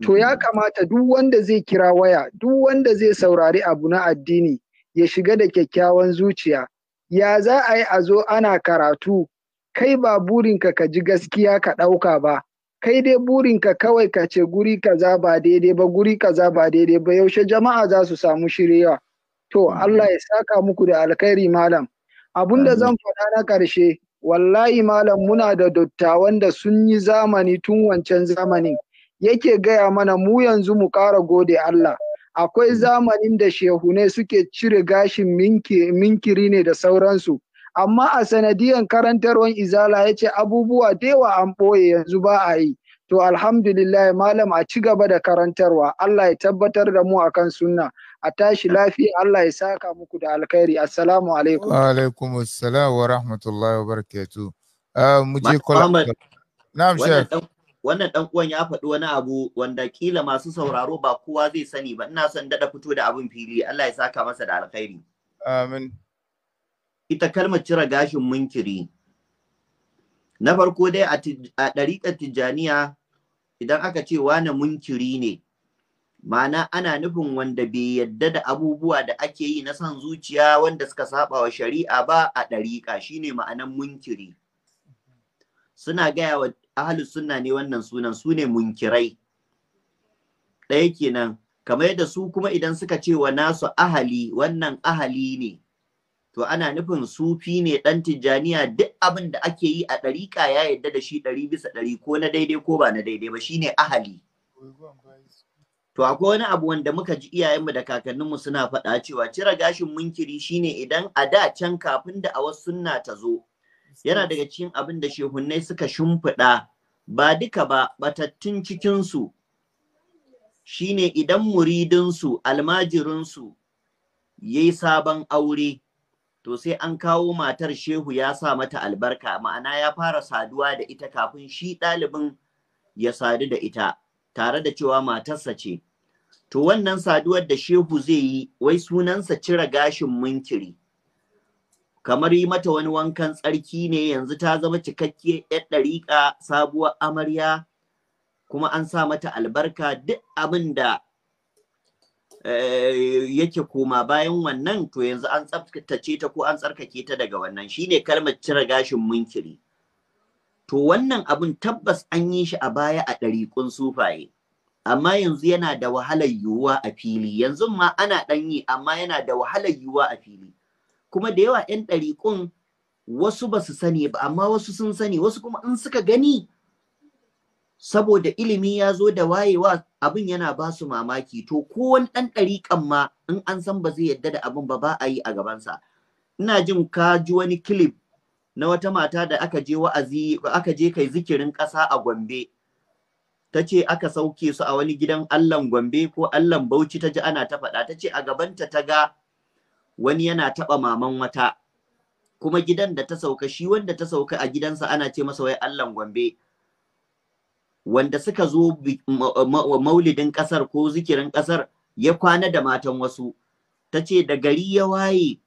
to ya mhm. kamata duk wanda zai kira waya duk wanda zai saurari abu na addini ya shiga da kyakkyawan zuciya ya za a yi a zo ana karatu kai ba burinka ka ji gaskiya ka ɗauka ba kai dai burinka kawai ka ce guri kaza ba daidai ba guri kaza ba daidai ba yaushe jama'a za su samu shirya to mhm. Allah ya saka muku da alkhairi malam abun da zan faɗa na ƙarshe wallahi malam muna da dattawan da sun yi zamani tun wancan zamanin yake gaya mana mu yanzu mu ƙara gode Allah. Akwai mm. zamanin da shehune suke cire gashin minkiri ne da sauransu. Amma a sanadiyan karantarwan izala ya ce abubuwa dewa an ɓoye yanzu ba a yi. To alhamdulillah malam a ci gaba da karantarwa Allah ya tabbatar da mu akan sunna a tashi lafiya Allah ya saka muku da alkhairi assalamu alaikum wa alaikum assalam wa rahmatullahi wa barakatuh ah, Muje na'am shek wannan dan uwan ya faɗi wani abu wanda kila masu sauraro ba kowa zai sani ba ina son dada fito da abin fili Allah ya saka masa da alkhairi amin ita kalmar cire gashin munkiri na farko dai a ɗariƙar tijjaniya idan aka ce wane munkiri ne ma'ana ana nufin wanda bai yadda da abubuwa da ake yi na son zuciya wanda suka saba wa shari'a ba a ɗariƙa shine ma'anan munkiri suna gaya wa ahlus sunna ne wannan sunan su ne munkirai ɗaya kenan kamar yadda su kuma idan suka ce wa nasu ahali wannan ahali ne to ana nufin sufi ne ɗan tijjaniya duk abin da ake yi a ɗariƙa ya yadda da shi ɗari bisa ɗari ko na daidai ko ba na daidai ba shine ahali to akwai wani abu wanda muka ji iyayenmu da kakanninmu suna faɗa cewa cire gashin munkiri shine idan a da can kafin da a wasu sunna ta zo yana daga cikin abin da shehunnai suka shimfiɗa ba duka ba batattun cikinsu shine idan muridinsu almajirinsu ya yi sabon aure to sai an kawo matar shehu ya sa mata albarka ma'ana ya fara saduwa da ita kafin shi ɗalibin ya sadu da ita tare da cewa matarsa ce to wannan saduwar da shehu zai yi wai sunansa cire gashin munkiri kamar yi mata wani wankan tsarki ne yanzu ta zama cikakke, yar ɗariƙa sabuwar amarya kuma an sa mata albarka duk abin da eh, yake koma bayan wannan to yanzu an tsaftace ta ko an tsarkake ta daga wannan shine kalmar cire gashin munkiri to wannan abin tabbas an yi shi a baya a ɗariƙun sufaye amma yanzu yana da wahalar yiwuwa a fili yanzu ma ana ɗan yi amma yana da wahalar yiwuwa a fili kuma da yawa 'yan ɗariƙun wasu ba su sani ba amma wasu sun sani wasu kuma in suka gani saboda ilimi ya zo da wayewa abin yana ba su mamaki to kowane ɗan ɗariƙan ma in an san ba zai yadda da abin ba ba a yi a gabansa ina jin ka ji wani kilif na wata mata da aka je wa'azi aka je kai zikirin ƙasa a Gombe ta ce aka sauke su a wani gidan Allahn Gombe ko Allahn Bauchi ta ji ana ta faɗa ta ce a gabanta ta ga wani yana taɓa maman wata kuma gidan da ta sauka shi wanda ta sauka a gidansa ana ce masa wai Allahn Gombe wanda suka zo maulidin ƙasar ko zikirin ƙasar ya kwana da matan wasu ta ce da gari ya waye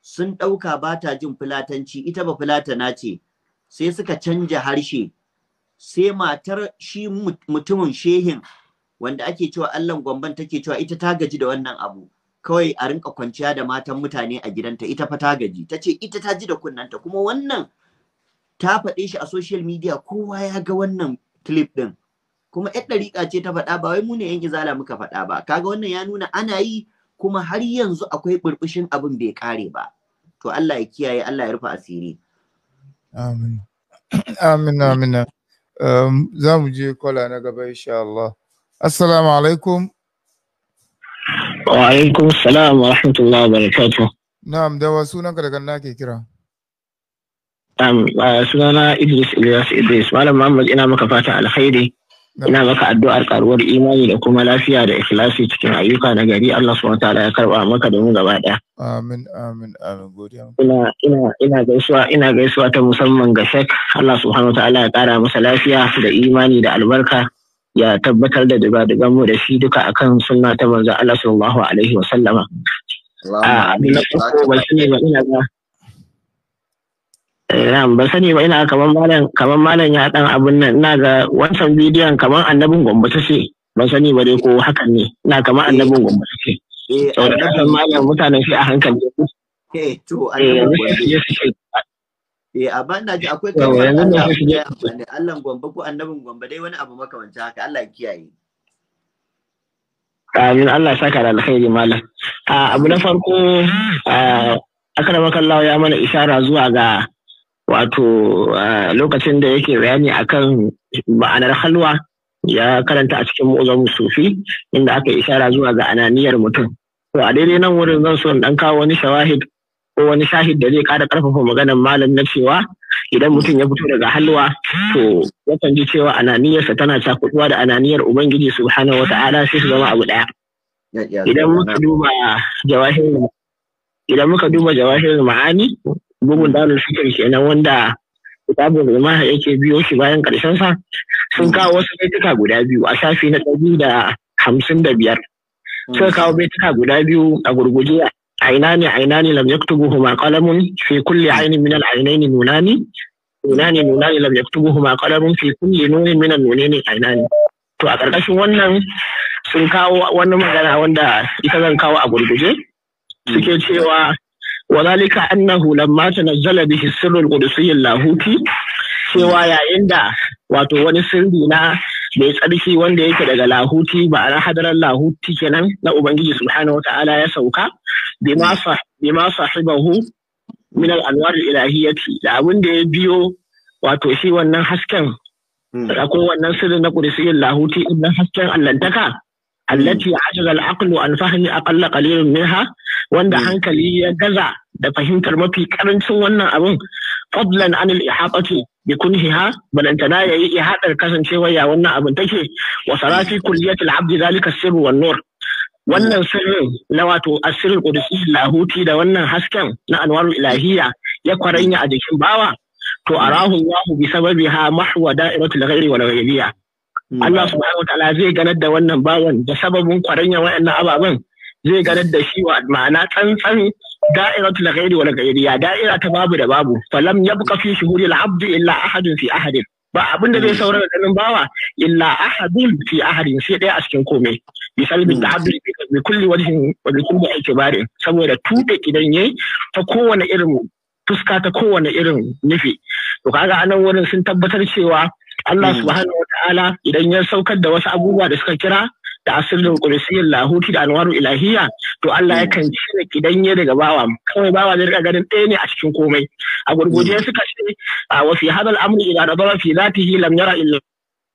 sun ɗauka ba ta jin fulatanci ita ba fulatana ce sai suka canja harshe sai matar shi mutumin shehin wanda ake cewa Allahn Gomben take cewa ita ta gaji da wannan abu kawai a rinka kwanciya da matan mutane a gidanta ita fa ta gaji ta ce ita ta ji da kunnanta kuma wannan ta faɗe shi a social media kowa ya ga wannan clip ɗin kuma yar ɗariƙa ce ta faɗa ba wai mu ne yan izala muka faɗa ba kaga wannan ya nuna ana yi kuma har yanzu akwai burbushin abin bai kare ba to Allah ya kiyaye Allah ya rufe asiri amin amin amin um, za mu je kwala na gaba insha Allah assalamu alaikum Wa alaikum salam wa rahmatullahi wa barakatuh. Na'am, da wa sunanka daga na ke kira. Um, sunana Idris Ilyas Idris, Malam Muhammad ina maka fata alkhairi. Ina maka addu'ar karuwar imani da kuma lafiya da ikhlasi cikin ayyuka na gari Allah subhanahu ta'ala ya karba maka da mu gaba daya. Amin amin amin godiya. Ina ina ina gaisuwa ina gaisuwa ta musamman ga Sheikh Allah subhanahu ta'ala ya kara masa lafiya da imani da albarka. ya tabbatar da diga-digan mu da shi duka akan sunna ta manzo Allah sallallahu alaihi wa sallama ah, ba ina ga eh, Na'am ba sani ba ina kaman malam kaman malam ya dan abun nan ina ga wannan bidiyon kaman annabin Gombe ta ce ba sani ba dai ko hakan ne ina kaman eh. annabin Gombe ta ce. Eh annabin malam mutanen shi a hankali. Eh to annabin eh, gwamnati. eh amma ji akwai kalmar Allah ne Allah gwamba ko annabin gwamba dai wani abu makamancin haka Allah ya kiyaye Amin Allah ya saka da alkhairi malam. abu na farko akramaka Allah ya mana ishara zuwa ga wato lokacin da yake bayani akan ma'anar halwa ya karanta a cikin mu'uzan sufi inda aka ishara zuwa ga ananiyar mutum. To a daidai nan wurin zan so in dan kawo wani shawahid ko wani shahid da zai kara karfafa maganar malam na cewa idan mutum ya fito daga halwa to yakan ji cewa ananiyarsa tana cakuduwa da ananiyar ubangiji subhanahu wata'ala sai su zama abu ɗaya. idan muka duba jawahir idan muka duba jawahir ma'ani bugun dalil fikir kenan wanda kitabun zama yake biyo shi bayan karshen sa sun kawo wasu baituka guda biyu a shafi na ɗari da hamsin da biyar suka kawo baituka guda biyu a gurguje عينان عينان لم يكتبهما قلم في كل عين من العينين نونان نونان نونان لم يكتبهما قلم في كل نون من النونين عينان to a ƙarƙashin wannan sun kawo wani magana wanda ita zan kawo a gurguje suke cewa wazalika annahu lamma tanazzala bihi sirrul qudusiyyil lahuti cewa yayin da wato wani sirri na mai tsarki wanda yake daga lahuti a hadarar lahuti kenan na ubangiji subhanahu wata'ala ya sauka bima sahibahu min al-anwar da abin da ya biyo wato shi wannan hasken hmm. ko wannan sirrin na qudsiyyar lahuti idan hasken allantaka allati ajaza al-aqlu an fahmi aqalla qalilan minha wanda hmm. hankali ya gaza da fahimtar mafi karancin wannan abin fadlan an al bi kunhiha balantana ya yi haɗar kasancewar ya wannan abin take wa sarafi kulliyatul abdi zalika sirru wan nur wannan sirrin na wato asirin qudusi lahuti da wannan hasken na anwarul ilahiya ya kwaranya a jikin bawa to arahu Allahu bi sababiha mahwa da'iratul ghairi wal ghaibiyya hmm. Allah subhanahu wataala zai ganar da wannan bawan da sababin kwaranya waɗannan ababen zai ganar da shi wa ma'ana tsantsan da'iratu la ghairi wal ghairiya da'ira ta babu da babu falam yabqa fi shuhuril abd illa ahadun fi ba abin da zai saurar da ganin bawa illa ahadun fi ahadin sai daya a cikin komai misali bin ta'abbur bi kulli wajhin wa bi kulli bare. saboda tuɗe idan yayi ta kowane irin fuska ta kowane irin nufi to kaga anan wurin sun tabbatar cewa Allah subhanahu wataala idan ya saukar da wasu abubuwa da suka kira da asirin kulisiyar lahuti da alwaru ilahiya to Allah mm. ya kan da kidan ya daga bawa kawai bawa zai rika ganin ɗaya ne a cikin komai a gurguje mm. suka ce a ah, wasu hadal amri ila da zama fi zatihi lam yara illa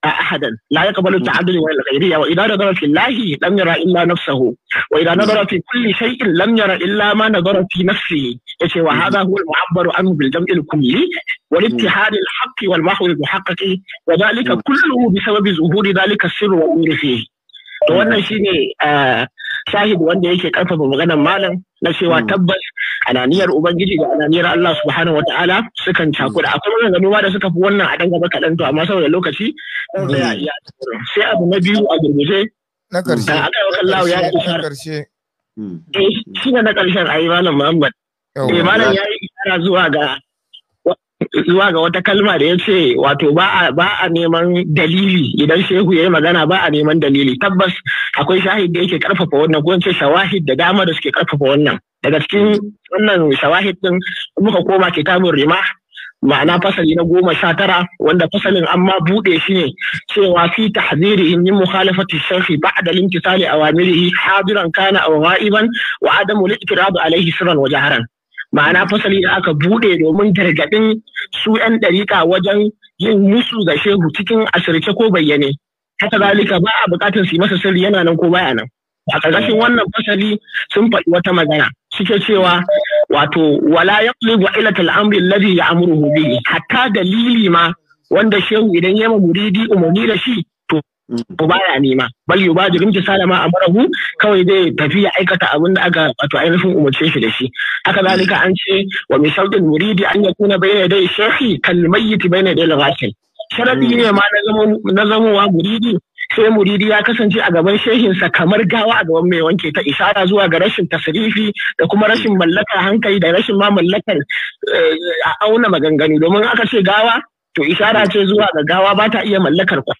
a ahadan la ya kabalu mm. ta'adul wa ila idan nazara fi lahi lam yara illa nafsahu idan nazara fi kulli shay'in lam yara illa ma nazara fi nafsihi yace wa hadha huwa al mu'abbaru anhu bil jam'il kulli والاتحاد الحق والمحو المحقق وذلك كله بسبب ظهور ذلك السر وعمره فيه To wannan ne shahid wanda yake karfafa maganar malam na cewa mm. tabbas ananiyar ubangiji da ananiyar Allah subhanahu wa ta'ala sukan takura mm. akwai maganganuwa da suka fi wannan a dangaba kaɗan to amma saboda lokaci mm. sai abu na biyu a gurguje na ƙarshe aka yi wakan ya yi ƙarshe eh shi ne na ƙarshen ayi malam Muhammad eh malam ya yi ishara zuwa ga zuwa ga wata kalma da ya ce wato ba a neman dalili idan shehu ya yi magana ba a neman dalili tabbas akwai shahid da yake karfafa wannan ko ce shawahid da dama da suke karfafa wannan daga cikin wannan shawahid din muka koma kitabun rima ma'ana fasali na goma sha tara wanda fasalin amma buɗe shi ne cewa fi tahziri in yi mukhalafati shafi ba'da limtisali awamirihi hadiran kana aw ghaiban wa adamu al alayhi sirran wa jaharan ma'ana fasali da aka bude domin gargaɗin su 'yan ɗariƙa wajen yin musu ga shehu cikin asirce ko bayyane haka zalika ba a buƙatar su yi masa sirri yana nan ko baya nan a ƙarƙashin wannan fasali sun faɗi wata magana suke cewa wato wala yaqlibu ila Ladi amri alladhi ya'muruhu bihi hatta dalili ma wanda shehu idan ya ma muridi umarni da shi Mm. ko ba ya nema bal yubajirin salama amarahu kawai zai tafi ya aikata abin da aka wato ainihin umarce shi da shi haka mm. zalika an ce wa mai sauƙin muridi an yakuna bayna dai shehi kalmayyiti bayna dai lagasin sharadi ne ma na zamowa muridi sai muridi ya kasance a gaban shehinsa kamar gawa a gaban mai wanke ta isara zuwa ga rashin tasrifi da kuma rashin mallakar hankali da rashin ma mallakar eh, a auna maganganu domin aka ce gawa to isara ce zuwa ga gawa ba ta iya mallakar ku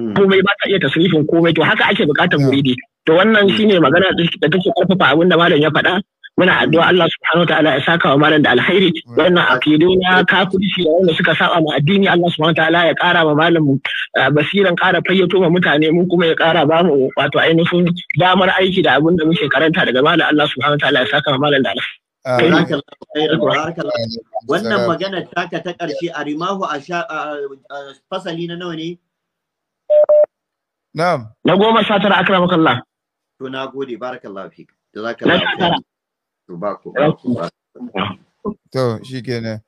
Hmm. komai ba ta iya tasirifin komai to haka ake bukatar hmm. muridi to wannan hmm. shine magana da take kofafa abin da malam ya faɗa muna addu'a Allah subhanahu ta'ala ya saka wa malam da alkhairi wannan akidu na kafirci da wanda suka saba mu addini Allah subhanahu ta'ala ya kara ma malam eh, basiran kara fayyato ma mutane mu kuma ya kara ba mu wato ainihin damar aiki da abin da muke karanta daga malam Allah subhanahu ta'ala ya saka wa malam da alkhairi wannan magana taka ta ƙarshe a rimahu a eh, eh, fasali na nawa ne Na'am. Na goma sha tara akra makalla. To na gode barakallahu fik. Jazakallahu khair. To ba ku. To shikenan.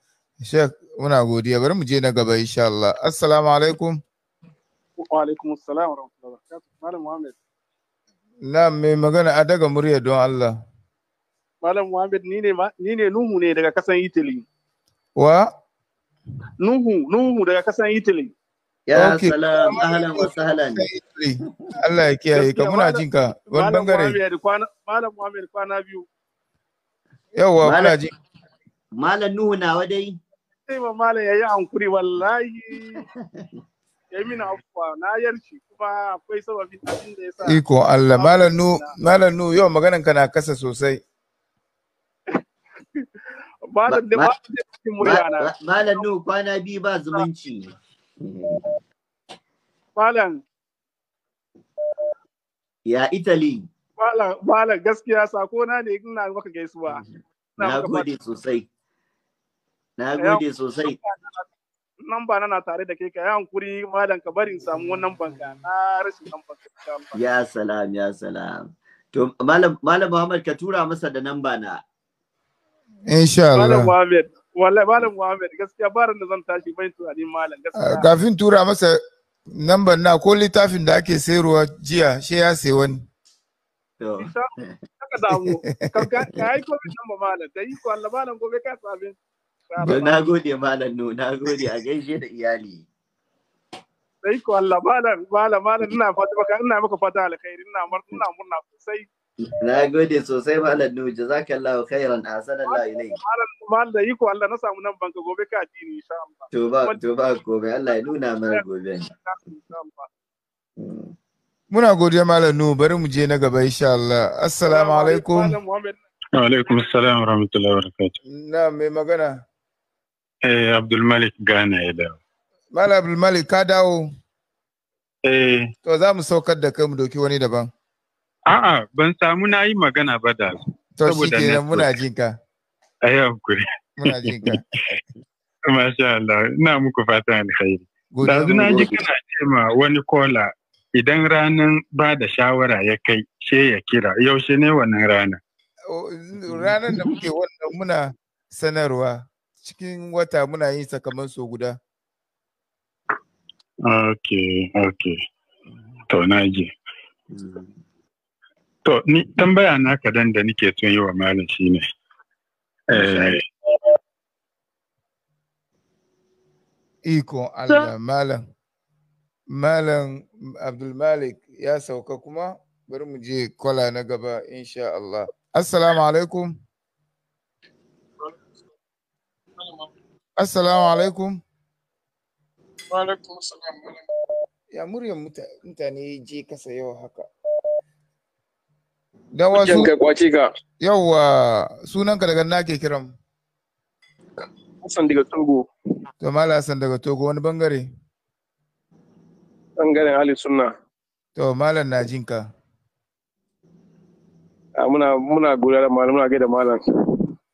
Sheikh muna godiya bari mu je na gaba insha Allah. Assalamu alaikum. Wa alaikum assalam wa rahmatullahi wa barakatuh. Malam Muhammad. Na mai magana a daga murya don Allah. Malam Muhammad ni ne ni ne Nuhu ne daga kasan Italy. Wa? Nuhu Nuhu daga kasan Italy. Ya okay. salam, ahlan wa Allah ya kiyaye ka muna jin ka wani bangare. Malam Muhammad kwana biyu. muna jin. Malam Nuhu dai. Sai ma malam wallahi. na yarci kuma akwai sababin abin da Iko Allah malam Nuhu malam Nuhu yau maganan ka na kasa sosai. Malam Nuhu kwana biyu ba zumunci. Malam. Ya Italy. Malam gaskiya sako na ne ina maka gaisuwa. Mhm. Na gode sosai. Na gode sosai. Namba na na tare da kai ka yawan kuri malam ka barin samu wannan banka na rashin namba. Ya salam ya salam. To malam Muhammad ka tura masa da namba na. Insha Allah. Malam Muhammad. wallahi malam muhammed gaskiya barin da zan tashi bai tunanin malam gaskiya ah, kafin tura masa namban na ko littafin da ake sayarwa jiya shi ya sayi wani ka damu ka aiko min namba malam da yi ko Allah malam gobe ka sabin na gode malam no na gode a gaishe da iyali sai ko Allah malam malam malam ina fata maka ina maka fata alkhairi ina murna sosai Na gode sosai Malam Nuhu, jazakallahu khairan ahsanallahu ilayk. Malam da iko Allah na samu nan banka gobe ka addini insha Allah. To ba to ba gobe Allah ya nuna mana gobe. Mm. Muna godiya Malam Nuhu, bari mu je na gaba insha Allah. Assalamu alaikum. Wa alaikum assalam wa rahmatullahi wa barakatuh. Na mai magana. Eh Abdul Malik Gana ya dawo. Malam Abdul Malik ka dawo. Eh. To za mu saukar da kai mu doki wani daban. A'a, ban samu na yi magana ba da su. To shi ke muna jin ka. A yi hankuri. Muna jin ka. Masha Allah, ina muku fatan alkhairi. Dazu na ji kana ce ma wani kola idan ranar ba da shawara ya kai she ya kira yaushe ne wannan rana. Ranar da muke wannan muna sanarwa cikin wata muna yin sakamakon so guda. Ok, ok. To na ji. Hmm. To, ni tambaya na kadan da nike son yi wa malam shi ne. Eh, Iko Allah, malam. Malam Abdulmalik ya sauka kuma bari mu je kwala na gaba insha Allah. Assalamu alaikum. Assalamu alaikum. Wa alaikum assalam. Ya muryar mutane je kasa yau haka. da wasu kai kwaci ka Yawwa sunan ka daga nake kiran Hassan daga Togo to mala Hassan daga Togo wani bangare bangaren Ali Sunna to malam na jin ka muna muna gura da malam muna gaida malam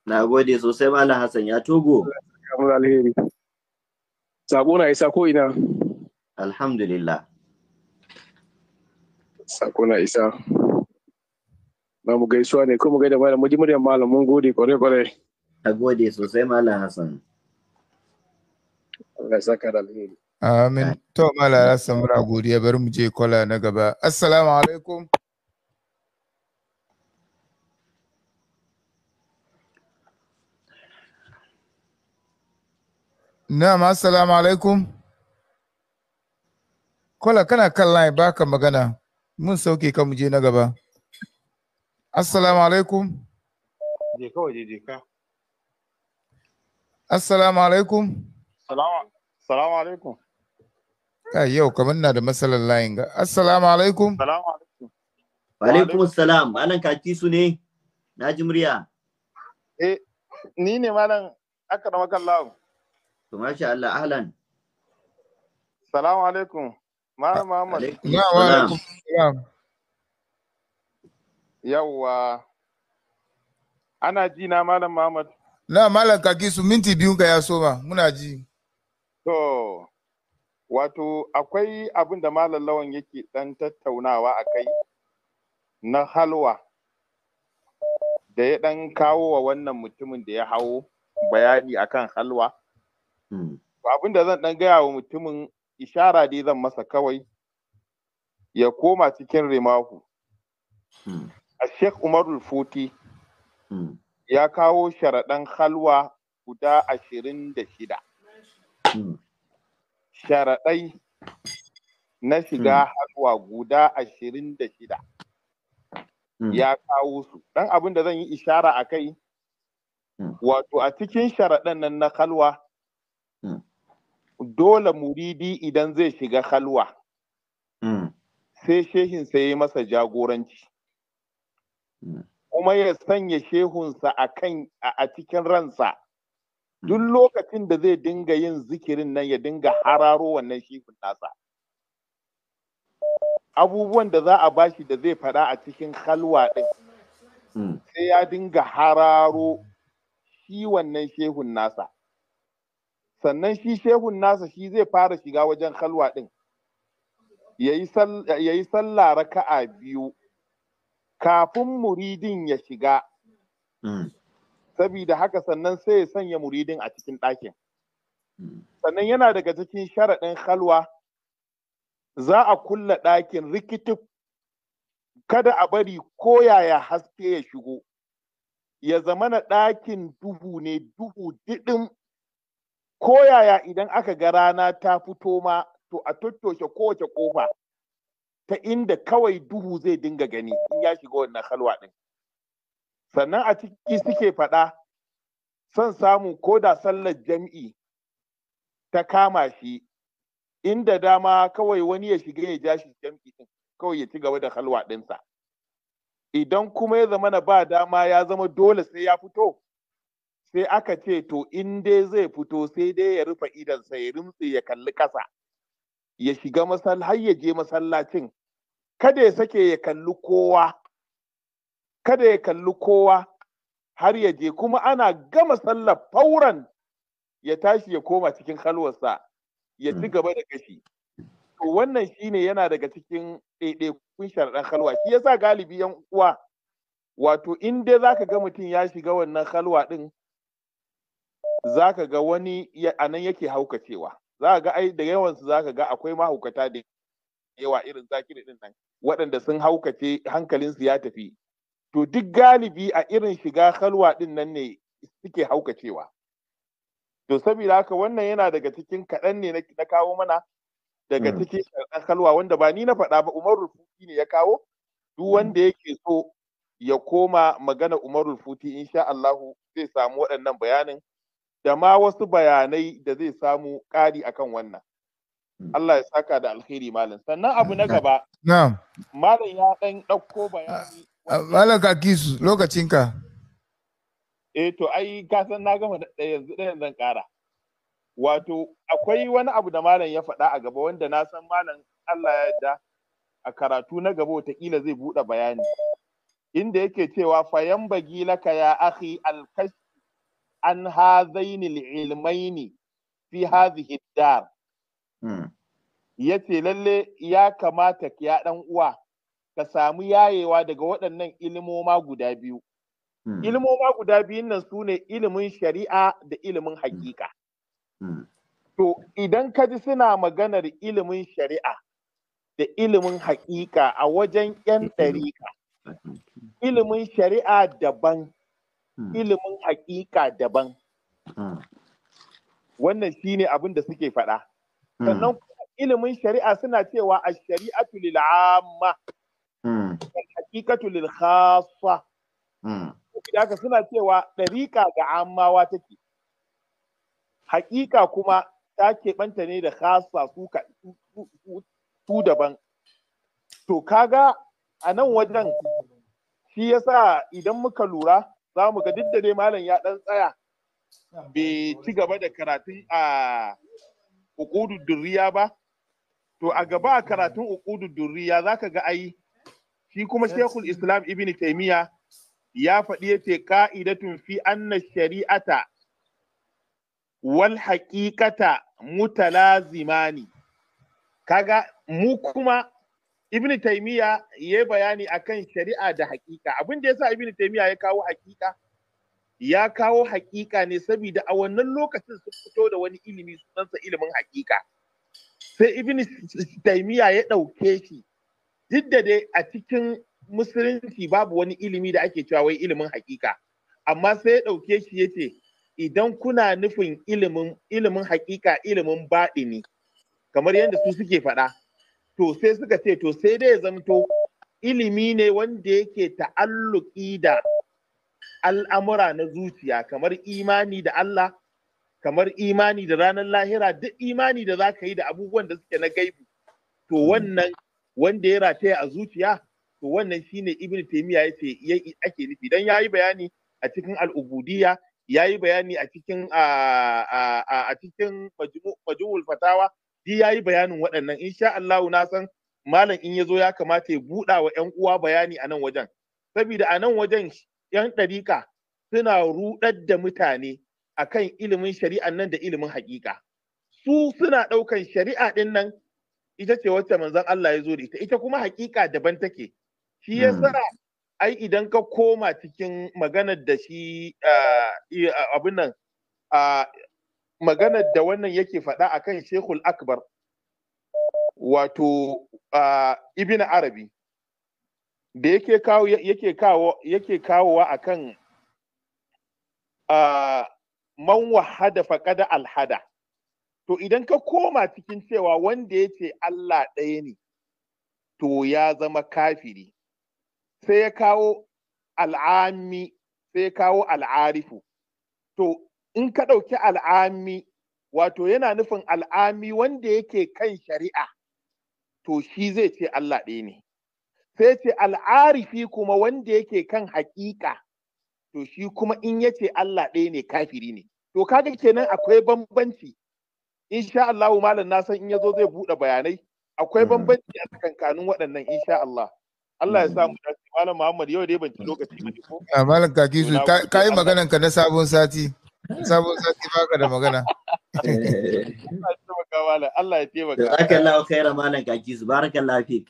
na gode sosai malam Hassan ya Togo Muna alheri sako na isa ko ina alhamdulillah sako na isa na mu gaisuwa ne kuma gaida malam muji muryar malam mun gode kware kware a gode sosai malam Hassan Allah saka da alheri amin to malam Hassan muna godiya bari mu je kwala na gaba assalamu alaikum Na'am, assalamu alaikum. Kola kana kan line baka magana. Mun sauke kan mu je na gaba. Assalamu alaikum. Je kawai je ka. Assalamu alaikum. Salamu alaikum. Kai yau kamar na da matsalar layin ga. Assalamu alaikum. Salamu alaikum. Wa alaikum assalam. Malam kaki su ne? Na ji murya. Eh, ni ne malam aka da makan lawo. To masha Allah ahlan. Salamu alaikum. Malam Muhammad. Wa alaikum assalam. yawwa ana ji na malam Muhammad na malam kakisu minti biyun ka ya soma muna ji to wato akwai abin da malam lawan yake ɗan tattaunawa a kai na halwa da ya ɗan kawo wa wannan mutumin da ya hawo bayani akan halwa hmm. abin da zan ɗan gaya wa mutumin ishara dai zan masa kawai ya koma cikin rimahu hmm. a Sheikh Umarul Foti hmm. ya kawo sharaɗan halwa guda ashirin da shida. Hmm. Sharaɗai na shiga hmm. halwa guda ashirin da shida. Ya kawo su. Ɗan abin da zan yi ishara a kai, wato a cikin sharaɗan nan na halwa, dole muridi idan zai shiga halwa, sai shehin sai masa jagoranci. kuma ya sanya shehunsa a a cikin ransa hmm. duk lokacin da zai dinga yin zikirin nan ya dinga hararo wannan shehun nasa abubuwan da za a bashi da zai faɗa a cikin kalwa ɗin hmm. sai ya dinga hararo shi wannan shehun nasa sannan shi shehun nasa shi zai fara shiga wajen kalwa ɗin ya yi sallah raka'a biyu kafin muridin ya shiga hmm. sabida haka sannan sai ya sanya muridin a cikin ɗakin hmm. sannan yana daga cikin sharaɗin halwa za a kulla ɗakin rikitif kada a bari ko yaya haske ya shigo ya zamana ɗakin duhu ne duhu diɗin ko yaya idan aka ga rana ta fito ma to a tattoshe kowace ƙofa ta inda kawai duhu zai dinga gani in ya shiga wannan halwa ɗin sannan a ciki suke faɗa son samu ko da sallar jam'i ta kama shi inda dama kawai wani ya shiga ya ja shi jam'i ɗin kawai ya ci gaba da halwa ɗinsa idan kuma ya zama na ba dama ya zama dole sai ya fito sai aka ce to in dai zai fito sai dai ya rufe idansa ya rumtse ya kalli ƙasa ya shiga har ya je masallacin kada ya sake ya kalli kowa kada ya kalli kowa har ya je kuma ana gama sallar fauran ya tashi ya koma cikin halwarsa ya ci hmm. gaba da kashi to wannan shine yana daga cikin ɗaiɗaikun sharaɗan halwa shi yasa galibi yan uwa wato in dai zaka ga mutum ya shiga wannan halwa ɗin zaka ga wani a nan yake haukacewa za ga ai da yawansu zaka ga akwai mahaukata da yawa irin zakiri ɗin nan waɗanda sun haukace hankalinsu ya tafi to duk galibi a irin shiga halwa ɗin nan ne suke haukacewa to saboda haka wannan yana daga cikin kaɗan ne na kawo mana daga mm. cikin halwa wanda ba ni na faɗa ba umaru rufuti ne ya kawo duk mm. wanda yake so ya koma magana umar in insha Allahu zai samu waɗannan bayanin da ma wasu bayanai da zai samu ƙari akan wannan Mm. Allah ya saka da alkhairi malam sannan abu na gaba na'am malam ya dan dauko bayani ah, ah, malam lokacin lokacinka eh to ai ka san na gama da yanzu da zan kara wato akwai wani abu da malam ya faɗa a gaba wanda na san malam Allah ya yarda a karatu na gaba wataƙila zai buɗe bayani inda yake cewa fayan bagi laka ya akhi alkashi an hazaini ilmaini fi hadhihi dar Hmm. ya ce lalle ya kamata ya ɗan uwa ka samu yayewa daga waɗannan ilimoma guda biyu. Hmm. Ilimoma guda biyun nan su ne ilimin shari'a da ilimin hmm. hakika. To idan ka ji suna maganar ilimin shari'a da ilimin hakika a wajen 'yan ɗariƙa. ilimin shari'a daban, ilimin hakika daban. Wannan shi ne abin da suke faɗa. sannan hmm. ilimin shari'a suna cewa a shari'atu lil amma hakikatu hmm. lil hmm. da haka suna cewa ɗariƙa ga ammawa take hakika kuma ta keɓanta ne da haswa su su daban to kaga a nan wajen shi yasa idan muka lura za mu ga duk da dai malam ya ɗan tsaya bai ci gaba da karatun a uƙudu durriya ba to a gaba a karatun uƙudu durriya zaka ga ai shi kuma shekul Islam Ibn taimiya ya faɗi yace ka'idatun fi anna shari'ata wal haƙiƙata mutalazimani kaga mu kuma Ibn ya yayi bayani akan shari'a da haƙiƙa abin da yasa Ibn taimiya ya kawo haƙiƙa ya kawo hakika ne saboda a wannan lokacin sun fito da wani ilimi sunansa ilimin hakika sai ibn taymiya ya ɗauke shi duk da dai a cikin musulunci babu wani ilimi da ake cewa wai ilimin hakika amma sai ya ɗauke shi ya ce idan kuna nufin ilimin ilimin hakika ilimin baɗini kamar yadda su suke faɗa to sai suka ce to sai dai ya zamto ilimi ne wanda yake ta'alluki da al'amura na zuciya kamar imani da Allah kamar imani da ranar lahira duk imani da za ka yi da abubuwan da suke na gaibu to hmm. wannan wanda ya rataya a zuciya to wannan shine ibnu taymiya yace ake nufi dan yayi bayani a cikin al'ubudiyya yayi bayani a cikin a cikin majmu'ul fatawa di yayi bayanin waɗannan insha Allah na san malam in ya zo ya kamata ya buɗa wa ƴan uwa bayani a nan wajen saboda a nan wajen 'yan ɗariƙa suna ruɗar da mutane a kan ilimin shari'a, nan da ilimin haƙiƙa. Su suna ɗaukan shari'a ɗin nan ita ce wacce manzon Allah ya zo da ita, ita kuma haƙiƙa daban take. Shi ya hmm. sa ai idan ka koma cikin maganar da shi eh, eh, abin nan maganar da wannan yake faɗa akan Shekul Akbar wato Ibn Arabi. da yake kawo yake kawo yake kawowa akan a man wahada faqada alhada to idan ka koma cikin cewa wanda ya Allah ɗaya ne to ya zama kafiri sai ya kawo al'ami sai ya kawo al'arifu to in ka ɗauki al'ami wato yana nufin al'ami wanda yake kan shari'a to shi zai ce Allah ɗaya ne sai ce al'arifi kuma wanda yake kan haƙiƙa to shi kuma in yace Allah ɗaya ne kafiri ne to kaga kenan akwai bambanci insha Allah malam na san in yazo zai bude bayanai akwai mm-hmm. bambanci a tsakankanin waɗannan insha Allah Allah ya sa mu dace malam Muhammad yau dai ban ci lokaci ba ko ah, malam kaki su kai maganan ka na sabon sati sabon sati baka da magana Allah ya taimaka barakallahu su, malam kakis barakallahu fik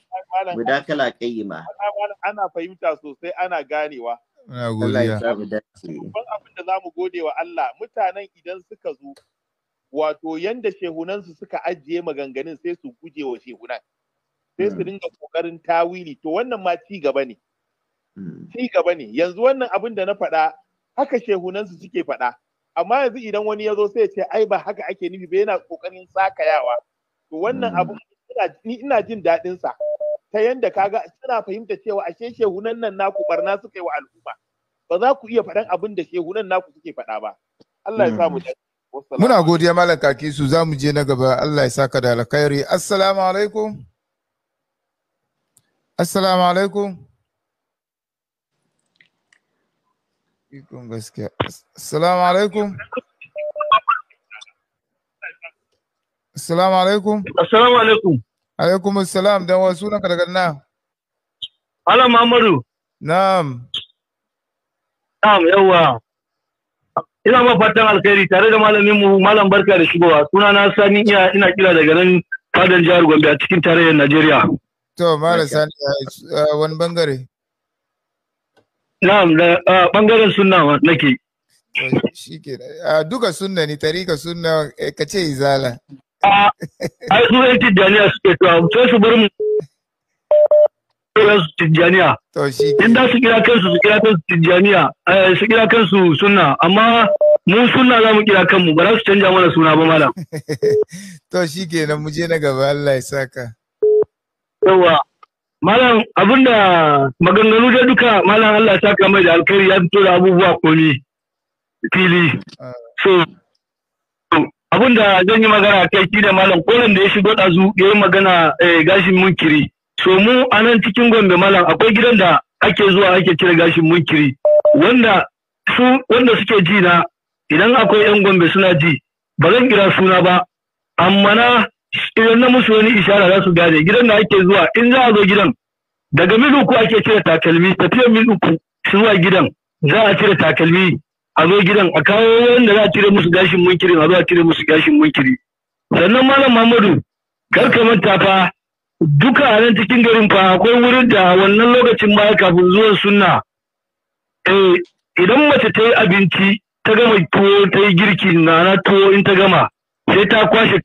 mudakala kayyima. ana fahimta sosai ana ganewa na godiya babban abin da zamu gode wa Allah mutanen idan suka zo wato yanda su suka ajiye maganganun sai su guje wa shehunan sai su hmm. dinga kokarin tawili to wannan ma ci gaba ne hmm. ci gaba ne yanzu wannan abin da na faɗa haka shehunan su suke faɗa amma yanzu idan wani ya zo sai ya ce ai ba haka ake nufi ba yana kokarin sakayawa to wannan hmm. abu ni ina jin daɗin sa ta yanda kaga suna fahimta cewa ashe shehunan nan naku barna suka yi wa al'umma ba za ku iya faɗan abin da shehunan naku suke faɗa ba Allah ya samu hmm. muna godiya malam kaki su za mu je na gaba Allah ya saka da alkhairi assalamu alaikum assalamu alaikum Ikon gaskiya. Assalamu alaikum. Assalamu alaikum. Assalamu alaikum. Alaikum assalam dan wasu na daga na. Ala Muhammadu. Na'am. Na'am yawa. Ina ma fatan alkhairi tare da malamin mu malam barka da shigowa. Suna na Sani iya ina kira daga nan fadan jihar Gombe a cikin tarayyar Najeriya. To malam Sani wani bangare. Na'am ɓangaren bangaren sunna nake. Shi ke duka sunna ne tarika sunna eh, ka ce izala. A su yan tijjaniya suke to sai su bar mu su tijjaniya. To shi ke. Inda su kira kansu su kira kansu tijjaniya eh, su kira kansu sunna amma mun sunna za mu kira kanmu ba za su canja mana suna ba malam. To shi ke nan mu je na gaba Allah ya saka. Yawa. Malam abinda maganganu da duka malam Allah ya saka mai da alkhairi ya fito da abubuwa komi fili. So abinda zan yi magana kai ki da malam koren da ya shigo ɗazu ya yi magana eh, gashin munkiri. So mu a nan cikin Gombe malam akwai gidan da ake zuwa ake cire gashin munkiri wanda su wanda suke ji na idan akwai 'yan Gombe suna ji ba zan kira suna ba amma na idan na musu wani ishara za su gane gidan da ake zuwa in za a zo gidan daga mil uku ake cire takalmi tafiyar mil uku zuwa gidan za a cire takalmi a zo gidan a kawo wanda za a cire musu gashin munkiri a zo a cire musu gashin munkiri sannan malam Muhammadu kar ka manta fa duka a nan cikin garin fa akwai wurin da wannan lokacin baya kafin zuwan sunna eh idan mace ta yi abinci ta gama tuwo ta yi girki na na tuwo in ta gama sai ta kwashe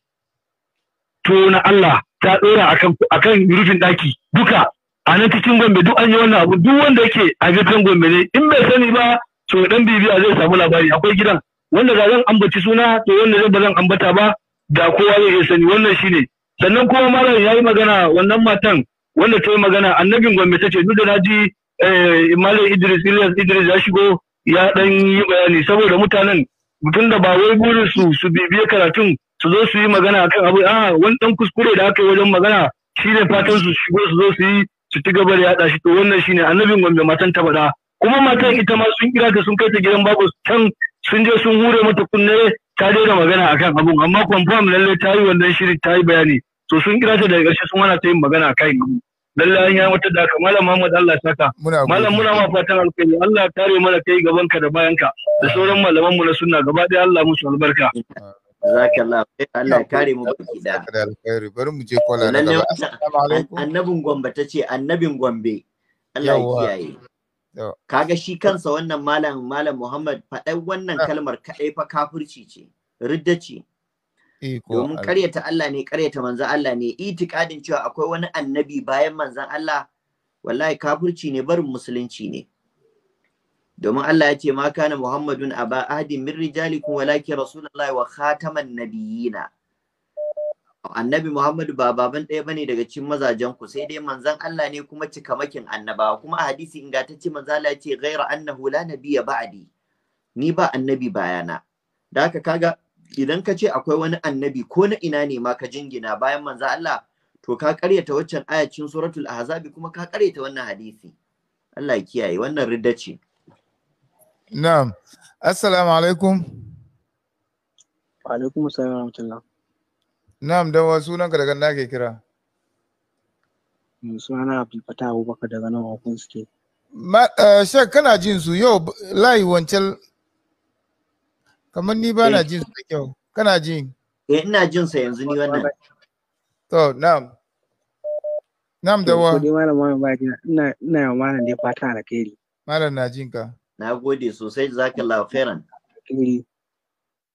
to na Allah ta ɗora akan rufin ɗaki duka a nan cikin Gombe duk an yi wannan abu duk wanda yake a gefen Gombe ne in bai sani ba to dan bibiya zai samu labari akwai gidan wanda ga zan ambaci suna to wanda zan ba zan ambata ba da kowa zai iya sani wannan shine sannan kuma malam yayi magana wannan matan wanda ta yi magana annabin Gombe ta ce duk da naji eh, Malam Idris Ilyas Idris ya shigo ya dan yi bayani saboda mutanen mutum da ba wai burin su su bibiye karatun su zo su yi magana akan abu a wani dan kuskure da aka yi wajen magana shi ne fatan su shigo su zo su yi su ci gaba da yaɗa shi to wannan shi ne annabin gombe matan ta faɗa kuma matan ita ma sun kira ta sun kai ta gidan babu can sun je sun hure mata kunne ta daina magana akan abu. amma confirm lalle ta yi wannan shirin ta yi bayani to sun kira ta daga ƙarshe sun hana ta yin magana akan abu lalle an yi mata da malam Muhammad Allah saka malam muna ma fatan alkhairi Allah kare mana kai gaban ka da bayan ka da sauran malaman mu na sunna gaba ɗaya Allah musu albarka Jazakallah khair Allah ya kare mu baki da. Bari mu je kola na gaba. Assalamu alaikum. Annabin Gombe ta ce annabin Gombe. Allah ya kiyaye. Kaga shi kansa wannan malam malam Muhammad faɗai wannan ah. kalmar kaɗai fa kafirci ce. Ridda ce. Domin karyata Allah ne karyata manzan Allah ne itikadin cewa akwai wani annabi bayan manzan Allah wallahi kafirci ne barin musulunci ne. domin Allah ya ce ma kana Muhammadun aba ahadin min rijalikum walakin rasulullah wa khataman nabiyina annabi Muhammadu ba baban ɗaya bane daga cikin mazajen ku sai dai manzan Allah ne kuma cika makin annabawa kuma a hadisi ingantacce manzo Allah ya ce ghaira annahu la nabiyya ba'di ni ba annabi bayana da haka kaga idan ka ce akwai wani annabi ko na ina ne ma ka jingina bayan manzo Allah to ka karyata waccan ayacin suratul ahzabi kuma ka karyata wannan hadisi Allah ya kiyaye wannan ridda ce Na'am. Assalamu alaikum. Wa alaikum assalam wa rahmatullah. Na'am, da wa sunan ka daga nake kira? Sunana Abdul Fatah Abubakar daga nan Hukun suke. Ma uh, eh, shek kana jin su yau lai wancan kamar ni ba na eh. jin su da kyau. Kana jin? Eh ina jin sa yanzu ni wannan. To, na'am. Na'am da wa. Ko dai malam malam ba ina ina yawa malam da fata alkhairi. Malam na jin ka. na gode sosai jazakallahu khairan eh,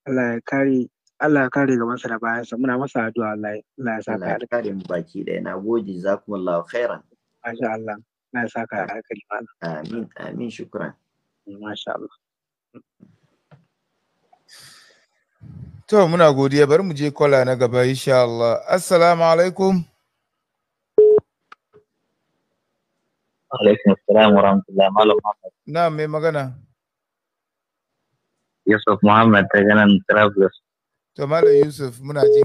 Allah ya kare Allah ya kare gabansa da bayansa muna masa addu'a Allah ya saka Allah ya kare mu baki ɗaya na gode jazakumullahu khairan masha Allah na saka alkali amin amin shukran masha Allah to muna godiya bari mu je kwala na gaba insha Allah assalamu alaikum Alaikum assalam wa rahmatullah Malam Muhammad. Na mai Yusuf Muhammad ta ganin Travelers. To Malam Yusuf muna jin eh,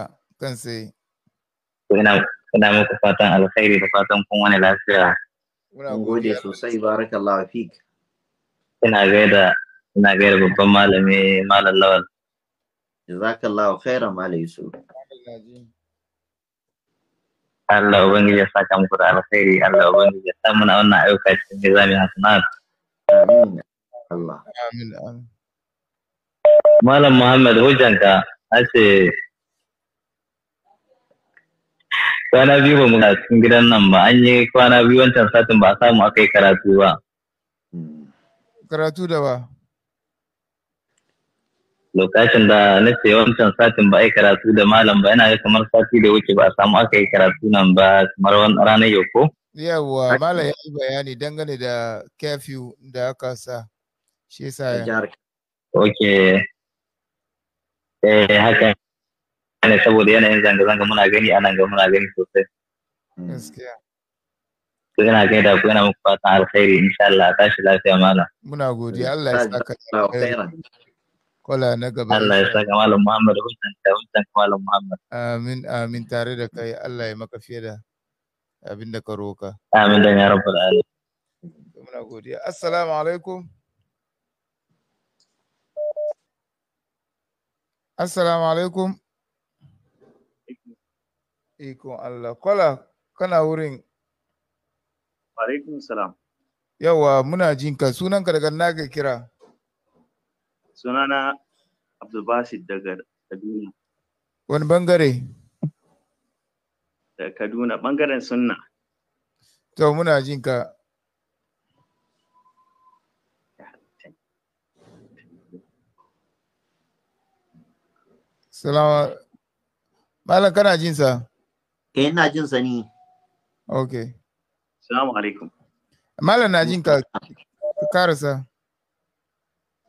eh, ka Ina muku fatan alkhairi da fatan kun wani lafiya. Muna gode sosai barakallahu fik. Ina gaida ina gaida babban malami Malam kaji Allah ubangiji ya saka muku da alkhairi Allah ban ya sa muna wannan ayyuka cikin nizamin hasanat amin Allah amin amin Malam Muhammad hujjanka ce kwana biyu ba mu na cikin gidan nan ba an yi kwana biyu wancan satin ba a samu aka yi karatu ba. Karatu da ba. lokacin da na ce wancan satin ba a yi karatu da malam ba yana kamar sati da wuce ba a samu aka yi karatu nan ba kamar wani ranar yau ko? Yawwa malam ya yi bayani dangane da curfew da aka sa shi sa ya. Ok. Eh haka ne saboda yanayin zanga-zanga muna gani a nan ga muna gani sosai. Hmm. Gaskiya. ko yana kai da kuna muku fatan alkhairi insha Allah tashi lafiya malam. Muna godiya hmm. Allah ya saka. Kwala na gaba. Allah ya saka Malam Muhammad hujjan ka hujjan ka Malam Muhammad. Amin amin tare da kai Allah ya maka fiye da abin da ka roka. Amin da ya da Allah. Muna godiya. Assalamu alaikum. Assalamu alaikum. Ikon Allah. Kola, kana wurin. Alaikum salam. Yawa, muna jinka. Sunanka daga naga kira. sunana abdulbasid daga kaduna wani bangare da kaduna bangaren sunna to muna jin ka salama malam kana jin sa eh, ina jin sa ni Ok. salamu alaikum malam na jin ka karasa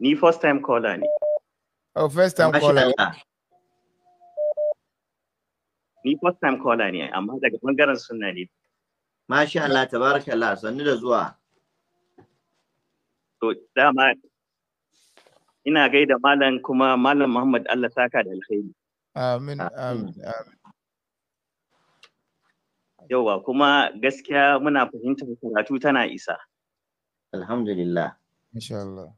Ni first time caller ne. Oh, first time caller. Ni first time caller ne, amma daga bangaren sunna ne. Masha Allah, tabarakallah, sannu da zuwa. To, dama ina gaida malam kuma malam Muhammad Allah saka da alkhairi. Amin, amin, amin. Yauwa, kuma gaskiya muna fahimtar karatu tana isa. Alhamdulillah. Insha Allah.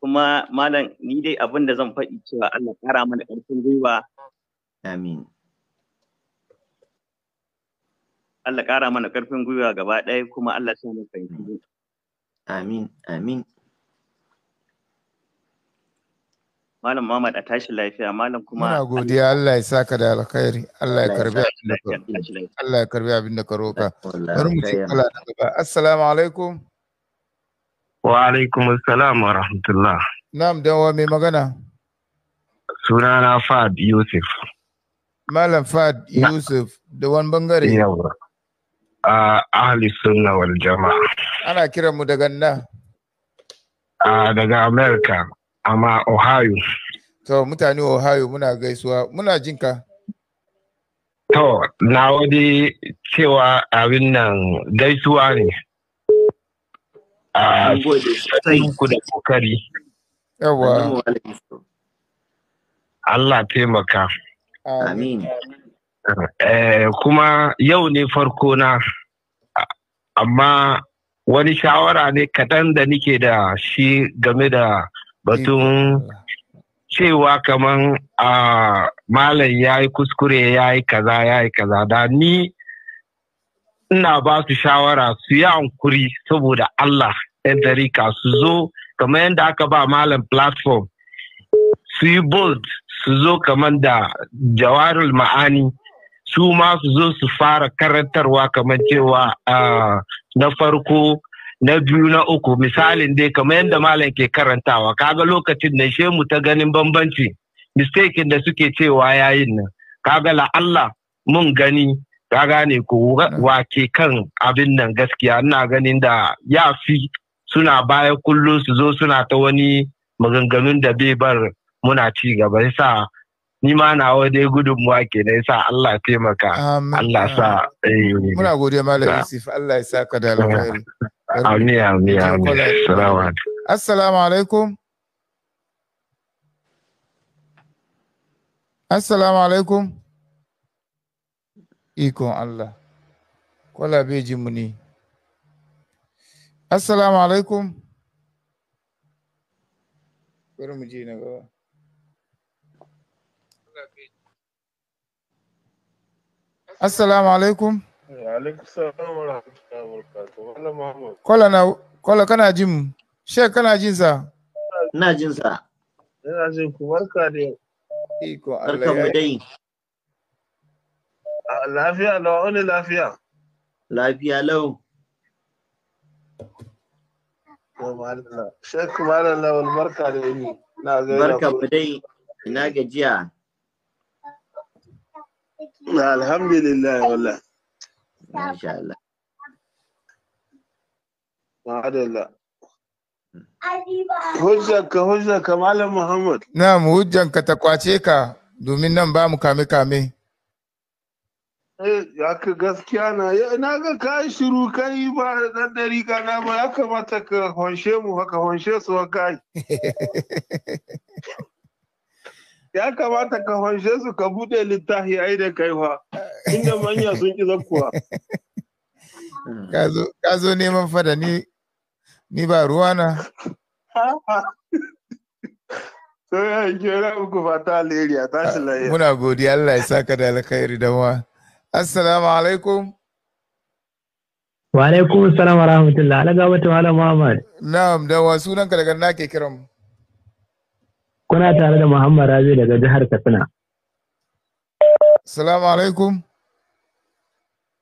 kuma malam ni dai abin da zan faɗi cewa Allah ƙara mana ƙarfin gwiwa amin Allah ƙara mana ƙarfin gwiwa gaba ɗaya kuma Allah sa mu fahimci amin amin Malam Muhammad a tashi lafiya, Malam kuma. Muna godiya Allah ya saka da alkhairi, Allah ya karbi abin da ka roka. Allah ya karbi abin da ka roka. Bari mu ci kala na gaba. Assalamu alaikum. Wa alaikum assalam wa rahmatullah. Na'am don wa mai magana? Suna na Fad Yusuf. Malam Fad Yusuf da wani bangare? Yawa. A ahli sunna wal jama'a. Ana kira mu daga nan. A daga Amerika, amma Ohio. To mutane Ohio muna gaisuwa muna jinka. To na wadi cewa abin nan gaisuwa ne. a ah, da kokari Allah taimaka amin eh, kuma yau ne farko na amma wani shawara ne kaɗan da nike da shi game da batun cewa kaman a ah, malam ya yi kuskure ya yi kaza ya yi kaza da ni ina ba su shawara su yi hankuri saboda Allah yan tarika su zo kamar yadda aka ba malam platform su yi bold su zo kamar da jawarul ma'ani su ma su zo su fara karantarwa kamar cewa na farko na biyu na uku misalin dai kamar yadda malam ke karantawa kaga lokacin da shemu ta ganin bambanci mistakin da suke cewa yayin nan kaga la Allah mun gani ka gane ko wake kan abin nan gaskiya ina ganin da ya fi suna baya kullum su zo suna ta wani maganganun da bai bar muna ci gaba yasa ni ma na dai gudun ke na yasa Allah taimaka Allah sa eh, eh. muna godiya malam Yusuf Allah ya saka da alkhairi amin amin amin assalamu alaikum assalamu alaikum ikon Allah kola bai ji muni assalamu alaikum bari mu je na gaba assalamu alaikum Kola na kola kana jin she kana jin sa ina jin sa ina jin ku barka da iko Allah barka mu dai Lafiya lawa wani lafiya. Lafiya lau. Shek Malam Lawal barka da yini. Na ga Barka mu dai ina gajiya. Alhamdulillah wallah. Masha Allah. Ma'adallah. Hmm. Hujjanka hujjanka Malam Muhammad. Na'am hujjanka ta kwace ka domin nan ba mu kame kame. Eh, ya ka gaskiya na na ga ka shiru kai ba dan dari kana ba ya kamata ka honshe mu haka honshe su kai ya kamata ka honshe su ka bude littafi ai da kai fa inda manya sun ki zakkuwa ka zo neman fada ni ni ba na. so ya ke ra muku fata alheri a shi ah, lafiya muna godiya Allah ya saka da alkhairi da wa Assalamu alaikum. Wa alaikum salam wa rahmatullah. Ala gaba ta Muhammad. Na'am, da wa sunan ka daga nake kiran. Kuna tare da Muhammad Rabi daga jihar Katsina. Assalamu alaikum.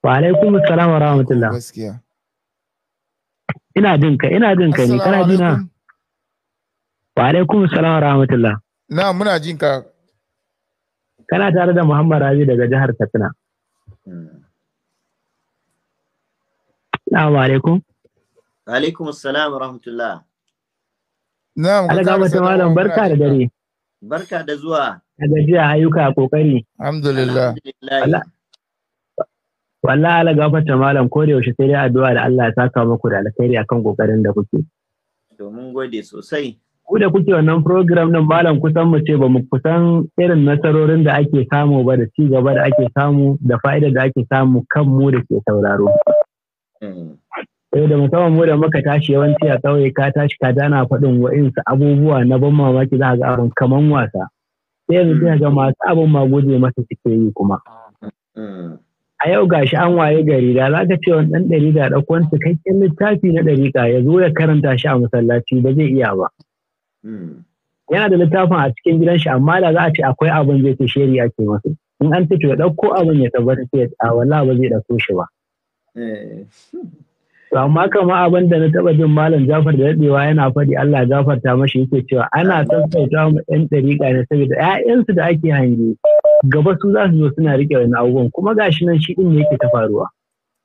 Wa alaikum salam wa rahmatullah. Gaskiya. Ina jin ka, ina jin ka ne, kana ji na. Wa alaikum salam wa rahmatullah. Na muna jin ka. Kana tare da Muhammad Rabi daga jihar Katsina. Mm. Assalamu alaikum. Alaikum assalam wa rahmatullah. Na'am. Alaga malam barka da dare. Barka da zuwa. A gajiya ayyuka kokari. Alhamdulillah. Wallahi ala gafarta malam ko yaushe sai dai addu'a da Allah ya saka maku da alkhairi akan kokarin da kuke. Domin gode sosai. ku da kuke wannan program din malam kusan mu ce ba mu kusan irin nasarorin da ake samu ba da ci gaba da ake samu da fa'idar da ake samu kan mu da ke sauraro. Sai mm. eh, da musamman mu da muka tashi yawanci a ƙauye ka tashi ka dana faɗin wa'insu abubuwa na ban mamaki za ga abin kaman wasa. Sai yanzu sai ga masu abin ma guje masa suke yi kuma. Mm. a yau ga shi an waye gari da za ka ce wani ɗan ɗari da ɗauko cikakken littafi na ɗariƙa ya zo ya karanta shi a masallaci ba zai iya ba. Hmm. yana da littafin a cikin gidan shi amma da za a ce akwai abin zai ce ya ke masu in an tafi ya ɗauko abin ya tabbata sai a wala ba zai ɗauko shi ba eh. to amma kama abin da na taɓa jin malam Jafar da daɗewa yana faɗi Allah gafarta mashi yake cewa ana sassauta mu ɗan ɗariƙa ne saboda 'ya'yansu da ake hange gaba su za su zo suna riƙe wani abubuwan kuma gashi nan shi ɗin ne yake ta faruwa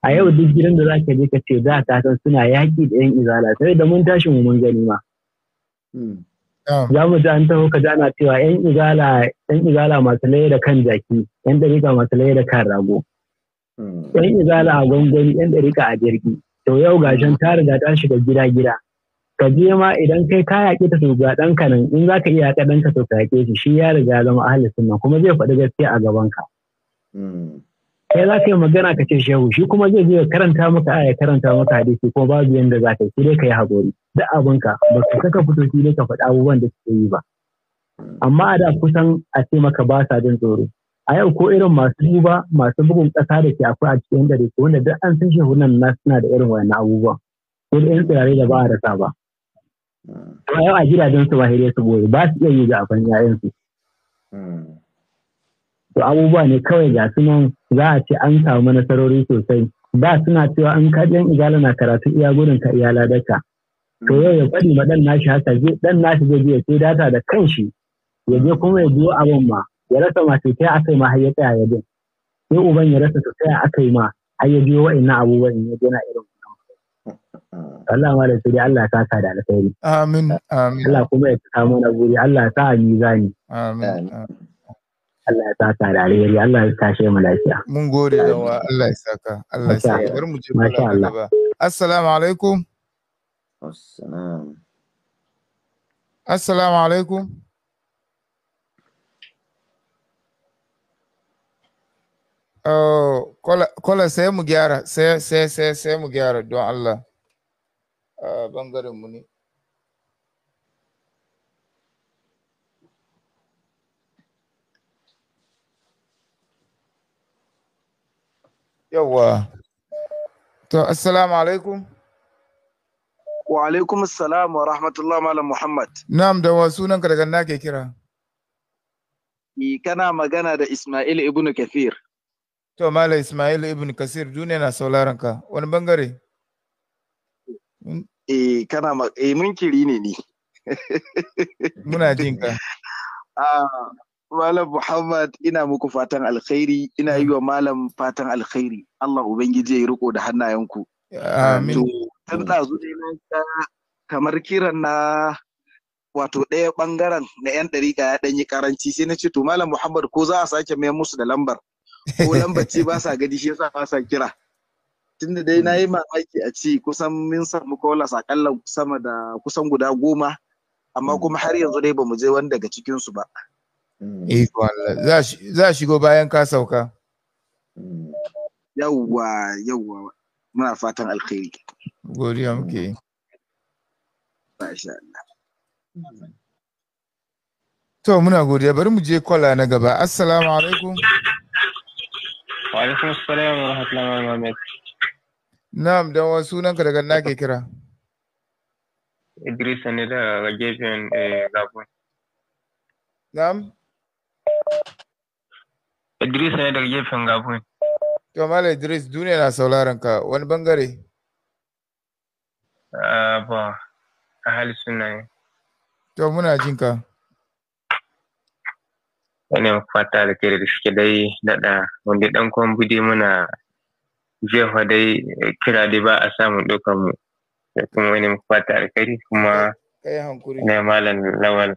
a yau duk gidan da za ka je ka ce za ta san suna yaƙi da yan izala sai da mun tashi mu mun gani ma Hmm. Ah. za mu ji an taho ka jana cewa yan igala yan igala masu laye da kan jaki yan dariƙa masu laye da kan rago hmm. yan igala a gwangwani yan dariƙa a jirgi to yau gashin hmm. ta riga ta shiga gida gida ka je ma idan kai ka yaƙi ta ga ɗanka nan in za ka iya yaƙa ɗanka to ka yaƙe shi shi ya riga zama ahalisin nan kuma zai faɗi gaskiya a gaban ka. kai za ka yi magana ka ce shehu shi kuma zai zai ya karanta maka aya karanta maka hadisi kuma babu yanda za ka yi sai ka yi haƙuri da abinka ba su saka fito sai ka faɗi abubuwan da suke yi ba amma a da kusan a ce maka ba sa jin tsoro a yau ko irin masu duba masu bugun ƙasa da ke akwai a cikin dare ko wanda duk an san nan na suna da irin wayannan abubuwa ko da 'yan tsirare da ba a rasa ba hmm. a yau a gidajen su ba su boye ba su iya yi ga abin 'ya'yansu. Hmm. to abubuwa ne kawai ga su nan za a ce an samu nasarori sosai ba suna cewa an kaɗan igala na karatu iya gudun ka iya ladaka to yau ya faɗi ma ɗan nashi haka je ɗan nashi zai je sai data da kanshi ya je kuma ya biyo abin ma ya rasa ma sai ta akai ma har ya tsaya ya bin sai uban ya rasa sai akai ma har ya biyo wa'annan abubuwan ya je na irin Allah ma da sai Allah ta sa da alkhairi amin Allah kuma ya samu na guri Allah ta sa mizani amin Allah ya saka da alheri Allah ya tashe mu lafiya mun gode da wa Allah ya saka Allah ya saka bari mu je masha Allah assalamu alaikum assalamu alaikum Oh, kola sai mu gyara sai sai sai mu gyara don Allah ah, bangaren mu ne Yawwa. To, assalamu alaikum. Wa alaikum assalam wa rahmatullah Malam Muhammad. Na'am da wa sunan ka daga ke kira. I kana magana da Ismail ibn Kathir. To, Malam Ismail ibn Kathir duniya na sauraron ka. Wani bangare? Eh, kana ma eh mun kiri ne ni. Muna jin ka. Ah, Malam Muhammad ina muku fatan alkhairi ina yi wa malam fatan alkhairi Allah Ubangiji ya riko da hannayenku. Amin. Tun ɗazu ne na kamar kiran na wato ɗaya ɓangaren na 'yan ɗariƙa ya ɗanyi karanci sai na ce to malam Muhammad ko za a sake mai musu da lambar ko lambar ce ba sa gadi shi yasa ba sa kira. Tunda dai na yi mamaki a ci kusan min samu kola sakallan sama da kusan guda goma amma kuma har yanzu dai ba mu je wani daga cikinsu ba. Iko mm. eh, Allah. Za shigo bayan ka sauka. Mm. Yawwa, yawwa. Muna fatan alkhairi. Godiya muke. Masha Allah. To muna godiya bari mu je kwala na gaba. Assalamu alaikum. Wa alaikum assalam wa rahmatullahi wa barakatuh. Na'am, dan wa sunanka daga na ke kira? Idris ne daga gefen eh, Gabon. Na'am. Idris ne daga gefen gafin. To Mala Idris duniya na sauraron ka wani bangare? Ah, ba a hali suna ne. To muna jin ka. Wani fata da ke da suke dai daɗa wanda ɗan kwan bude muna jefa dai eh, kira dai ba a samun ɗaukar mu. Da kuma wani fata da kuma na malam lawal.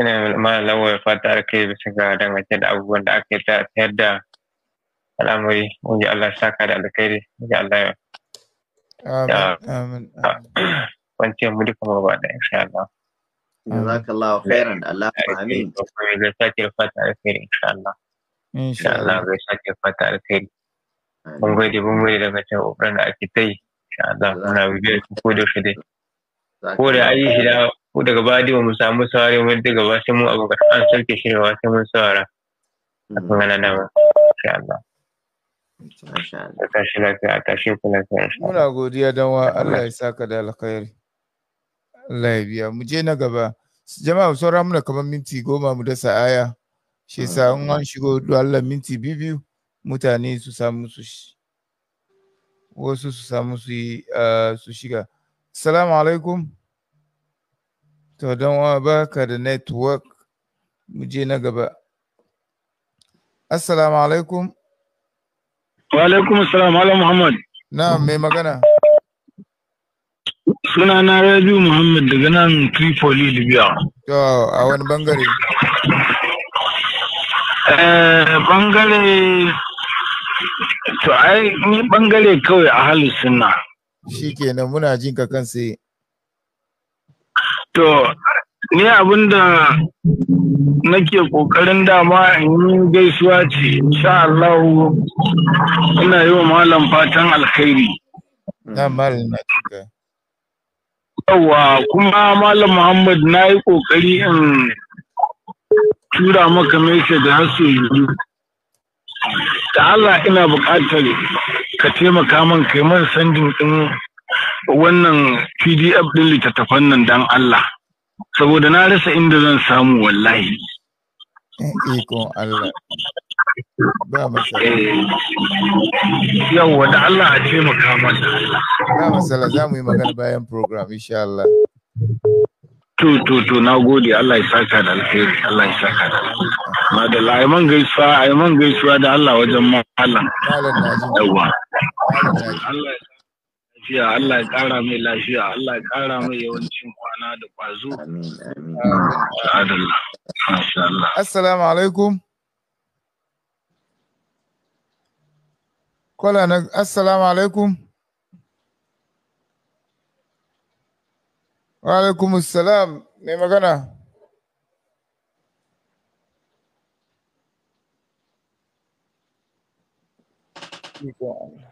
ina ma lawar fata aka yi bisa ga dangance da abubuwan da aka yi ta sayar da al'amari ji Allah saka da alkhairi in ji Allah ya kwanciyar mu duka ma ba da insha Allah jazakallahu khairan Allah amin ga sake fata alkhairi insha Allah insha Allah ga sake fata alkhairi mun gode mun gode daga can ƙoƙarin da ake ta yi insha Allah muna bibiyar ko da shi dai ko da ayi shi da ko daga baya dai mu samu saurari wani daga ba sai mun abu an sauke shi da sai mun saurara a hmm. kan ana nama insha Allah tashi lafiya a tashi ku shi. muna godiya dan wa Allah ya saka da alkhairi Allah ya biya mu je na gaba jama'a saura muna kamar minti goma mu dasa aya shi sa in an shigo Allah minti biyu mutane su samu su wasu su samu su yi ah, su shiga Salamu alaikum to don wa baka da network mu je na gaba assalamu alaikum wa alaikum assalam ala muhammad na mai magana suna na rabiu muhammad daga nan tripoli libya to a wani bangare eh, bangare to ai ni bangare kawai a halin sunna kenan muna jin ka kan sai To, ni abin da nake ƙoƙarin dama in yi gaisuwa ce, insha Allah ina yi wa malam fatan alkhairi. Yawwa kuma malam Muhammad na yi ƙoƙari in tura maka mesa da hasu yi. Da Allah ina buƙatar ka taimaka min kai man sandin ɗin wannan pdf ɗin littattafan nan dan Allah saboda na rasa inda zan samu wallahi eh, iko Allah ba masala eh, yawwa da Allah a ce maka mata ba masala za mu yi magana bayan program insha Allah to to to na gode Allah ya saka da alheri Allah ya saka da ma da laiman gaisuwa ayman gaisuwa da Allah wajen malam malam na Allah ya lafiya Allah ya ƙara mai lafiya Allah ya ƙara mai yawancin kwana da ƙwazo ah, assalamu alaikum kola na assalamu alaikum wa alaikum assalam mai magana Thank you.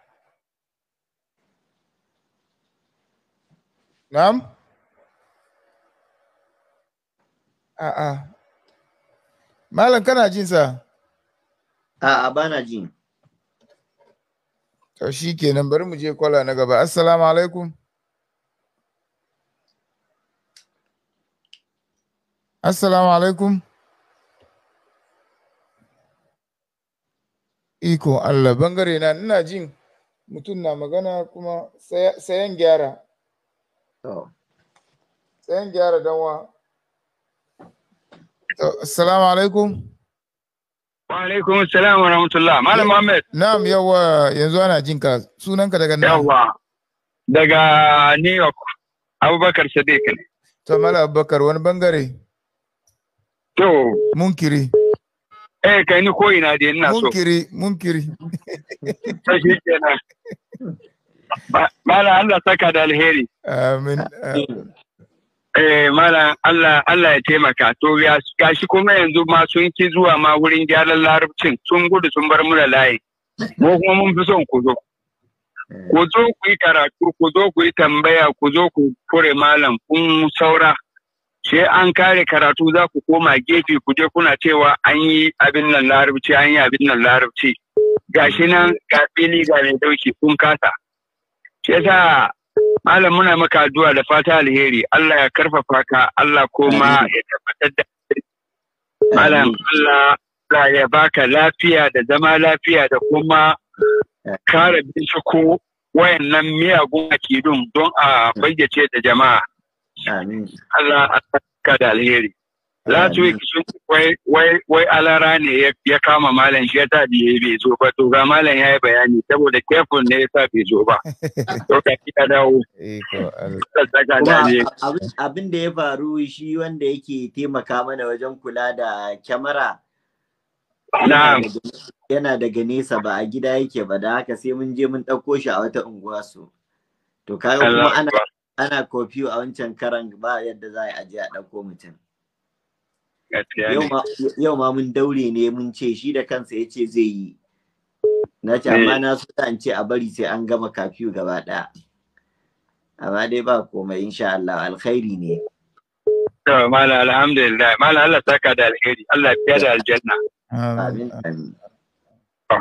Na'am? A'a. Malam kana jin sa? A'a bana jin. To shi kenan bari mu je kwala na gaba. Assalamu alaikum. Assalamu alaikum. Iko Allah bangare na ina jin mutum na magana kuma sayan gyara Tsayin gyara danwa. Assalamu alaikum. Wa alaikum salam wa rahmatullah. Malam ahmed Na'am yawa yanzu ana jin ka. Sunanka daga nan. Yawa. Daga New York. Abubakar Sadiq ne. To Malam Abubakar wani bangare? To. Munkiri. Eh kai ni koyi na dai ina so. Munkiri, munkiri. shi kenan. Allah saka alheri. Eh, Allah ya taimaka to gashi kuma yanzu ma sun ki zuwa ma wurin gyaran larabcin sun gudu sun bar mu da layi. Mu kuma mun fi son ku zo. Ku zo ku yi karatu, ku zo ku yi tambaya, ku zo ku kure malam kun saura. sai an kare karatu za ku koma gefe ku je kuna cewa an yi abin nan larabci an yi abin nan larabci gashi nan ga fili ga mai dauki kun kasa shi yasa malam muna maka addu'a da fata alheri Allah ya karfafa ka Allah koma ya tabbatar da malam Allah ya baka lafiya da zama lafiya da kuma kare binciko wayannan miyagun akidun don a bayyace da jama'a Allah ka da alheri last week sun wai wai wai alara ne ya kama malam shi ya ta biye bai zo ba to ga malam ya yi bayani saboda kefin ne ya sa bai zo ba to abin da ya faru shi wanda yake taimaka mana wajen kula da kyamara yana daga nesa ba a gida yake ba da haka sai mun je mun ɗauko shi a wata unguwa su to kai kuma ana ana a wancan karan ba yadda za a je a ɗauko mutum yau ma mun daure ne mun ce shi da kansa ya ce zai yi na ce amma eh. na so an ce a bari sai an gama kafiyu gaba ɗaya amma dai ba komai insha Allah alkhairi ne mala alhamdulillah mala Allah saka da alkhairi Allah ya da aljanna amin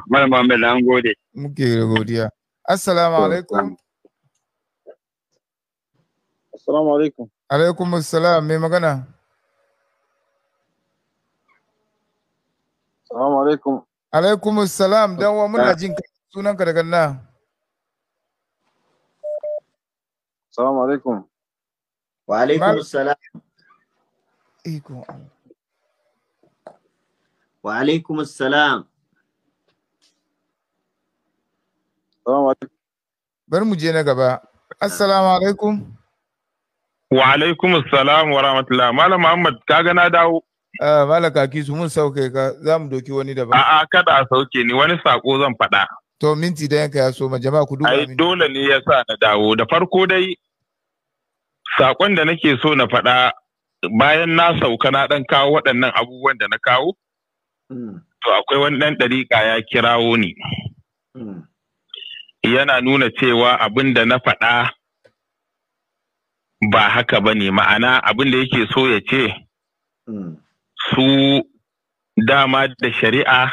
mala Muhammad an gode muke godiya assalamu alaikum assalamu alaikum alaikum assalam mai magana Assalamu alaikum. Alaikum assalam dan wa muna jin sunan ka daga nan. Assalamu alaikum. Wa alaikum assalam. Iko Wa alaikum assalam. Assalamu alaikum. Bari mu je na gaba. Assalamu alaikum. Wa alaikum assalam wa rahmatullah. Malam Muhammad ka gana dawo. Ah, malaka kisu mun sauke ka za mu doki wani daban. A'a kada a sauke ni wani sako zan faɗa. To minti da yanka ya so ma jama'a ku duba. Ai dole ne ya sa na dawo da farko dai sakon da nake so na faɗa bayan na sauka na ɗan kawo waɗannan abubuwan da na kawo. Hmm. To akwai wani ɗan ɗariƙa ya kirawo ni. Hmm. Yana nuna cewa abin da na faɗa ba haka ba ne ma'ana abin da yake so ya ce. Hmm. su dama da shari'a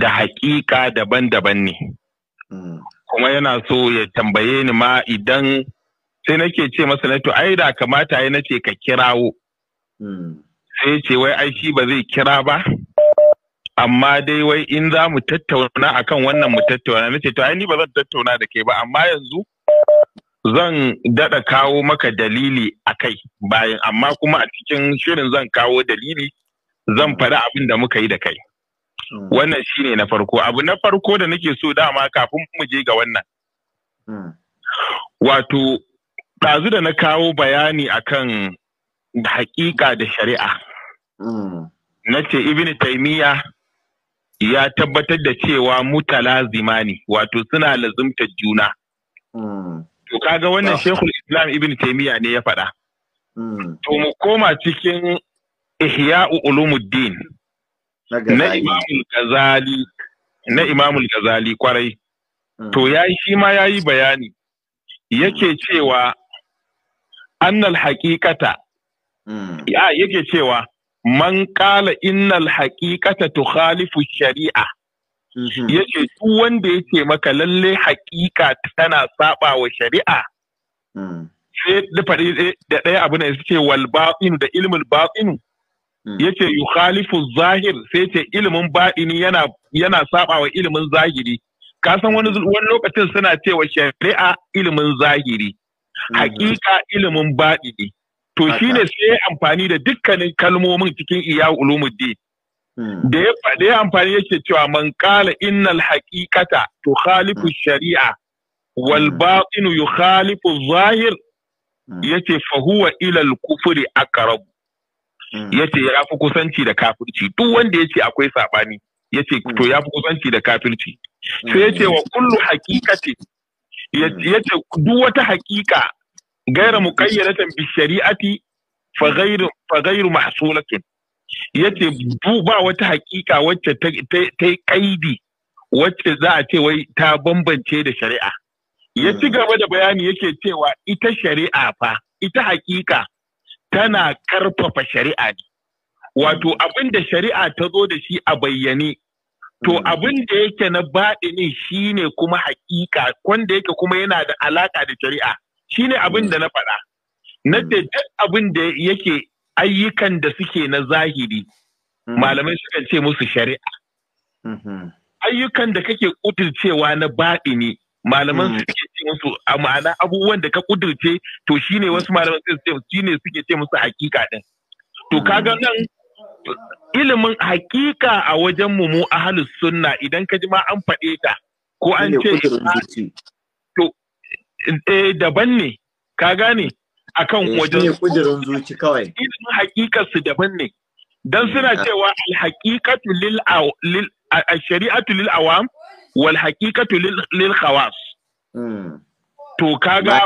da haƙiƙa daban-daban ne. Hmm. Kuma yana so ya tambaye ni ma idan sai nake ce masa na to ai da kamata ya nace ka kirawo. Hmm. Sai ce wai ai shi ba zai kira ba. Amma dai wai in za mu tattauna akan wannan mu tattauna na to ai ni ba zan tattauna da kai ba amma yanzu zan daɗa kawo maka dalili a kai bayan amma kuma a cikin shirin zan kawo dalili zan faɗi abin da muka yi da kai hmm. wannan shine na farko abu na farko da nake so dama kafin mu je ga wannan hmm. wato ɗazu da na kawo bayani akan haƙiƙa da shari'a hmm. na ce ibn taimiyya ya tabbatar da cewa mutala zimani wato suna lazumta juna To kaga wannan ah. Sheikhul Islam Ibn Taymiyyah ne ya faɗa. Hmm. To mu koma cikin Ihya'u Ulumuddin na Imamul Ghazali na hmm. Imamul Ghazali kwarai. Hmm. To yayi shi ma yayi bayani yake cewa annal haqiqata ya yake cewa man qala innal haqiqata tukhalifu shari'a Mhm. ya ce duk wanda ya ce maka lalle haƙiƙa tana saba wa shari'a mm. sai da fari da ɗaya abu ne ce wal ba'inu da ilmul batinu mm. yace yukhalifu zahir sai ce ilimin ba'ini yana yana saba wa ilimin zahiri ka san wani wani lokacin suna cewa shari'a ilimin zahiri mm. hakika ilimin ba'ini to shine sai amfani da dukkanin kalmomin cikin iya ulumuddin da ya faɗi amfani yake cewa man qala innal haqiqata khalifu shari'a wal hmm. batinu yukhalifu zahir hmm. yace fa huwa ila al kufri aqrab hmm. yace ya fi kusanci da kafirci duk wanda yace akwai sabani yace to ya fi kusanci da kafirci sai yace wa kullu haqiqati yace duk wata haqiqa gaira muqayyadatan bi shari'ati fa ghairu fa ghairu mahsulatin yace ba wata hakika wacce ta yi kaidi wacce za a ce wai ta bambance da shari'a ya ci hmm. gaba da bayani yake cewa ita shari'a fa ita hakika tana karfafa shari'a ne wato hmm. abin da shari'a ta zo da shi a bayyane to hmm. abin da yake na baɗi ne shi ne kuma hakika wanda yake kuma yana da alaƙa da shari'a shi ne abin da na faɗa na da duk abin da yake ayyukan da suke na zahiri hmm. malamai sukan ce musu shari'a hmm. ayyukan da kake kudircewa na baɗini malaman hmm. suke ce musu a ma'ana abubuwan da ka kudirce to shine wasu malaman ne suke ce musu hakika ɗin. to kaga nan ilimin hakika a wajen mu mu ahlus sunna idan ka ji ma an faɗe ta ko an ce to eh, daban ne ka gane akan eh, wajen kudirin zuci kawai ilimin hakikar su daban ne dan suna ah. cewa al haqiqatu lil shari'atu lil awam wal haqiqatu lil khawas hmm. to kaga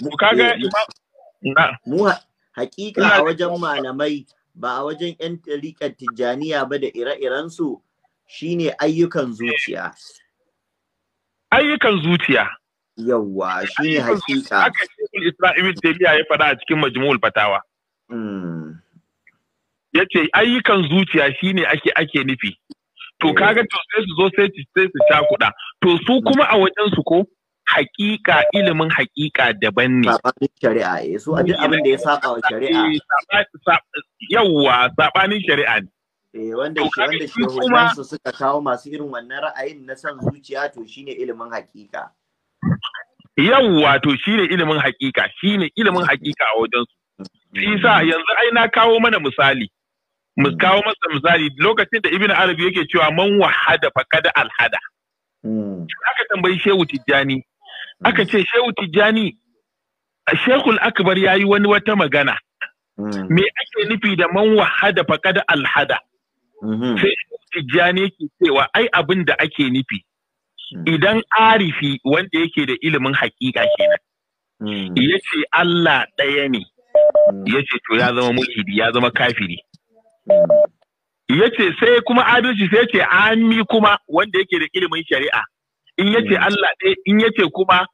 to kaga eh, mu hakika a wajen malamai ba a wajen yan tariqar tijaniya ba da ire-iren su shine ayyukan zuciya ayyukan zuciya yawwa shine hakika Ibn Isra'il da taymiya ya faɗa a cikin majmu'ul fatawa hmm. yace ayyukan zuciya shine ake ake nufi to eh. kaga to sai su zo sai su su kuɗa. to su kuma a wajen su ko hakika ilimin hakika daban ne sabanin shari'a eh su duk abin da ya saba wa shari'a eh, yawwa sabanin shari'a ne eh wanda shi wanda shi su suka kawo masu irin wannan ra'ayin na san zuciya to shine ilimin hakika Yau wato shine ilimin hakika shine ilimin hakika a wajen su shi sa yanzu ai na kawo mana misali mu mm. kawo masa misali lokacin da ibn arabi yake cewa man wahada faqad alhada mm. aka tambayi shehu tijjani mm. aka ce shehu tijjani shekul akbar ya yi wani wata magana me ake nufi da man wahada faqad alhada mm-hmm. sai shehu tijjani yake cewa ai abin da ake nufi Mm. idan arifi wanda yake da ilimin hakika kenan mm. ya ce Allah ɗaya ne mm. ya ce to ya zama mulhidi ya zama kafiri ya ce sai kuma adalci sai ya ce ami kuma wanda yake da ilimin shari'a in ya ce Allah ɗaya in ya ce kuma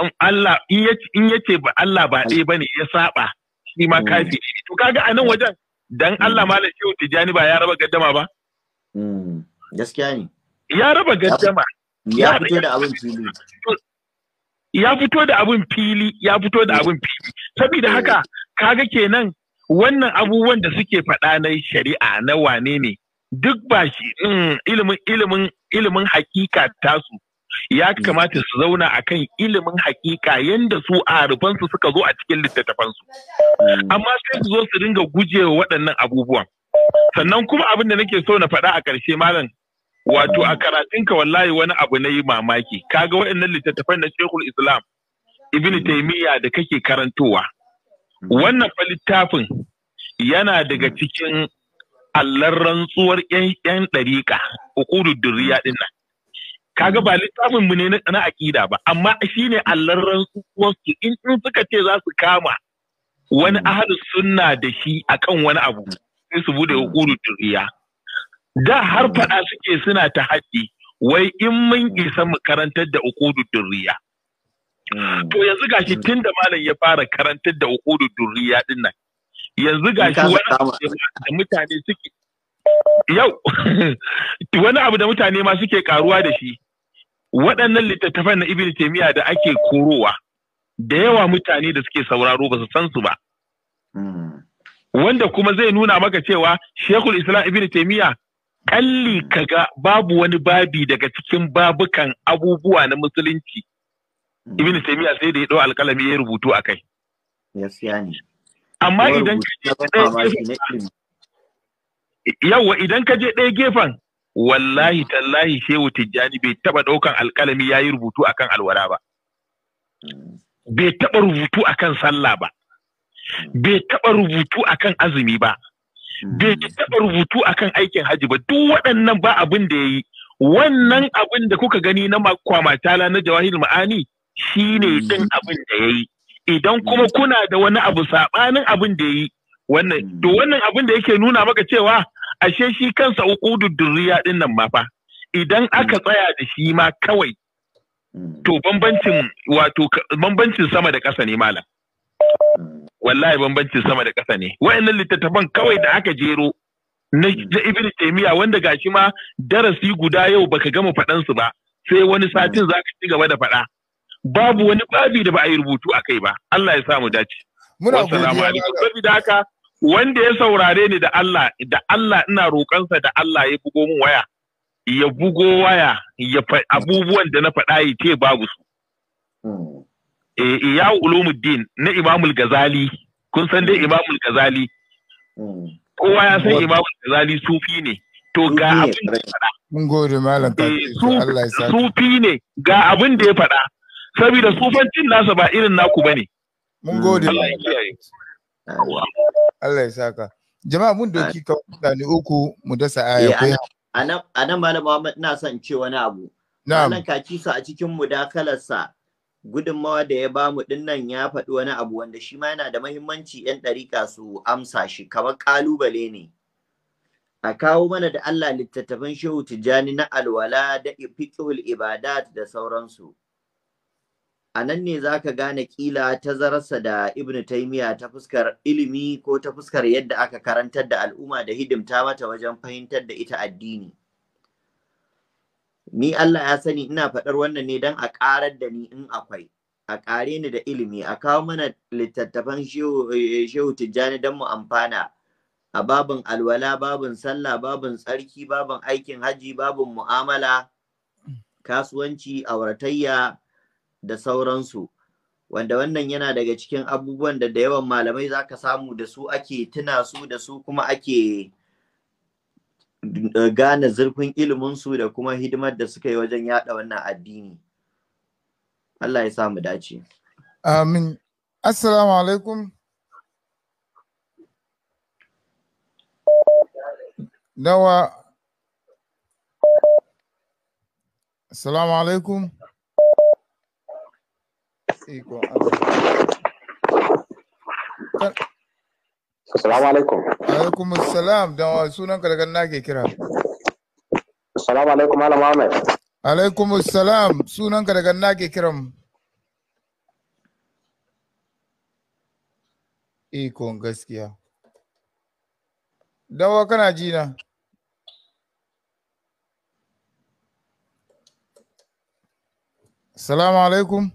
um, Allah in ya ce ba Allah ba ɗaya bane ya saba shi ma kafiri to kaga a nan wajen dan Allah malam Shehu Tijani ba ya raba gaddama ba gaskiya ne ya raba gaddama ya fito da abin fili ya fito da abin fili ya saboda haka kaga kenan wannan abubuwan da suke faɗa na shari'a na wane ne duk ba shi mm, ilimin ilimin ilimin hakika tasu ya kamata su zauna akan ilimin hakika yanda su a su suka zo a cikin su. Mm. amma sai su zo su ringa gujewa waɗannan abubuwan sannan kuma abin da nake so na faɗa a ƙarshe malam Wato a karatunka wallahi wani abu na yi mamaki, kaga waɗannan littattafan na Shekul Islam, Ibn Taimiyya da kake karantowa. Wannan fa littafin yana daga cikin allar rantsuwar 'yan ɗariƙa, ukudud duriya ɗin nan. Kaga ba littafin mu ne na aƙida ba, amma shine allar rantsuwar su in suka ce za su kama wani ahalus sunna da shi akan wani abu sai su bude ukudud duriya. da har faɗa suke suna ta haɗi wai in mun isa mu karantar da uqudu durriya hmm. to yanzu gashi tun da malam ya fara karantar da uku durriya din nan yanzu gashi wani da mutane suke yau wani abu da mutane ma suke karuwa da shi waɗannan littattafan na ibn taymiya da ake korowa da yawa mutane da suke sauraro ba su san su ba hmm. wanda kuma zai nuna maka cewa shekul islam ibn taymiya kalli kaga babu wani babi daga cikin babukan abubuwa na musulunci hmm. ibn taymiya sai da ya dau alkalami ya rubutu a kai gaskiya ne amma idan yawa idan ka je ɗaya gefen wallahi tallahi shehu tijjani bai taba ɗaukan alkalami ya yi rubutu akan alwara ba hmm. bai taba rubutu akan sallah ba hmm. bai taba rubutu akan azumi ba bai hmm. taɓa rubutu akan aikin haji ba duk waɗannan ba abin da ya yi wannan abin da kuka gani na kwamatala na jawahir ma'ani shine hmm. din abin da ya yi idan kuma hmm. kuna da wani abu saɓanin abin da ya yi to wannan abin da yake nuna maka cewa ashe shi kansa uku durriya din nan ma fa idan aka tsaya da shi ma kawai to bambancin wato bambancin sama da ƙasa ne malam wallahi bambancin sama da ƙasa ne wayannan littattafan kawai da aka jero na ibn taymiya wanda gashi ma darasi guda yau baka gama faɗan su ba sai wani satin zaka ci gaba da faɗa babu wani babi da ba a yi rubutu a kai ba Allah ya sa dace muna godiya da haka wanda ya saurare ni da Allah da Allah ina roƙonsa da Allah ya bugo min waya ya bugo waya ya abubuwan da na faɗa yi te babu su hmm. eh ulumuddin na imamul gazali kun san dai mm. imamul gazali mm. kowa ya san imamul gazali sufi ne to ga abin da ya fada mun gode malam eh, sufi ne ga abin da ya faɗa saboda sufancin nasa ba irin naku bane mun gode Allah ya Allah ya saka jama'a mun doki ka mutane uku mu dasa aya eh, kai anan anan malam Muhammad ina son ce wani abu Na'am. Wannan sa a cikin sa gudunmawa da ya bamu dinnan ya faɗi wani abu wanda shi ma yana da mahimmanci 'yan ɗariƙa su amsa shi kamar ƙalubale ne a kawo mana da Allah littattafan shehu tijjani na alwala da fiqhul ibadat da sauransu a nan ne za ka gane ƙila tazararsa da ibnu taimiya ta fuskar ilimi ko ta fuskar yadda aka karantar da al'umma da hidimta mata wajen fahimtar da ita addini. ni Allah ya sani ina faɗar wannan ne don a ƙarar da ni in akwai a ƙare ni da ilimi a kawo mana littattafan shehu eh, tijjani don mu amfana a babin alwala babin sallah babin tsarki babin aikin haji babin mu'amala kasuwanci auratayya da sauransu wanda wannan yana daga cikin abubuwan da da yawan malamai za ka samu da su ake tuna su da su kuma ake gane zurfin iliminsu da kuma hidimar da suka yi wajen yada wannan addini. Allah ya samu dace. Amin. Assalamu alaikum. Dawa. Assalamu alaikum. Iko. Assalamu alaikum. Alaikum assalam dan wa sunan ka daga na ke kira. Assalamu alaikum Malam Ahmed. Alaikum assalam sunan ka daga na ke kiran. Ikon gaskiya. Dan wa kana ji na? Assalamu alaikum.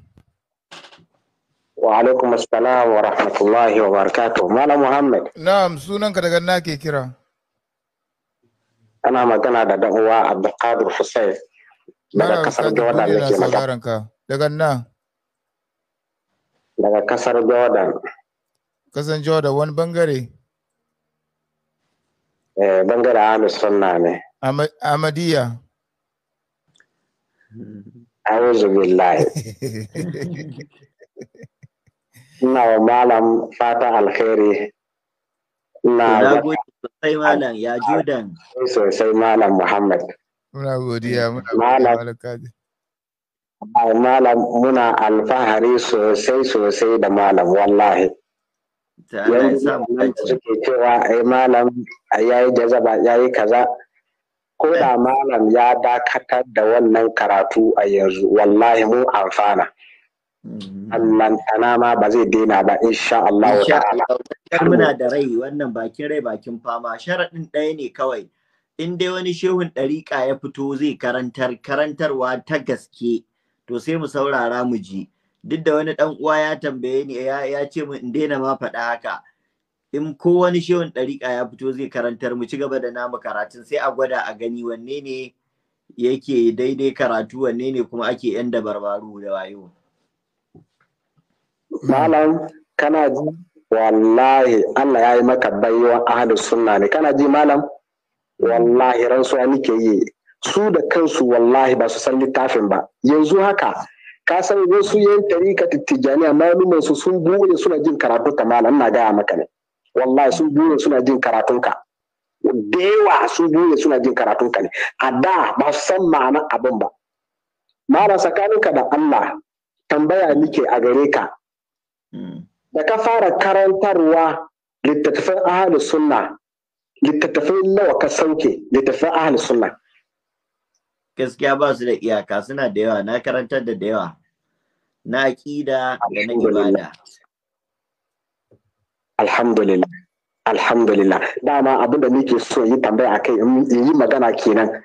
wa alaikum assalam wa rahmatullahi wa barakatuh malam muhammad na'am sunanka daga na ke kira ana magana da dan uwa abdulkadir hussein daga kasar jordan da nake magana daga na daga kasar jordan kasan jordan wani bangare eh bangare ahlus sunna ne amadiya a'udhu billahi ina wa malam fata alkhairi na sosai malam ya judan sosai malam muhammad muna godiya muna godiya malam muna alfahari sosai sosai da malam wallahi yanzu suke cewa ai malam ya yi jazaba ya yi kaza ko da eh. malam ya dakatar da wannan karatu a yanzu wallahi mu amfana Allantana ma ba zai daina ba insha Allah ta'ala. muna da rai wannan bakin rai bakin fama sharaɗin ɗaya ne kawai. In dai wani shehun ɗariƙa ya fito zai karantar karantarwa ta gaske to sai mu saurara mu ji. Duk da wani ɗan uwa ya tambaye ni ya ce mu in daina ma faɗa haka. In ko wani shehun ɗariƙa ya fito zai karantar mu ci gaba da namu karatun sai a gwada a gani wanne ne yake daidai karatu wanne ne kuma ake 'yan dabarbaru da wayo. malam kana ji wallahi Allah ya yi maka baiwa ahalus sunna ne kana ji malam wallahi rantsuwa nike yi su da kansu wallahi ba su san littafin ba yanzu haka ka san wasu yan tarika tijjani amma numan su sun bude suna jin karatun ka malam na gaya maka ne wallahi sun bude suna jin karatun ka da yawa sun bude suna jin karatun ka ne a da ba su san ma'ana abin ba mara tsakaninka da Allah tambaya nike a gare ka da ka fara karantarwa littattafan ahli sunna littattafai nawa ka sauke littattafan ahli sunna gaskiya ba su da iyaka suna da yawa na karantar da yawa na aƙida da na ibada alhamdulillah alhamdulillah dama abinda nake so yi tambaya akai in yi magana kenan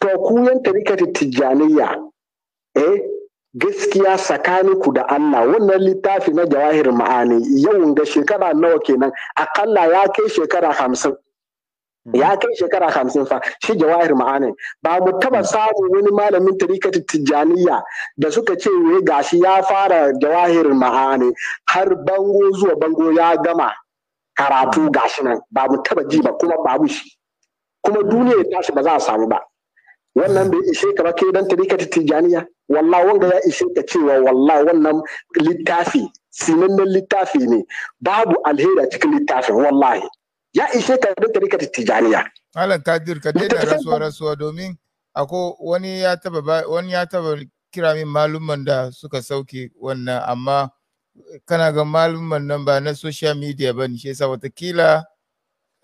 to ku yanta tarikati tijjaniya eh gaskiya tsakaninku da Allah wannan littafi na jawahir ma'ani yau ga shekara nawa kenan akalla ya kai shekara hamsin hmm. ya kai shekara hamsin fa shi jawahir ma'ani. ba mu taba hmm. samu wani malamin tarikat tijjaniya da suka ce wai gashi ya fara jawahir ma'ani har bango zuwa bango ya gama karatu hmm. gashi nan ba mu taba ji ba kuma babu shi kuma duniya ya tashi ba za a samu ba wannan bai ishe ka ba ke dan tarikat tijjaniya wallah wanga ya ishe ka cewa wallah wannan littafi sinannen littafi ne babu alheri a cikin littafin wallahi ya ishe ka da tarika tijaniya malam kadir ka daina rasuwa rasuwa domin ako wani ya taba wani ya taba kira min malumman da suka sauke wannan amma kana ga malumman nan ba na social media ba ne shi yasa watakila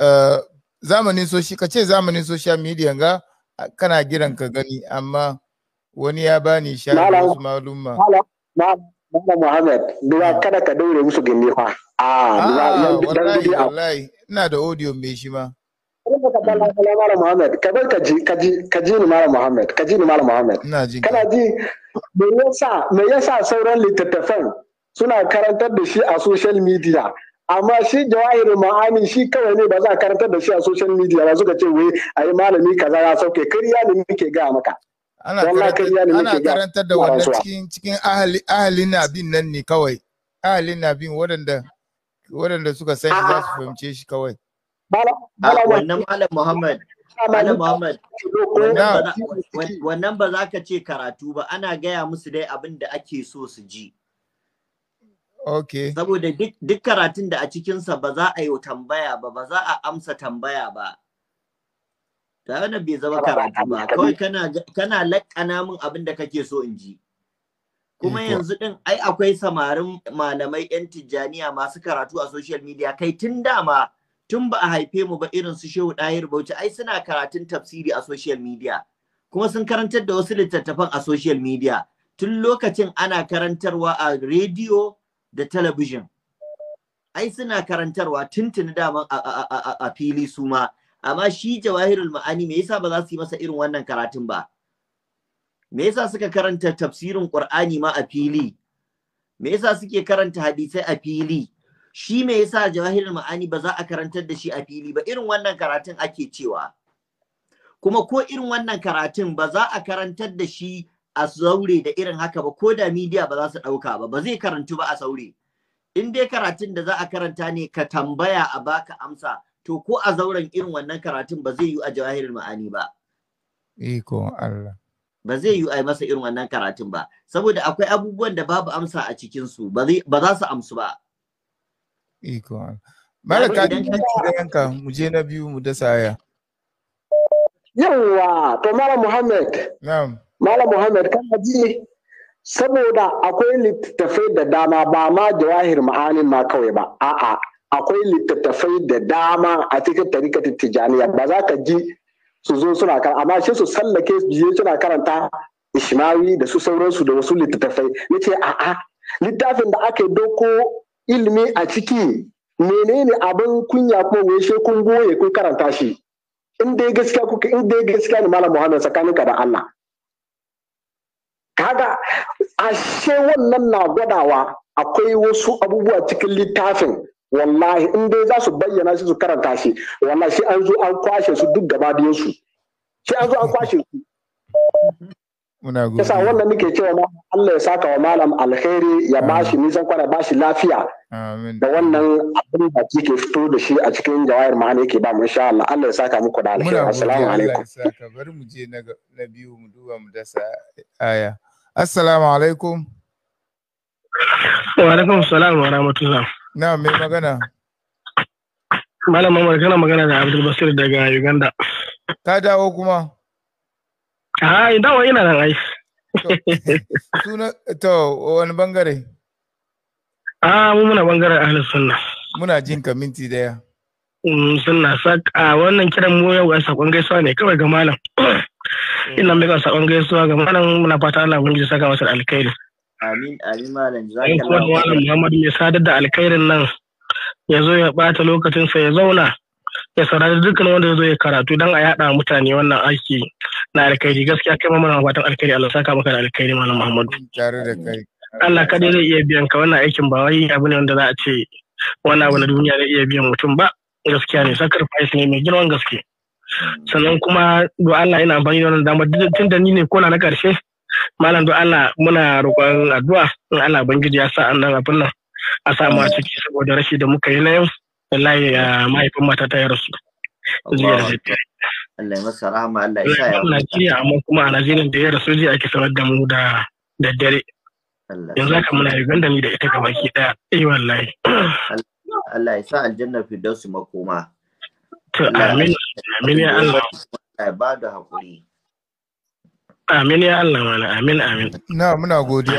eh, zamanin social ka ce zamanin social media ga kana giran ka gani amma wani ya bani shari'a wasu malumma Malam Muhammad, duba ah. kada ka daure musu gindi fa. Ah, ah wallahi ina da audio mai shi ma. Hmm. Malam Muhammad, ka bar ka ji ka ji ka ji ni Malam Muhammad, ka ji ni Malam Muhammad. Ina ji. Kana ji me yasa me yasa sauran littattafan suna karantar da shi a social media amma shi jawahir ma'ani shi kawai ne ba za a karantar da shi a social media ba suka ce wai a yi malami kaza ya sauke kariya ne muke ga maka ana karantar da wannan cikin cikin ahalin nabin nan ne kawai ahalin nabin waɗanda waɗanda suka sani za su fahimce shi kawai ah, wannan malam muhammad malam muhammad wannan ba za ka ce karatu ba ana gaya musu dai abin da ake so su ji Okay. Saboda duk karatun da a cikinsa ba za a yi tambaya ba, ba za a amsa tambaya ba. ta wannan bai zama karatu ba kawai kana kana min abin da kake so in ji kuma mm, yanzu din ai akwai samarin malamai yan tijjaniya masu karatu a social media kai tun dama tun ba a haife mu ba irin su shehu dahir bauchi ai suna karatun tafsiri a social media kuma sun karantar da wasu littattafan a social media tun lokacin ana karantarwa a rediyo da talabijin ai suna karantarwa tuntuni daman a fili suma. amma shi jawahirul ma'ani me yasa ba za su yi masa irin wannan karatun ba me yasa suka karanta tafsirin qur'ani ma a fili me yasa suke karanta hadisai a fili shi me yasa jawahirul ma'ani ba za a karantar da shi a fili ba irin wannan karatun ake cewa kuma ko irin wannan karatun ba za a karantar da shi a saure da irin haka ba ko da media ba za su ɗauka ba ba zai karantu ba a saure in dai karatun da za a karanta ne ka tambaya a baka amsa to ko a zauren irin wannan karatun ba zai yi a jawahirin ma'ani ba iko Allah ba zai yi a masa irin wannan karatun ba saboda akwai abubuwan da babu amsa a cikin su ba za su amsu ba iko Allah Mara mu je na biyu mu dasa aya Yawwa, to malam muhammad na'am muhammad ji saboda akwai littattafai da dama ba ma jawahir ma'anin ma kawai ba a'a akwai littattafai da dama a cikin tarikatar tijaniya ba za ka ji su zo suna karanta amma shi su sallake je suna karanta ishmawi da su sauransu da wasu littattafai ya ce a'a littafin da aka doko ilimi a ciki menene abin kunya kuma wai shi kun goye kun karanta shi in dai gaskiya kuka in dai gaskiya ne malam muhammad tsakaninka da allah kaga ashe wannan na gwadawa akwai wasu abubuwa cikin littafin wallahi in dai za su bayyana shi su karanta shi wallahi shi an zo an kwashe su duk gaba da su shi an zo an kwashe su muna gode yasa wannan nake cewa ma Allah ya saka wa malam alkhairi ya bashi nisan kwana bashi lafiya amin da wannan abin da kike fito da shi a cikin jawahir ma'ana yake ba mu insha Allah Allah ya saka muku da alkhairi assalamu alaikum muna ya saka bari mu je na biyu mu duba mu dasa aya assalamu alaikum wa alaikum assalam wa rahmatullah na mai magana malam mamar kana magana da abdul basir daga uganda ka dawo kuma a wa ina nan ai to wani bangare a mu muna bangaren Ahlu sunna muna jin ka minti daya mm, sunna sak a wannan kiran mu yau ga sakon gaisuwa ne kawai ga malam eh. ina mai ga sakon gaisuwa ga malam muna fata Allah ji saka masa alkhairi Amin, amin malam. Yan kowanne malam Muhammadu mai sadar da alkhairin nan ya zo ya ɓata lokacinsa ya zauna ya saurari dukkan wanda ya zo ya karatu don a yaɗa mutane wannan aiki na alkhairi gaskiya kai mamman fatan alkhairi Allah saka maka da alkhairi malam Muhammadu. Allah kadai zai iya biyan ka wannan aikin ba wai abu ne wanda za a ce wannan abu na duniya zai iya biyan mutum ba gaskiya ne sacrifice ne mai girman gaske. Sannan kuma do Allah yana amfani da wannan damar tun da ni ne kona na karshe. malam don Allah muna roƙon addu'a in Allah bangiji ya sa nan abin nan a samu a ciki saboda rashi da muka yi na yau wallahi mahaifin mata ta rasu jiya da daddare Allah ya masa rahama Allah ya sa ya Najeriya amma kuma a Najeriya da ya rasu jiya ake sanar da mu da daddare yanzu haka muna Uganda ni da ita gaba ki daya eh wallahi Allah ya sa aljanna fi dausu makoma to amin amin ya Allah ya ba da hakuri Amin ya Allah mana amin amin. Na muna godiya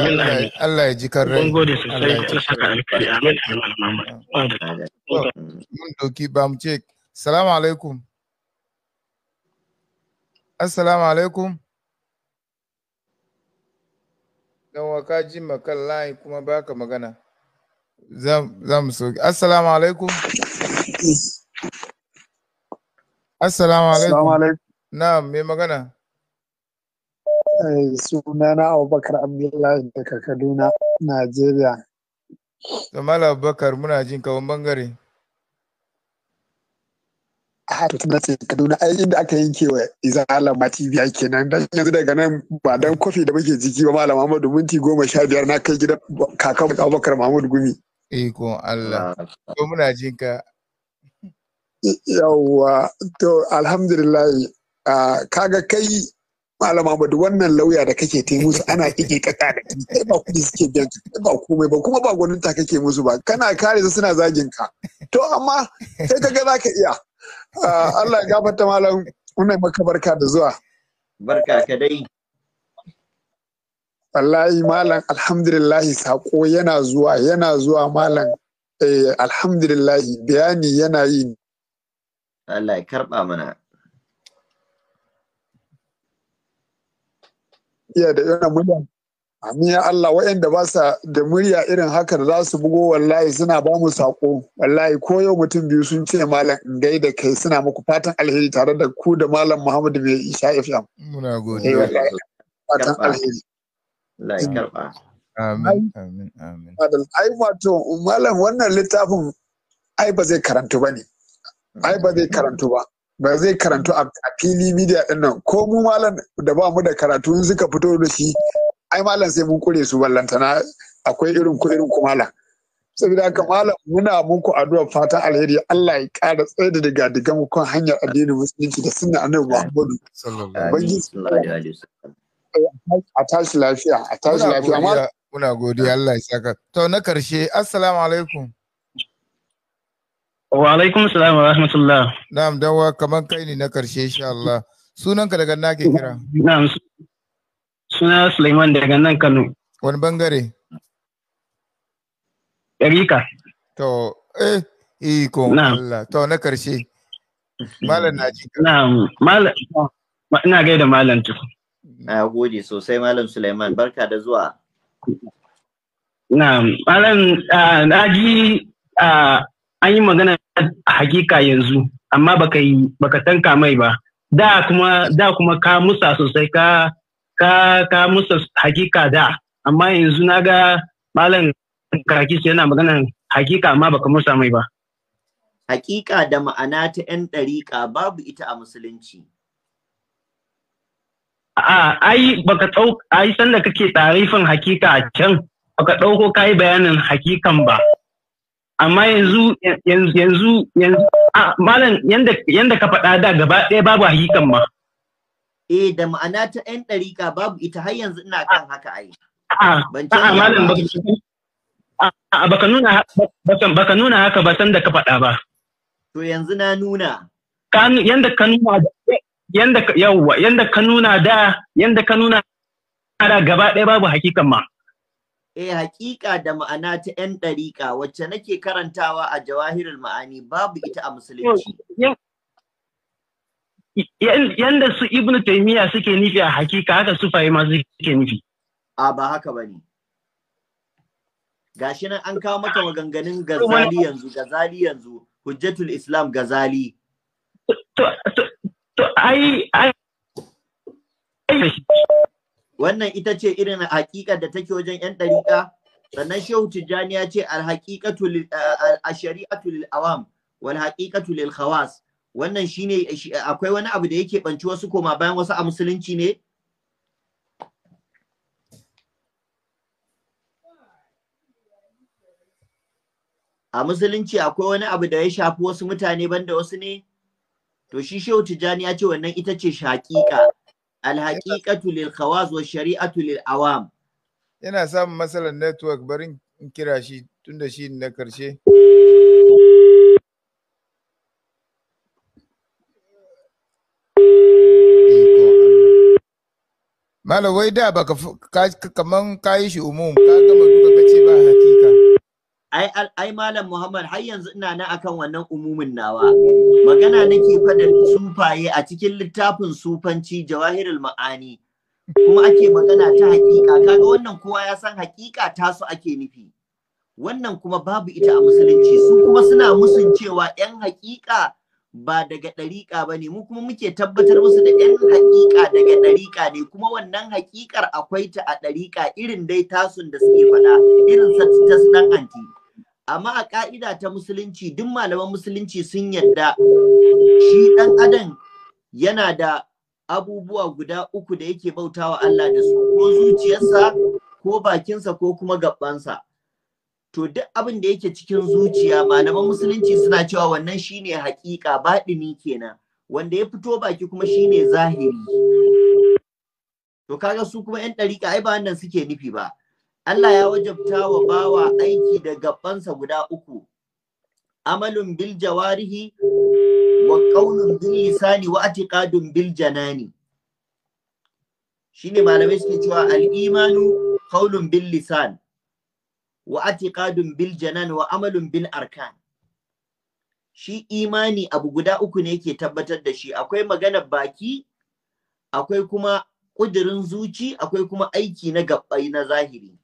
Allah ya ji kan rai. Mun gode sosai Allah saka alkhairi amin amin mama. Mun doki ba mu ce salamu alaikum. Assalamu alaikum. Dan waka ji makan layi kuma baka magana. Za mu soke. Assalamu alaikum. Assalamu alaikum. Na me magana? sunana abubakar abdullahi daga kaduna najeriya Samala Abubakar muna jin kawon bangare. A to tana ce Kaduna ai inda aka yanke wa Izala ma TV kenan dan yanzu daga nan ba dan kofi da muke jiki ba Malam Muhammadu minti goma sha biyar na kai gidan kakan Abubakar Muhammadu Gumi. Ikon Allah. ko ah. muna jin ka. Yawwa to alhamdulillah ah, kaga kai malama ba da wannan lauya da kake ta musu ana kike kaka da kai ba kudi suke biyan ka ba komai ba kuma ba ta kake musu ba kana kare su suna zagin ka to amma sai ka ga za ka iya ah, Allah ya gafarta malam wannan maka barka da zuwa barka ka dai wallahi malam alhamdulillahi sako yana zuwa yana zuwa malam eh alhamdulillahi bayani yana yi Allah ya karba mana iya da irin murya amin ya Allah waɗanda ba sa da murya irin haka za su bugo wallahi suna ba mu sako wallahi ko yau mutum biyu sun ce malam in gaida kai suna muku fatan alheri tare da ku da malam Muhammadu mai Isha FM muna godiya eh, fatan alheri Allah ya amin ai wato malam wannan littafin ai ba zai karantu bane ai ba zai mm. karantu ba ba zai karantu a fili media din nan ko mu malam da ba mu da karatu in suka fito da shi ai malam sai mun kure su ballantana akwai irin ku irin ku malam saboda haka malam muna muku addu'a fatan alheri Allah ya ƙara tsaye da daga ku kan hanyar addinin musulunci da sunna annabi Muhammadu a tashi lafiya a tashi lafiya muna godiya Allah ya saka to na karshe assalamu alaikum Wa alaikum salam wa rahmatullah. Na'am dawa kamar kai ne na karshe insha Allah. Sunanka daga na ke kira? Na'am. Suna Suleiman daga nan Kano. Wani bangare? Yarika. To, eh, eh ko Allah. To na karshe. Malam na ji. Na'am, malam ina gaida malam tu. Na gode sosai malam Suleiman, barka da zuwa. Na'am, malam ah, na ji ah, an yi magana hakika yanzu amma baka tanka mai ba da kuma da kuma ka musa sosai ka ka ka musa hakika da amma yanzu na ga malam karakis yana magana hakika amma baka musa mai ba hakika da ma'ana ta yan dariƙa babu ita a musulunci a ai baka tsau ai sanda kake tarifin hakika a can baka ɗauko kai bayanin hakikan ba amma yanzu yanzu yanzu malam yanda ka faɗa da gaba ɗaya babu hakikan ma eh da ma'ana ta yan ɗarika babu ita har yanzu ina kan haka ai yi. A'a malam baka nuna baka nuna haka ba san da ka faɗa ba to yanzu na nuna yanda ka nuna yanda yawwa yanda ka nuna da yanda ka nuna da gaba ɗaya babu hakikan ma eh haƙiƙa da ma'ana ta 'yan ɗariƙa wacce nake karantawa a jawahirul ma'ani babu ita a musulunci. Yanda su Ibn Taymiya suke nufi a hakika haka su faye ma suke nufi. A ba haka ba ne. Gashi nan an kawo maka maganganun gazali yanzu, gazali yanzu, hujjatul Islam gazali. To, to, to, ai, ai, ai, wannan ita ce irin hakikar da take wajen yan dariƙa sannan shehu tijjani ya ce al haqiqatu al shari'atu lil awam wal haqiqatu lil khawas wannan shine akwai wani abu da yake banci wasu koma bayan wasu a musulunci ne a musulunci akwai wani abu da ya shafi wasu mutane banda wasu ne to shi shehu tijjani ya ce wannan ita ce shaƙiƙa alhaqiqatu lil khawas wa shari'atu lil awam yana samun matsalar network barin in kira shi da shi na karshe Malam wai da baka kaman kayi shi umum ka gama duka kace ba ai ai malam Muhammad har yanzu ina nan akan wannan umumin nawa magana nake faɗin sufaye a cikin littafin sufanci jawahirul ma'ani kuma ake magana ta hakika kaga wannan kowa ya san hakika tasu ake nufi wannan kuma babu ita a musulunci su kuma suna musun cewa yan hakika ba daga ɗariƙa ba ne mu kuma muke tabbatar musu da yan haƙiƙa daga ɗariƙa ne kuma wannan haƙiƙar akwai ta a ɗariƙa irin dai tasun da suke faɗa irin ta sunan ɗan anti amma a ƙa'ida ta musulunci duk malaman musulunci sun yarda. shi ɗan adam yana da abubuwa guda uku da yake bautawa Allah da su ko zuciyarsa ko bakinsa ko kuma gabansa to duk abin da yake cikin zuciya malaman musulunci suna cewa wannan shine haƙiƙa baɗini kenan wanda ya fito baki kuma shine zahiri to kaga su kuma yan ɗariƙa ai ba wannan suke nufi ba Allah ya wajabta wa bawa aiki da gabansa guda uku amalun bil jawarihi wa qaulun bil lisani wa atiqadun bil janani shine malamai suke cewa al imanu qaulun bil lisan wa atiqadun bil janan wa amalun bil arkan shi imani abu guda uku ne yake tabbatar da shi akwai magana baki akwai kuma kudirin zuci akwai kuma aiki na gabbai na zahiri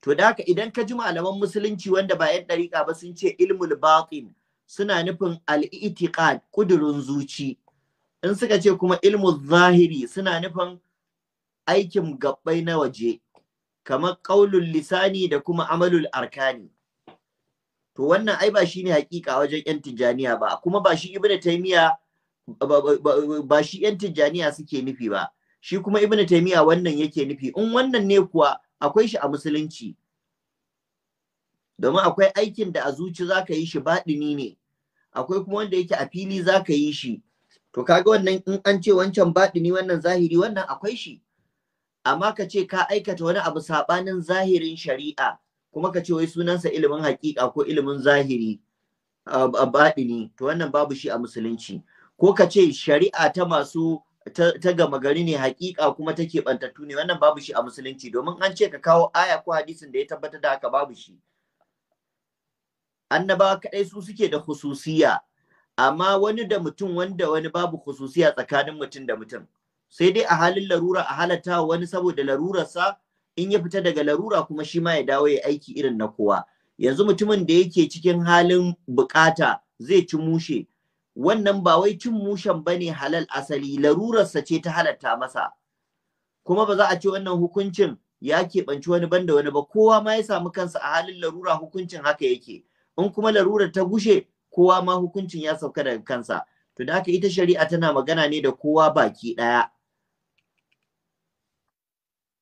to da haka idan ka ji malaman musulunci wanda ba yan dariƙa ba sun ce ilmul batin suna nufin al-i'tiqad ƙudurin zuci in suka ce kuma ilmul zahiri suna nufin aikin gabbai na waje kamar ƙaulun lisani da kuma amalul arkani to wannan ai ba shine hakika wajen yan tijaniya ba kuma ba shi ibnu taymiya ba shi yan tijaniya suke nufi ba shi kuma ibnu taymiya wannan yake nufi in wannan ne kuwa akwai shi a musulunci domin akwai aikin da a zuci zaka yi shi baɗini ne akwai kuma wanda yake a fili zaka yi shi to kaga wannan in an ce wancan baɗini wannan zahiri wannan akwai shi amma ka ce ka aikata wani abu saɓanin zahirin shari'a kuma ka ce wai sunansa ilimin haƙiƙa ko ilimin zahiri a baɗini to wannan babu shi a musulunci ko ka ce shari'a ta masu ta gama gari ne haƙiƙa kuma take keɓantattu ne wannan babu shi a musulunci domin an ce ka kawo aya ko hadisin da ya tabbatar da haka babu shi annabawa kaɗai su suke da hususiya amma wani da mutum wanda wani babu hususiya tsakanin mutum da mutum sai dai a halin larura a halatta wani saboda larurarsa in ya fita daga larura kuma shi ma ya dawo ya aiki irin na kowa yanzu mutumin da yake cikin halin bukata zai ci mushe wannan ba wai cin mushen bane halal asali larurarsa ce ta halatta masa kuma ba za a ce wannan hukuncin ya keɓanci wani banda wani ba kowa ma ya samu kansa a halin larura hukuncin haka yake in kuma larurar ta gushe kowa ma hukuncin ya sauka daga kansa to da haka ita shari'a tana magana ne da kowa baki ɗaya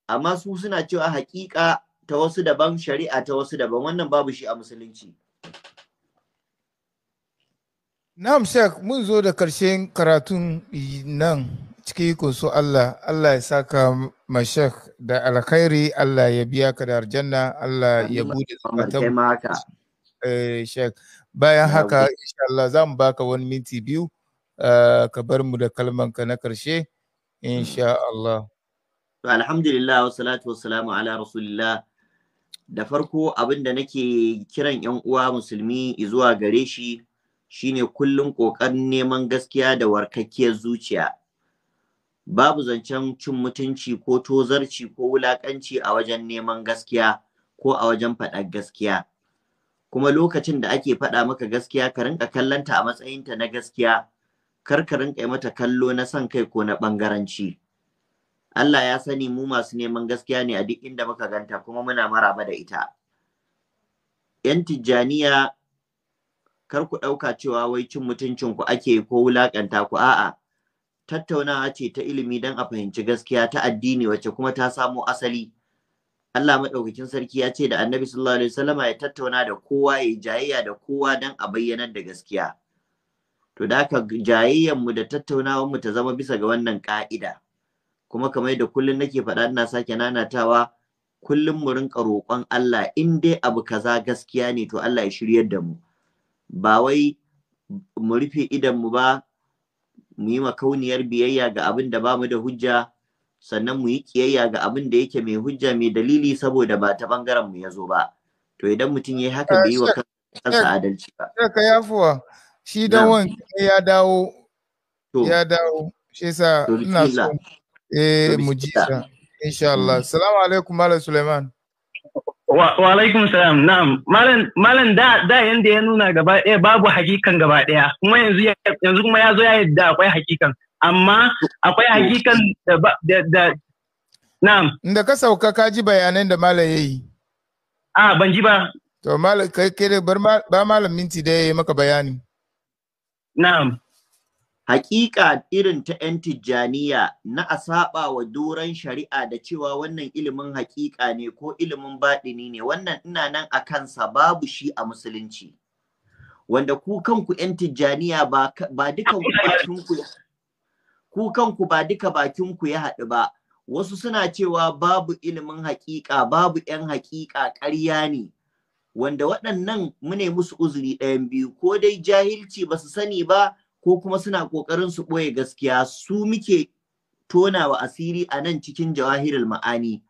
amma su suna cewa haƙiƙa ta wasu daban shari'a ta wasu daban wannan babu shi a musulunci Na'am Sheikh mun zo da ƙarshen karatun nan ciki ko so Allah, Allah ya saka ma Sheikh da alkhairi, Allah ya biya ka da aljanna, Allah ya bude zakatan eh, Sheikh. Bayan haka, insha Allah za mu baka wani minti biyu, eh, ka bar mu da kalmanka na karshe insha Allah. To alhamdulillah wa salatu wassalamu ala rasulillah da farko abin da nake kiran yan uwa musulmi zuwa gare shi shine kullum kokarin neman gaskiya da warkakkiyar zuciya babu zancen cin mutunci ko tozarci ko wulakanci a wajen neman gaskiya ko a wajen faɗar gaskiya kuma lokacin da ake faɗa maka gaskiya ka rinka kallanta a matsayinta na gaskiya kar ka rinka mata kallo na son kai ko na ɓangaranci. Allah ya sani mu masu neman gaskiya ne a duk inda muka ganta kuma muna maraba da ita. ‘Yan Tijjaniya kar ku ɗauka cewa wai cin mutuncin ku ake ko wulaƙanta ku a'a. Tattaunawa ce ta ilimi don a fahimci gaskiya ta addini wacce kuma ta samo asali. Allah maɗaukakin sarki ya ce da annabi sallallahu alaihi wasallama ya tattauna da kowa ya jayayya da kowa don a bayyanar da gaskiya. To da haka mu da mu ta zama bisa ga wannan ƙa'ida. kuma kamar da kullum nake faɗa ina sake nanatawa kullum mu rinka roƙon Allah in dai abu kaza gaskiya ne to Allah ya shiryar da mu ba wai mu rufe idan mu ba mu yi makauniyar biyayya ga abin da bamu da hujja sannan mu yi kiyayya ga abin da yake mai hujja mai dalili saboda ba ta bangaren mu yazo ba to idan mutum ya haka bai yi wa kansa adalci ba ka yafuwa shi dan ya dawo ya dawo shi yasa ina so eh mu ji hmm. assalamu alaikum malam Suleiman wa alaikum salam na'am malam malam da da yanda ya nuna gaba ɗaya eh, babu hakikan gaba daya kuma yanzu yanzu kuma ya zo ya yadda akwai hakikan amma akwai hakikan da da na'am inda ka sauka ka ji bayanan da malam yayi a ban ji ba to malam kai kai bar ba malam minti da yayi maka bayani na'am Hakika irin ta 'yan tijjaniya na a saba wa doron shari'a da cewa wannan ilimin hakika ne ko ilimin baɗini ne wannan ina nan a kansa babu shi a musulunci. Wanda ku kanku 'yan tijjaniya ba duka bakinku ku kanku ba duka bakinku ya haɗu ba wasu suna cewa babu ilimin haƙiƙa babu 'yan haƙiƙa ƙarya ne wanda waɗannan mune musu uzuri ɗayan biyu ko dai jahilci ba su sani ba ko kuma suna ƙoƙarin su ɓoye gaskiya su muke tonawa asiri a nan cikin jawahirul ma'ani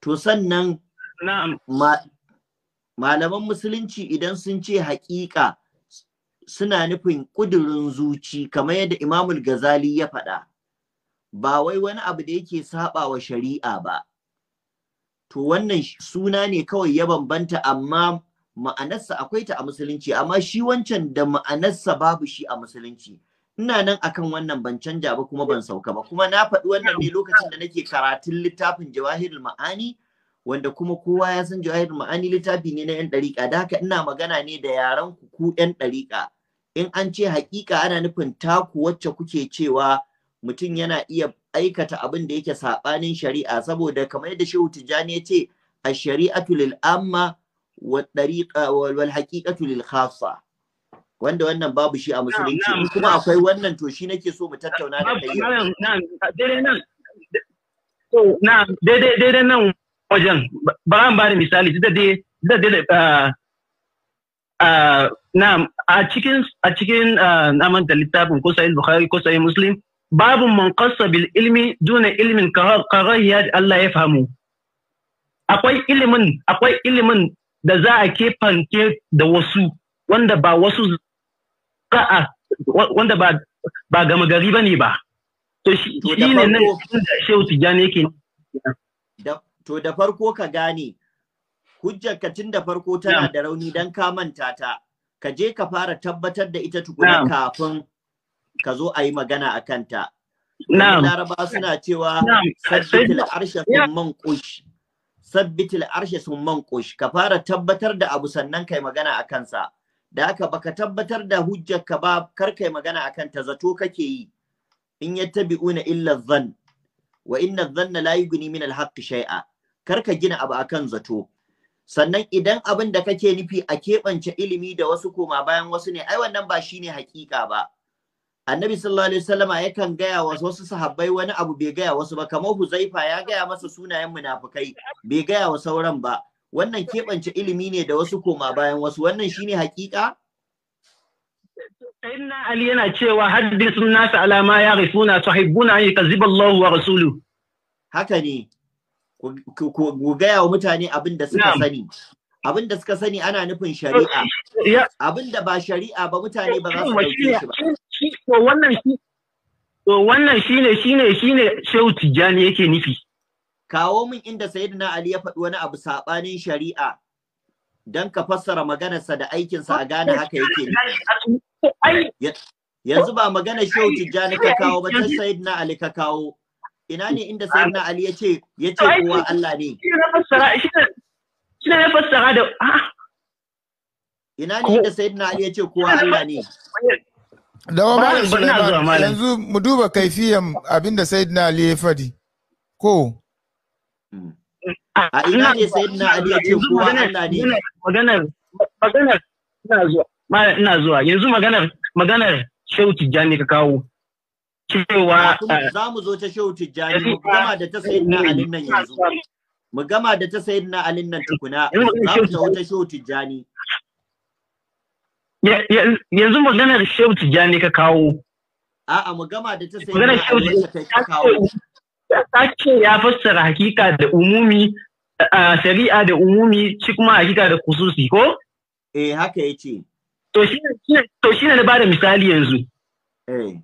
to sannan malaman musulunci idan sun ce haƙiƙa suna nufin ƙudurin zuci kamar yadda imamul gazali ya faɗa ba wai wani abu da yake saba wa shari'a ba to wannan suna ne kawai ya bambanta amma ma'anarsa akwai ta a musulunci amma shi wancan da ma'anarsa babu shi a musulunci ina nan akan wannan ban canja ba kuma ban sauka ba kuma na faɗi wannan ne lokacin da nake karatun littafin jawahirul ma'ani wanda kuma kowa ya san jawahirul ma'ani littafi ne na yan ɗariƙa da haka ina magana ne da yaran ku ku yan ɗariƙa in an ce haƙiƙa ana nufin taku wacce kuke cewa mutum yana iya aikata abin da yake saɓanin shari'a saboda kamar yadda shehu tijjani ya ce a shari'atu lil amma wa tariqa wal haqiqatu lil wanda wannan babu shi a musulunci kuma akwai wannan to shi nake so mu tattauna da kai na daidai nan wajen ba an misali da dai da a cikin a cikin da littafin ko sahih bukhari ko sahih muslim babu man qassa bil duna ilmin karahiya Allah ya fahimu akwai akwai ilimin da za a fanke da wasu wanda ba wasu za a wanda ba gama gari ba ne ba. To shi ne nan da Shehu Tijjani yake To da farko ka gane hujjar ka tun da farko tana da rauni don ka manta ta ka je ka fara tabbatar da ita tukuna kafin ka zo a yi magana a kanta. Na'am. Laraba suna cewa sabbin arshe man kush. sabbitil arshe sun manƙush ka fara tabbatar da abu sannan kai magana a kansa da haka baka tabbatar da hujjar ka ba kar kai magana a kanta zato kake yi in yattabi'una illa dhann wa inna dhanna la yughni min al shay'a kar ka gina abu akan zato sannan idan abin da kake nufi a keɓance ilimi da wasu koma bayan wasu ne ai wannan ba shine hakika ba annabi sallallahu alaihi wasallama yakan gaya wa wasu sahabbai wani abu bai gaya wasu ba kamar huzaifa ya gaya masa sunayen munafukai bai gaya wa sauran ba wannan keɓance ilimi ne da wasu koma bayan wasu wannan shine hakika Inna Ali yana cewa haddisun nasu alama ya rifuna sahibbuna an yakziba Allah wa rasulu haka ne ku gaya wa mutane abin da suka sani abin da suka sani ana nufin shari'a abin da ba shari'a ba mutane ba za su ɗauke shi ba to wannan shi to wannan shine shine shine Shehu Tijjani yake nufi kawo min inda Sayyidina Ali ya faɗi wani abu sabanin shari'a dan ka fassara maganarsa da aikinsa a gane haka yake ni. yanzu ba magana Shehu Tijjani ka kawo ba ta Sayyidina Ali ka kawo ina ne inda Sayyidina Ali yace yace kowa Allah ne shi ne fassara da ah. ina ne inda Sayyidina Ali yace kowa Allah ne Dawa Malam Suleiman yanzu mu duba kaifiyan abinda Sayyidina Ali ya fadi. Ko? A ina ne Sayyidina Ali ya ce kowa Allah ne. Maganar maganar ina zuwa. ina zuwa. Yanzu maganar maganar Shehu Tijjani ka kawo. Cewa eh, za mu zo ta Shehu Tijjani mu gama da ta Sayyidina Ali nan yanzu. Mu gama da ta Sayyidina Ali nan tukuna. Za mu zo ta Shehu Tijjani. yanzu maganar Shehu Tijjani ka kawo. A a gama da ta sai maganar Shehu Tijjani ka kawo. Sake ce ya fassara hakika da umumi shari'a da umumi ci kuma hakika da kususi ko? Eh haka ya To shi to shi ne ba da misali yanzu. Eh.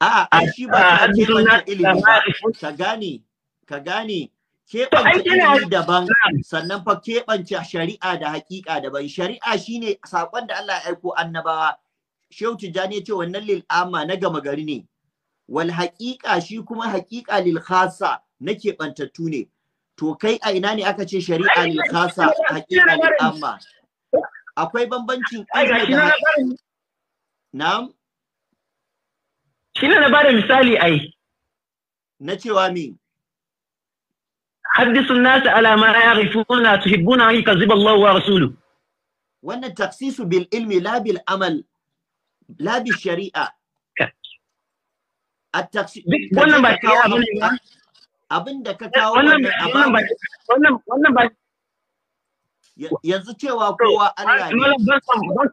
A'a shi ba ta ce ilimi ba. Ka gane ka gane keɓance ɗari daban sannan fa keɓance shari'a da haƙiƙa daban shari'a shine saƙon da Allah ya aiko annabawa shehu tijjani ya ce wannan lil amma na gama gari ne wal haƙiƙa shi kuma haƙiƙa lil khasa na keɓantattu ne to kai a ina ne aka ce shari'a lil khasa haƙiƙa lil amma akwai bambancin ilimi da na'am shi ne na bada misali ai na cewa min. haddisu nasu ala ma ya'rifuna tuhibbuna an yukazziba Allah wa rasuluhu wannan taksisu bil ilmi la bil amal la bil shari'a wannan ba shari'a bane ba abin da ka kawo wannan ba yanzu cewa kowa Allah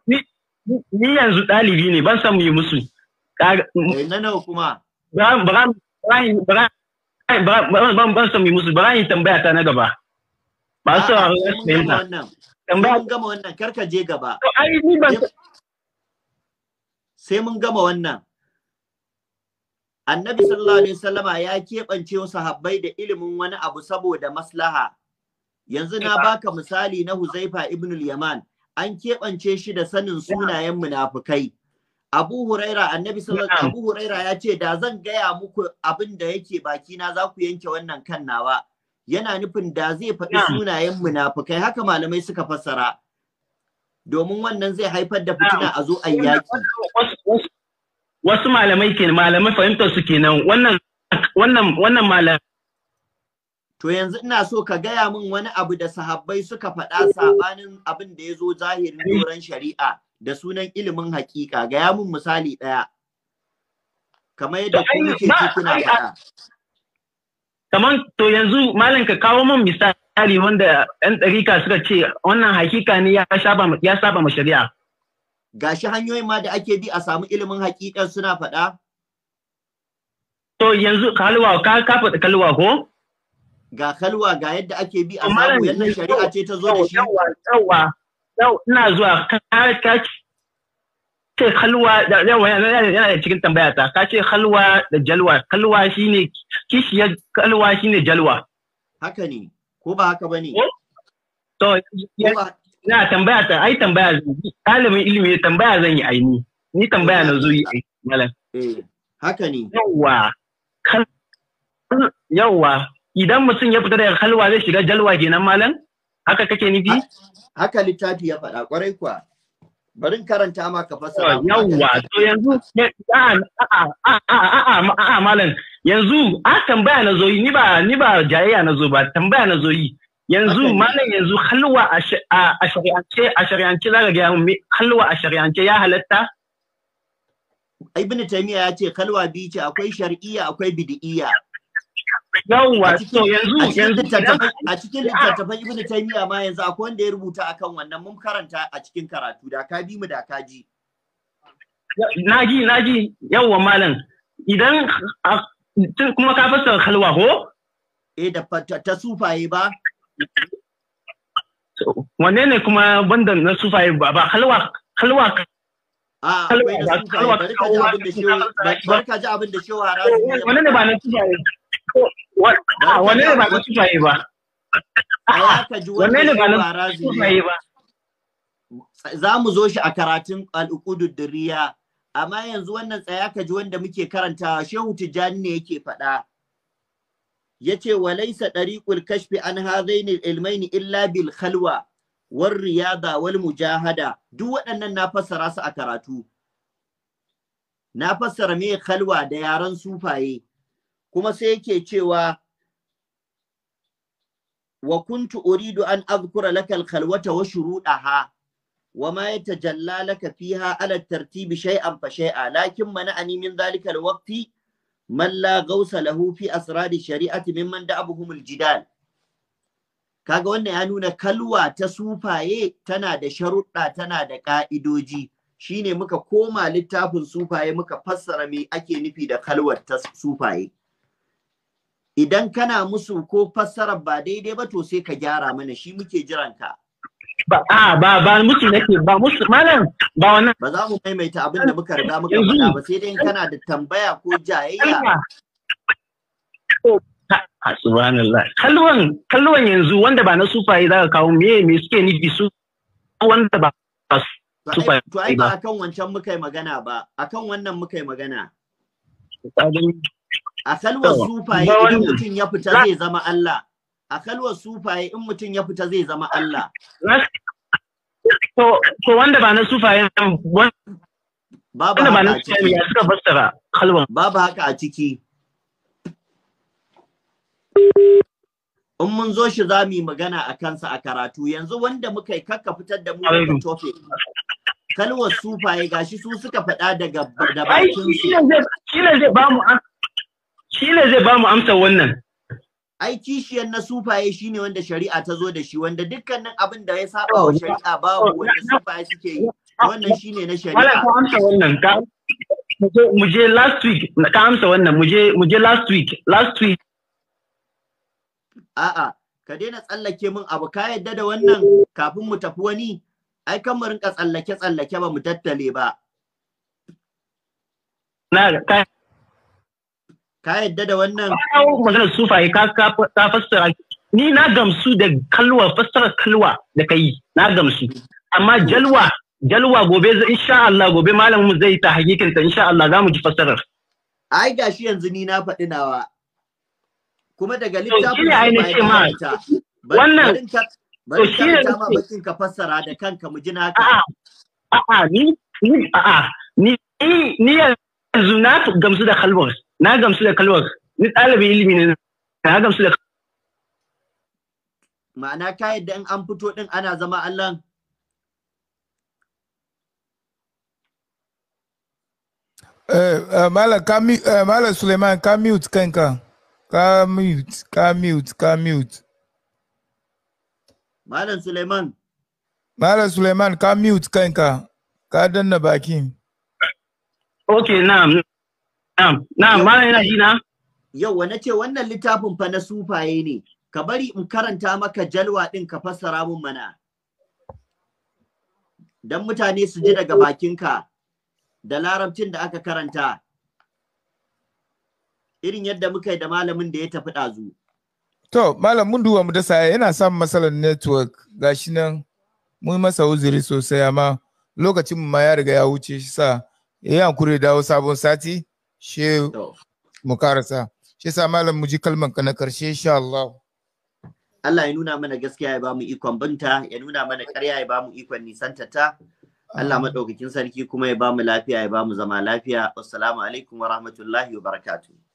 ne ni yanzu ɗalibi ne ban san mu yi musu eh, ba ba ai sai mun gama wannan Annabi sallallahu alaihi wasallama ya keɓance sahabbai da ilimin wani abu saboda maslaha yanzu na baka misali na Huzaifa ibn al-Yaman an keɓance shi da sanin sunayen munafukai Abu Huraira annabi sallallahu Abu Huraira ya ce da zan gaya muku abin da yake baki na za ku yanke wannan kan nawa yana nufin da zai faɗi sunayen munafukai haka malamai suka fassara domin wannan zai haifar da fitina a zo a yaki wasu malamai ke malamai fahimtar su kenan wannan wannan wannan malamai To yanzu ina so ka gaya min wani abu da sahabbai suka faɗa sabanin abin da ya zo zahirin doron shari'a. da sunan ilimin hakika ga mun misali ɗaya kamar yadda ku kuke ji kuna faɗa kamar to yanzu malam ka kawo min misali wanda yan ɗarika suka ce wannan hakika ne ya saba ya saba ma shari'a gashi hanyoyin ma da ake bi a samu ilimin hakikan suna faɗa to yanzu kalwa ka ka faɗa kalwa ko ga kalwa ga yadda ake bi a samu yadda shari'a ce ta zo da shi yawa yawa yau ina zuwa ka ce halwa da yana da cikin tambaya ta ka ce halwa da jalwa halwa shine kishiyar halwa shine jalwa haka ne ko ba haka bane eh. to na tambaya ta ai tambaya ɗalibin ilimi tambaya zan yi aini ni tambaya na zo yi malam eh, haka ne yawa yawa idan mutum ya fita daga halwa zai shiga jalwa kenan malam haka kake nufi haka littafi ya faɗa kwarai kuwa barin karanta ma ka fasara oh, yawwa to yanzu a a a a malam yanzu a tambaya na zoyi ni ba ni ba jayayya na zo ba tambaya na zoyi yanzu malam yanzu halwa a shari'ance a shari'ance za ka ga halwa a shari'ance ya halatta Ibn Taymiyyah ya ce kalwa biyu ce akwai shar'iyya akwai bid'iyya yawwa so yanzu yanzu a cikin littattafan Ibn taymiya ma yanzu akwai wanda ya rubuta akan wannan mun karanta a cikin karatu da ka bi mu da ka ji naji naji yawwa malam idan kuma ka fassara halwa ko eh da ta sufaye ba wanne ne kuma banda na sufaye ba halwa halwa a akwai ji abin da bari ka ji abin da ne ba na sufaye ne ba na ba ne ba na sufaye ba za mu zo shi a karatun da riya, amma yanzu wannan tsaya ka ji wanda muke karantawa shehu tijjani ne yake faɗa Ya ce Walaisa ɗari kashfi an hadaini ilmaini illa bil khalwa wal riyada wal mujahada duk waɗannan na fassara su a karatu na fassara mai kalwa da yaran sufaye kuma sai yake cewa wa kuntu uridu an azkura laka al khalwata wa shuruɗaha wa ma yatajalla laka fiha ala tartibi shay'an fa shay'a lakin mana ani min zalika al waqti man la gausa lahu fi asrari shari'ati mimman da abuhumul jidal kaga wannan ya nuna kalwa ta sufaye tana da sharuɗa tana da ƙa'idoji shine muka koma littafin sufaye muka fassara me ake nufi da kalwar ta sufaye idan kana musu ko fassara ba daidai ba to sai ka gyara mana shi muke jiran ka ba a ba ba musu nake ba musu malam ba wannan ba za mu maimaita abin da muka riga muka faɗa ba sai dai kana da tambaya ko jayayya a subhanallah kalwan kalwan yanzu wanda ba na sufaye za zaka kawo me me suke nufi su wanda ba sufaye to ai ba akan wancan muka yi magana ba akan wannan muka yi magana a kalwar sufaye idan mutum ya fita zai zama Allah a kalwar sufaye in mutum ya fita zai zama Allah to to wanda ba na sufaye wanda ba na sufaye suka fassara kalwan babu haka a ciki in mun zo shi za mu yi magana a kansa a karatu yanzu wanda muka yi kakka fitar da mu daga topic kalwar sufaye eh, gashi su suka faɗa daga da bakin su shine zai ba mu zai ba mu amsa wannan ai kishiyan na sufaye eh, ne wanda shari'a ta zo da shi wanda dukkanin abin da ya saba oh, wa shari'a ba wanda sufaye suke yi wannan shi ne na shari'a ka amsa wannan ka mu je last week ka amsa wannan muje last week last week a'a ka daina tsallake min abu ka yadda da wannan kafin mu tafi wani ai kan mu rinka tsallake tsallake ba mu tattale ba na ka ka yadda da wannan magana sufaye ka ka fassara ni na gamsu da kalwa fassara kalwa da kai na gamsu amma jalwa jalwa gobe insha Allah gobe malamin mu zai ta hakikinta, insha Allah za mu ji fassarar ai gashi yanzu ni na faɗi nawa kuma daga littafin da wannan ma ka fassara da kanka a'a ni yanzu na gamsu da kalwar ni ɗalibin ilimi ne na gamsu da ma'ana ka yadda in an fito din ana zama Allah eh, eh, eh, Malam Suleiman, ka mute kanka. Ka mute, ka mute, ka mute. Malam Suleiman. Malam Suleiman, ka mute kanka, ka danna bakin. Ok, na'am, na'am, na'am, malam yana ji na? Yau, na ce wannan littafin fa na sufaye ne, ka bari in karanta maka jalwa ɗin ka fassara mun mana. Don mutane su ji daga bakinka da larabcin da aka karanta. irin yadda muka yi da malamin da ya tafi ɗazu. To, malam mun duba mu da saya yana samun matsalar network gashi nan mun masa uzuri sosai amma lokacin ma ya riga ya wuce shi sa ya yi hankuri dawo sabon sati shi mu karasa. Shi sa malam mu ji kalman ka na karshe insha Allah. Allah ya nuna mana gaskiya ya ba mu ikon binta, ya nuna mana ƙarya ya ba mu ikon nisantata. Allah maɗaukakin sarki kuma ya ba mu lafiya ya ba mu zama lafiya. Assalamu alaikum wa rahmatullahi wa barakatuh.